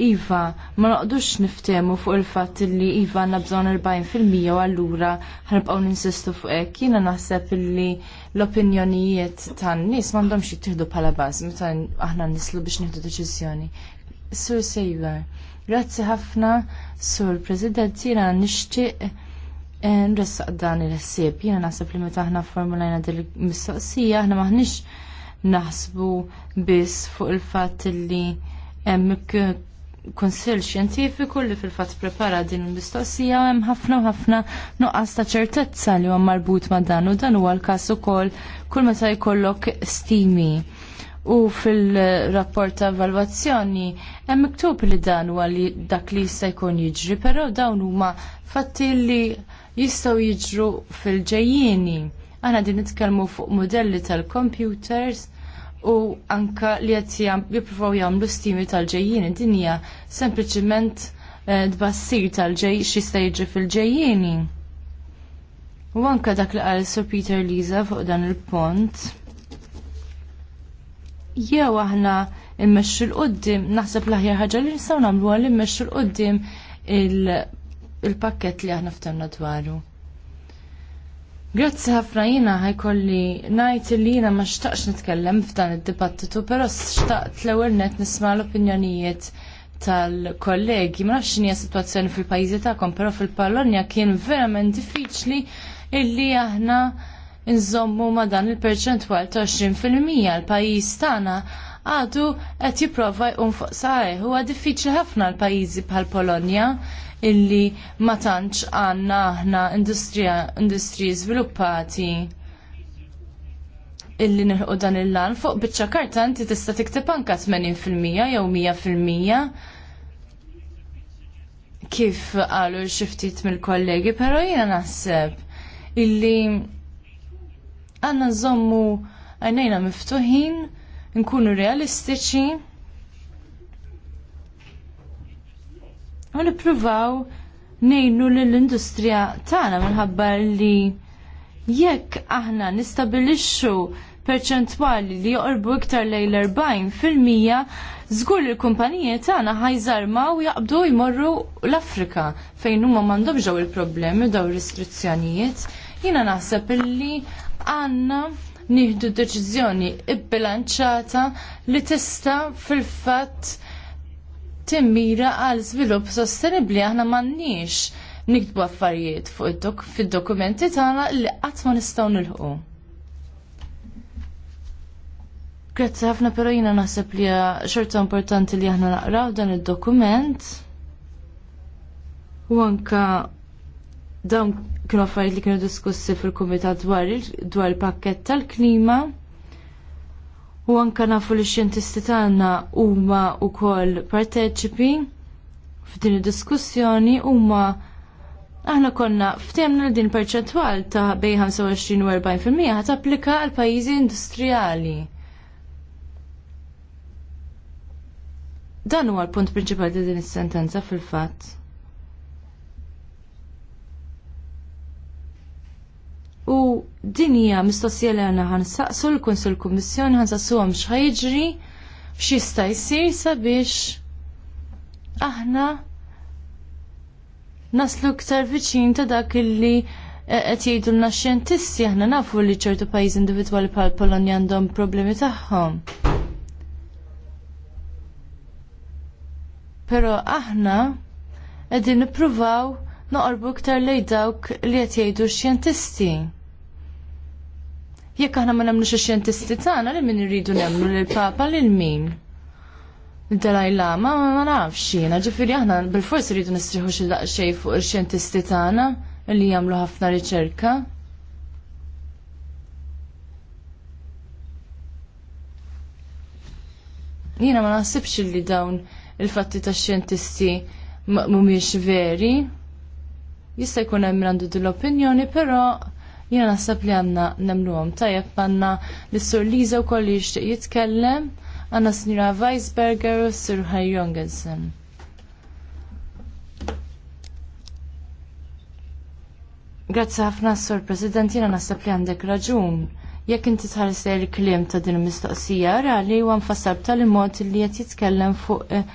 Speaker 1: Iva, ma noqdux niftemu fuq il-fatt li Iva għandna bżonn 40% u allura ħanibqgħu ninsistu fuq hekk. Jiena naħseb li l-opinjonijiet tan nies m'għandhomx jittieħdu bħala bażi meta aħna nislu biex nieħdu deċiżjoni. Sur Sejver. Grazzi ħafna, Sur President, jina nishtiq eh, nressaq dan il-ħsieb. Jina nasib li meta aħna formulajna dil-mistoqsija, aħna maħnix naħsbu biss fuq il-fat li hemm konsil xjentifiku li fil-fatt prepara din il-mistoqsija hemm ħafna u ħafna nuqqas ta' ċertezza li huwa marbut ma' dan u dan huwa l-każ ukoll kull meta jkollok stimi u fil-rapport ta' evalwazzjoni hemm miktub li dan huwa li dak li jista' jkun jiġri, però dawn huma fatti li jistgħu jiġru fil-ġejjieni. Aħna din nitkellmu fuq modelli tal-computers u anka li qed jippruvaw jagħmlu stimi tal-ġejjieni din hija sempliċiment eh, tbassir tal-ġej x'jista' jiġri fil-ġejjieni. U anka dak li qal Sir Peter Liza fuq dan il-pont jew aħna immexxu l-qoddim, naħseb l-aħjar ħaġa li nistgħu nagħmlu għal immexxu l-qoddim il-pakkett li aħna ftemna dwaru. Grazzi ħafna jina ħajkolli ngħid li jiena ma xtaqx nitkellem f'dan id-dibattitu, però xtaqt l-ewwel net nisma' l-opinjonijiet tal-kollegi. Ma nafx hija sitwazzjoni fil-pajjiżi tagħkom, però fil-Pallonja kien verament diffiċli illi aħna nżommu ma dan il-perċentwal ta' 20% l-pajjiż tagħna għadu qed jipprova jqum fuq sarajh. Huwa diffiċli ħafna l-pajjiżi bħal Polonja illi ma tantx għandna aħna industriji żviluppati illi nirħu dan il-lan fuq biċċa karta inti tista' tikteb anke 80% jew 100% kif qalu xi ftit mill-kollegi, però jiena naħseb illi għanna nżommu għajnejna miftuħin, nkunu realistiċi. U nippruvaw nejnu l-industrija tagħna minħabba li jekk aħna nistabilixxu perċentwali li joqorbu iktar lej l-40 fil-mija żgur li l-kumpaniji tagħna ħajżarmaw jaqbdu jmorru l-Afrika fejn huma m'għandhomx daw il-problemi daw ir-restrizzjonijiet. Jiena naħseb illi għanna nieħdu deċiżjoni ibbilanċata li tista' fil-fatt timmira għal żvilupp sostenibbli aħna m'għandniex nikbu affarijiet fuq fid-dokumenti tagħna li qatt ma nistgħu nilħu. Grazzi ħafna però jiena naħseb li xorta importanti li aħna naqraw dan id-dokument u anka dawn kienu affarijiet li kienu diskussi fil-Kumitat dwar il-pakket tal-klima. U anka nafu li xjentisti tagħna huma wkoll parteċipi f'din id-diskussjoni huma aħna konna ftemna li din perċentwal ta' bej 25 u 40% ħat applika għal pajjiżi industrijali. Dan huwa l-punt prinċipali ta' din is-sentenza fil-fatt. U hija mistoqsija li għanna għan saqsu l-Konsul Kommissjoni għan saqsu għam xħajġri x'jista' jsir sabiex aħna naslu ktar viċin ta' dak illi eh, qed jgħidu lna xjentisti aħna nafu li ċertu pajjiż individwali pal Polonja għandhom problemi tagħhom. Però aħna qegħdin nippruvaw noqorbu iktar lejn dawk li qed jgħidu xjentisti. Jekk aħna ma nagħmlux ix-xjentisti tagħna li min irridu nagħmlu lil papa lil min. Dalai Lama ma nafx jiena, ġifieri aħna bil-fors irridu nistriħu xi daqsxejn fuq ix-xjentisti tagħna li jagħmlu ħafna riċerka. Jiena ma naħsibx li dawn il-fatti tax-xjentisti mhumiex veri. Jista' jkun hemm għandu din l-opinjoni, però Jena naħseb li għanna għom tajjeb għanna l-sur Liza u kolli jixtieq jitkellem għanna s-nira Weisberger u s-Sur Harry Jongensen. Grazzi ħafna, Sur President, jena naħseb li għandek raġun. Jekk inti tħares li klim ta' din mistoqsija, ra li huwa mfassar tal mod li qed jitkellem fuq eh,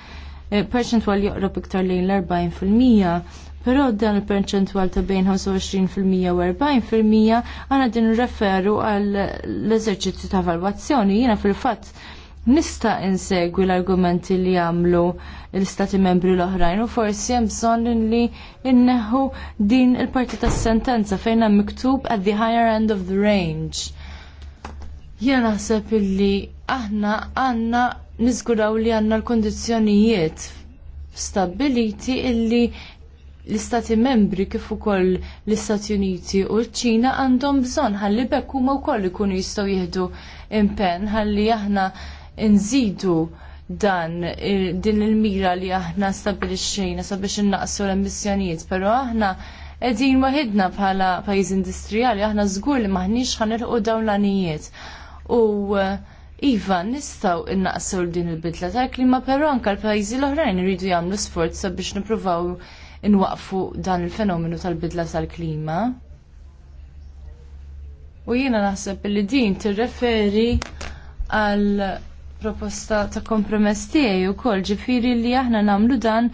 Speaker 1: eh, perċentwal joqrob iktar lejn l-40 fil-mija Però dan il-perċentwal ta' bejn 25% u 40% għana din referu għal l-eżerċizzju ta' valwazzjoni. Jiena fil-fatt nista' insegwi l-argumenti li għamlu l-istati membri l-oħrajn u forsi hemm bżonn li inneħu din il-parti tas-sentenza fejn hemm miktub at the higher end of the range. Jiena naħseb illi aħna għandna niżguraw li għandna l-kondizzjonijiet stabiliti illi l-Istati membri kif ukoll l-Istati Uniti u l ċina għandhom bżonn ħalli bekk huma wkoll ikunu jistgħu jieħdu impenn ħalli aħna nżidu dan din il-mira li aħna stabilixxejna sabiex innaqsu l-emissjonijiet, però aħna qegħdin waħidna bħala pajjiż industrijali aħna żgur li maħniex ħanilħu dawn l-anijiet. U eh, Iva, nistaw innaqsu din il-bidla ta' klima pero anka l-pajjiżi l-oħrajn iridu jagħmlu sforz sabiex nippruvaw inwaqfu dan il-fenomenu tal-bidla tal-klima. U jiena naħseb li din tirreferi għal proposta ta' kompromess tiegħi wkoll ġifieri li aħna nagħmlu dan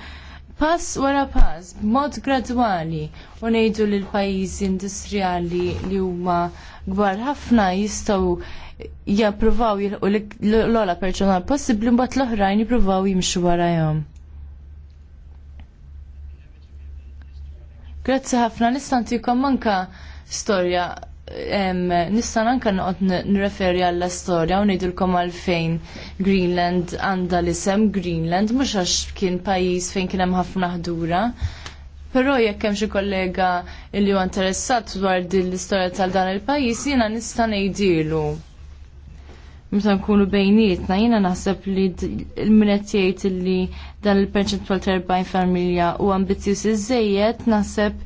Speaker 1: pass wara pass, b'mod gradwali, u ngħidu li l-pajjiżi industrijali li huma kbar ħafna jistgħu jappruvaw jilqu l-ola personal possibbli mbagħad l-oħrajn jippruvaw jimxu warajhom. Grazzi ħafna nistantikom manka storja nistan anka noqot nireferi għalla storja u nidilkom għalfejn Greenland għanda l-isem Greenland, mux għax kien pajis fejn kien hemm ħafna ħdura. Pero jekk hemm xi kollega li huwa interessat dwar din l-istorja tal dan il-pajjiż jiena nista' ngħidilu meta nkunu bejnietna jiena naħseb li l-minet jgħid li dan il percentual ta' 40 familja u ambizzjuż iżejjed naħseb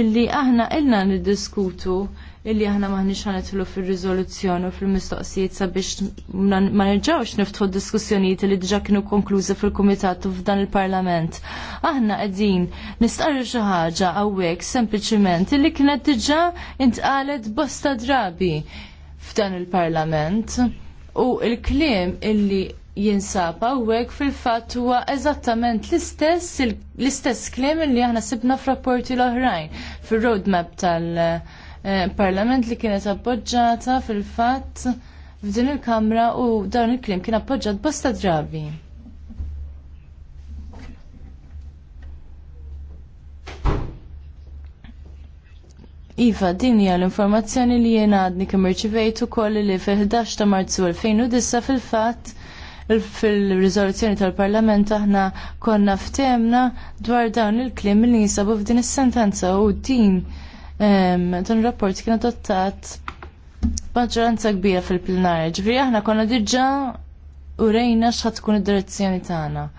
Speaker 1: illi aħna ilna niddiskutu illi aħna maħniċ ħanetlu fil-rizoluzzjoni u fil-mistoqsijiet sabiex ma nerġawx niftħu diskussjonijiet li diġa kienu konklużi fil-komitat u f'dan il-parlament. Aħna qegħdin nistqarru xi ħaġa hawnhekk sempliċiment illi kienet diġa intqalet bosta drabi f'dan il-parlament u il-kliem illi jinsab hawnhekk fil-fatt huwa eżattament l-istess l-istess kliem illi aħna sibna f'rapporti l-oħrajn fir-roadmap tal-Parlament eh, li kienet appoġġata fil-fatt f'din il-Kamra u dawn il-kliem kien appoġġat bosta drabi. Iva, din hija l-informazzjoni li jien għadni kemm irċivejt ukoll li fil-11 ta' Marzu 2009 fil-fatt fil-riżoluzzjoni tal-Parlament aħna konna ftemna dwar dawn il-klim li jinsabu f'din is-sentenza u din dan rapport kien adottat maġġoranza kbira fil-plenarja. Ġifieri aħna konna diġà urejna x'ħad tkun id-direzzjoni tagħna.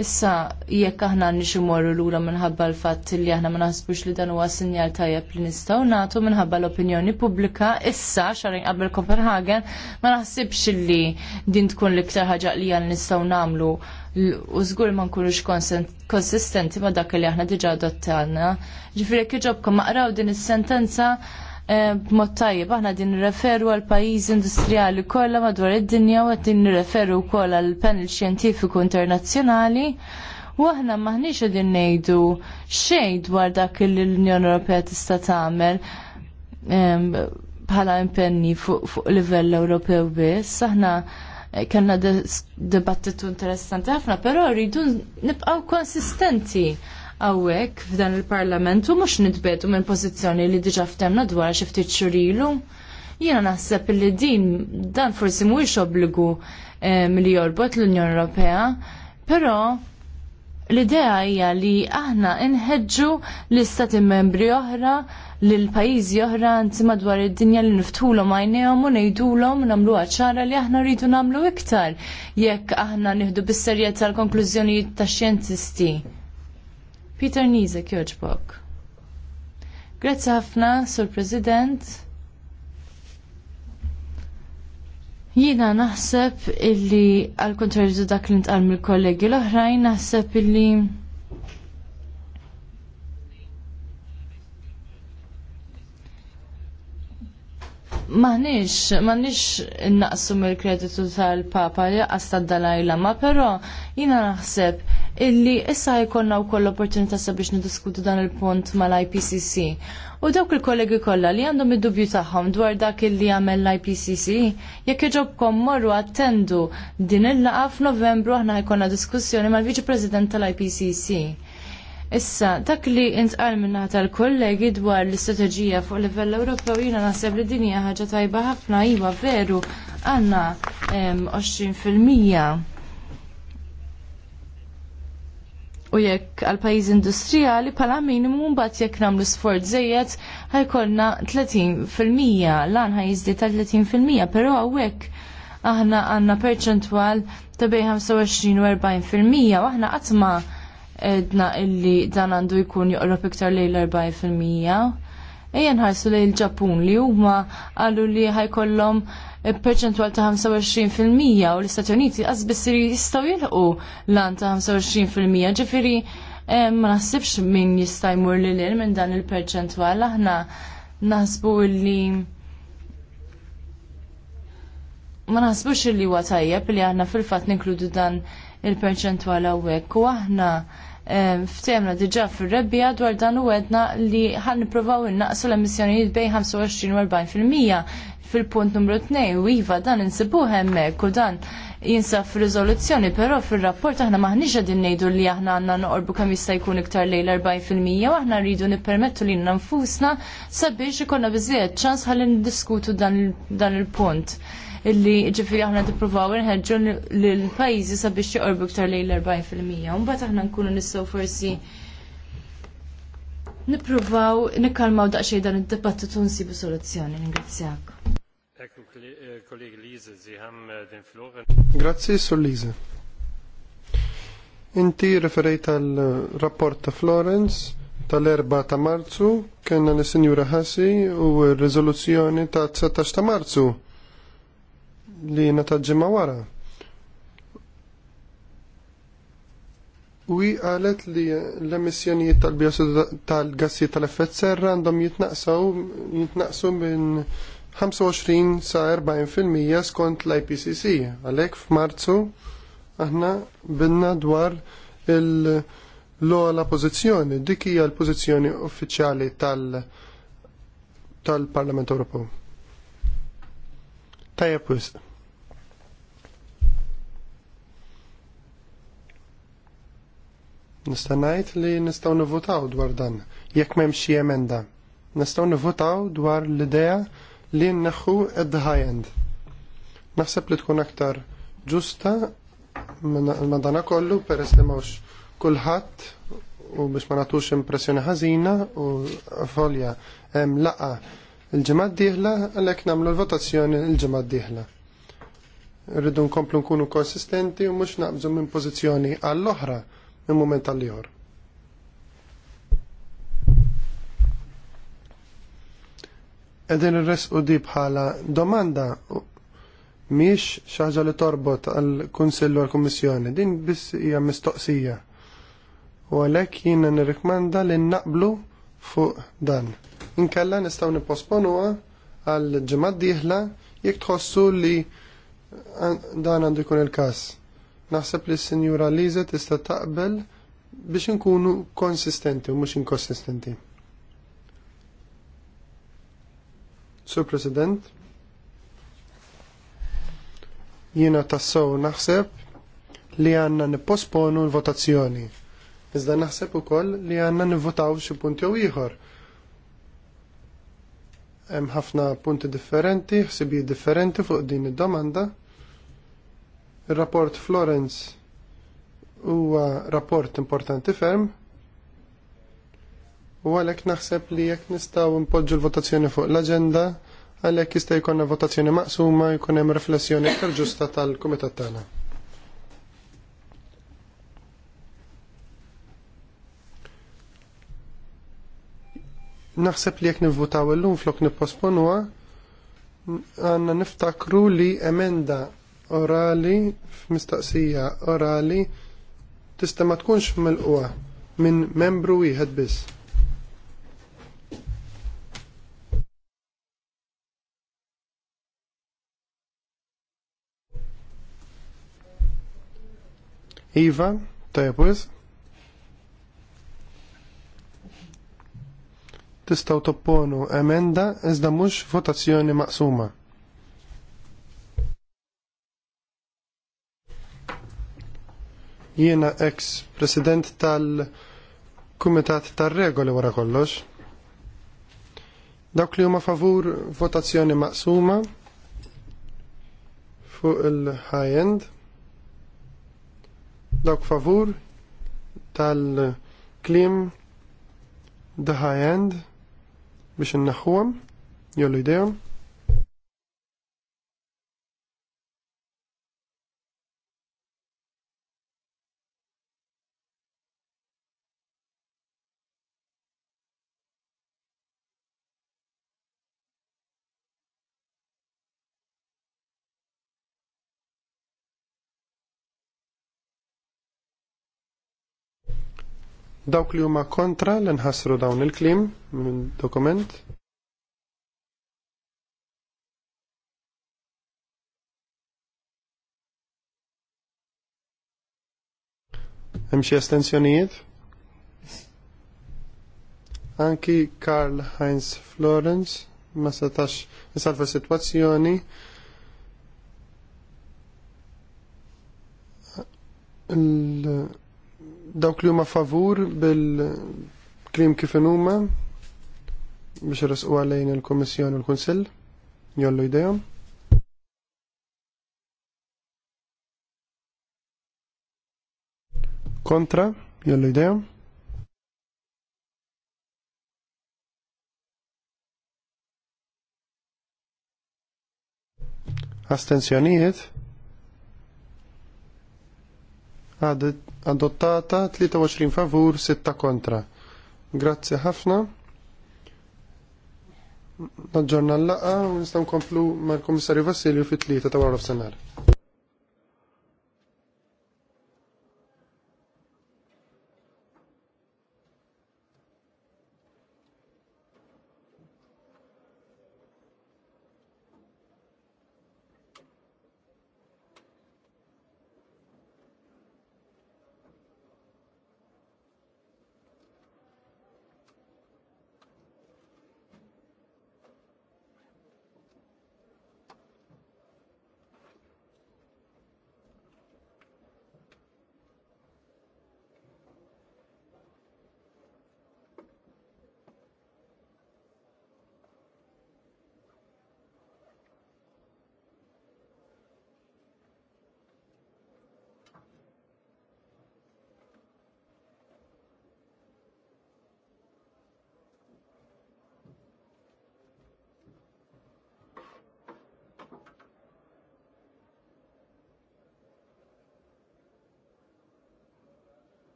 Speaker 1: Issa, jekk aħna nix imorru lura minħabba l-fatt li aħna ma naħsbux li dan huwa sinjal tajjeb li nistgħu nagħtu minħabba l-opinjoni pubblika issa xarin qabel Copenhagen ma naħsibx li din tkun l-iktar ħaġa li għal nistgħu nagħmlu u żgur ma nkunux konsistenti ma dak li aħna diġà adottajna. Ġifieri iġobkom maqraw din is-sentenza Eh, b'mod tajjeb aħna din nirreferu għal pajjiż industrijali kollha madwar id-dinja u qed nirreferu wkoll għal panel xjentifiku internazzjonali u aħna maħniex qegħdin ngħidu xejn dwar dak li l-Unjoni Ewropea tista' tagħmel ehm, bħala impenni fuq livell Ewropew biss. Aħna kellna dibattitu interessanti ħafna, però rridu nibqgħu konsistenti għawek f'dan il-parlament u mux nitbetu minn pozizjoni li diġa ftemna dwar xiftit ċurilu. Jena naħseb li din dan forsi mhuwiex obbligu li jorbot l-Unjoni Ewropea, però l-idea hija li aħna nħeġġu l-istati membri oħra lil pajjiżi oħra anzi madwar id-dinja li niftulhom għajnejhom u ngħidulhom nagħmluha ċara li aħna rridu nagħmlu iktar jekk aħna nieħdu bis-serjetà l-konklużjonijiet tax-xjentisti. Peter Nizek joġbok. Grazzi ħafna, Sur President. Jiena naħseb illi għal kontrarju dak li ntqal mill-kollegi l-oħrajn naħseb illi Maħnix, maħnix naqsum mill-kreditu tal-Papa li għasta d-Dalaj Lama, pero jina naħseb illi issa jkollna u koll opportunità sabiex nidiskutu dan il-punt mal-IPCC. U dawk il-kollegi kollha li għandhom id-dubju tagħhom dwar dak illi għamel l-IPCC, jekk iġobkom morru attendu din il laqaf f'Novembru aħna jkollna diskussjoni mal-Viċi President tal-IPCC. Issa, dak li intqal minna tal-kollegi dwar l-istrateġija fuq livell Ewropew jiena naħseb li dinja ħaġa tajba ħafna iva veru għandna 20 u jekk għal pajjiż industrijali pala minimu mbagħad jekk nagħmlu sfort żejjed ħajkollna 30% lan jiżdied ta' 30% però hawnhekk aħna għandna perċentwal ta' bejn 25 u 40% u aħna qatt ma' edna illi dan għandu jkun joqrob iktar lejn l-40%. Ejja ħarsu lejn il-Ġapun li huma qalu li ħajkollhom perċentwal ta' 25% u l-Istati Uniti qas biss jistgħu jilħqu lan ta' 25% ġifieri eh, ma naħsibx min jista' jmur lil minn dan il-perċentwal aħna naħsbu li ma naħsbux li huwa tajjeb li aħna fil-fatt ninkludu dan il-perċentwal hawnhekk u aħna ftemna diġa fil-rebbija dwar dan u għedna li ħan niprofaw innaqsu l-emissjonijiet bej 25 40% fil-punt numru 2 u iva dan insibuħ hemmhekk u dan jinsab fil-rizoluzzjoni, pero fil-rapport aħna maħniġa din nejdu li aħna għanna noqorbu kam jista' jkun iktar lejl 40% u aħna rridu nippermettu li nfusna sabiex ikonna biżiet ċans ħalli diskutu dan il-punt illi ġifiri aħna tippruvaw nħeġġu l-pajjiżi sabiex joqorbu iktar lejn l-40%. Mbagħad aħna nkunu nistgħu forsi nippruvaw nikkalmaw daqsxejn dan id-dibattitu nsibu soluzzjoni. Ningrazzjak.
Speaker 3: Eh, eh, Grazzi, Sur Lise. Inti referejt għal rapport ta' Florence tal-4 ta' marzu kena l-Sinjura Hassi u r-rezoluzzjoni ta' 19 ta' marzu li meta ġimma wara. U qalet li l-emissjonijiet tal-gassijiet tal tal-effett serra għandhom jitnaqsaw jitnaqsu minn 25 sa 40% skont l-IPCC. Għalhekk f'Marzu aħna binna dwar il-ogħgħa l-ogħla pozizjoni, dik hija l-pożizzjoni uffiċjali tal-Parlament tal Ewropew. Tajjeb wisq. Nista' ngħid li nistgħu nivvutaw dwar dan jekk m'hemm xi emenda. Nistgħu nivvutaw dwar l-idea li nneħħu ed high end. Naħseb li tkun aktar ġusta madana kollu peress li mawx kulħadd u biex ma nagħtux impressjoni ħażina u folja hemm laqa l-ġimgħa d-dieħla għalhekk nagħmlu l-votazzjoni l-ġimgħa d-dieħla. Rridu nkomplu nkunu konsistenti u mhux naqbżu minn pożizzjoni għall-oħra minn moment tal-liħor. Edin il-res u di bħala domanda miex xaġa li torbot għal-Konsillu għal-Kommissjoni, din biss hija mistoqsija. U għalhekk jina nirrikmanda li naqblu fuq dan. Inkella nistgħu nipposponuha għal ġimgħa d-dieħla jekk tħossu li eh, dan għandu jkun il-każ. Naħseb li s-Sinjura Liza tista' taqbel biex inkunu konsistenti u mhux inkonsistenti. Sur President, jiena tassow naħseb li għanna nipposponu l-votazzjoni. Iżda naħseb ukoll li għanna nivvotaw xi punt jew ieħor. Hemm ħafna punti differenti, ħsibijiet differenti fuq din id-domanda. Il-rapport Florence huwa rapport importanti ferm u għalek naħseb li jekk nistaw impoġġu l-votazzjoni fuq l-agenda għalek jista' jkollna votazzjoni maqsuma jkun hemm riflessjoni iktar ġusta tal-kumitat tagħna. Naħseb li jekk nivvutaw illum flok nipposponuha għandna niftakru li emenda orali, mistaqsija orali, tista' ma tkunx mill minn membru wieħed biss. Iva, tajbwiz. Tistaw topponu emenda iżda mhux votazzjoni maqsuma. Jiena ex president tal-Kumitat tar-Regoli wara kollox. Dawk li huma favur votazzjoni maqsuma fuq il-high end. Dawk favur tal-klim the high end biex innaħħuhom jollu idejhom. Dawk li huma kontra li nħassru dawn il-klim minn dokument. Hemm xi estensjonijiet? Anki Karl Heinz Florence ma setax isalva sitwazzjoni dawk li huma favur bil-klim kif huma biex irasqu għalejn il-Kummissjoni u l-Kunsill jollu idejhom. Kontra, jollu idejhom. Astenzjonijiet? adottata 23 favur 6 kontra. Grazzi ħafna. Naġġorna l-laqa u nistaw komplu mal-Komissarju Vassilju fit-tlieta ta' wara senar.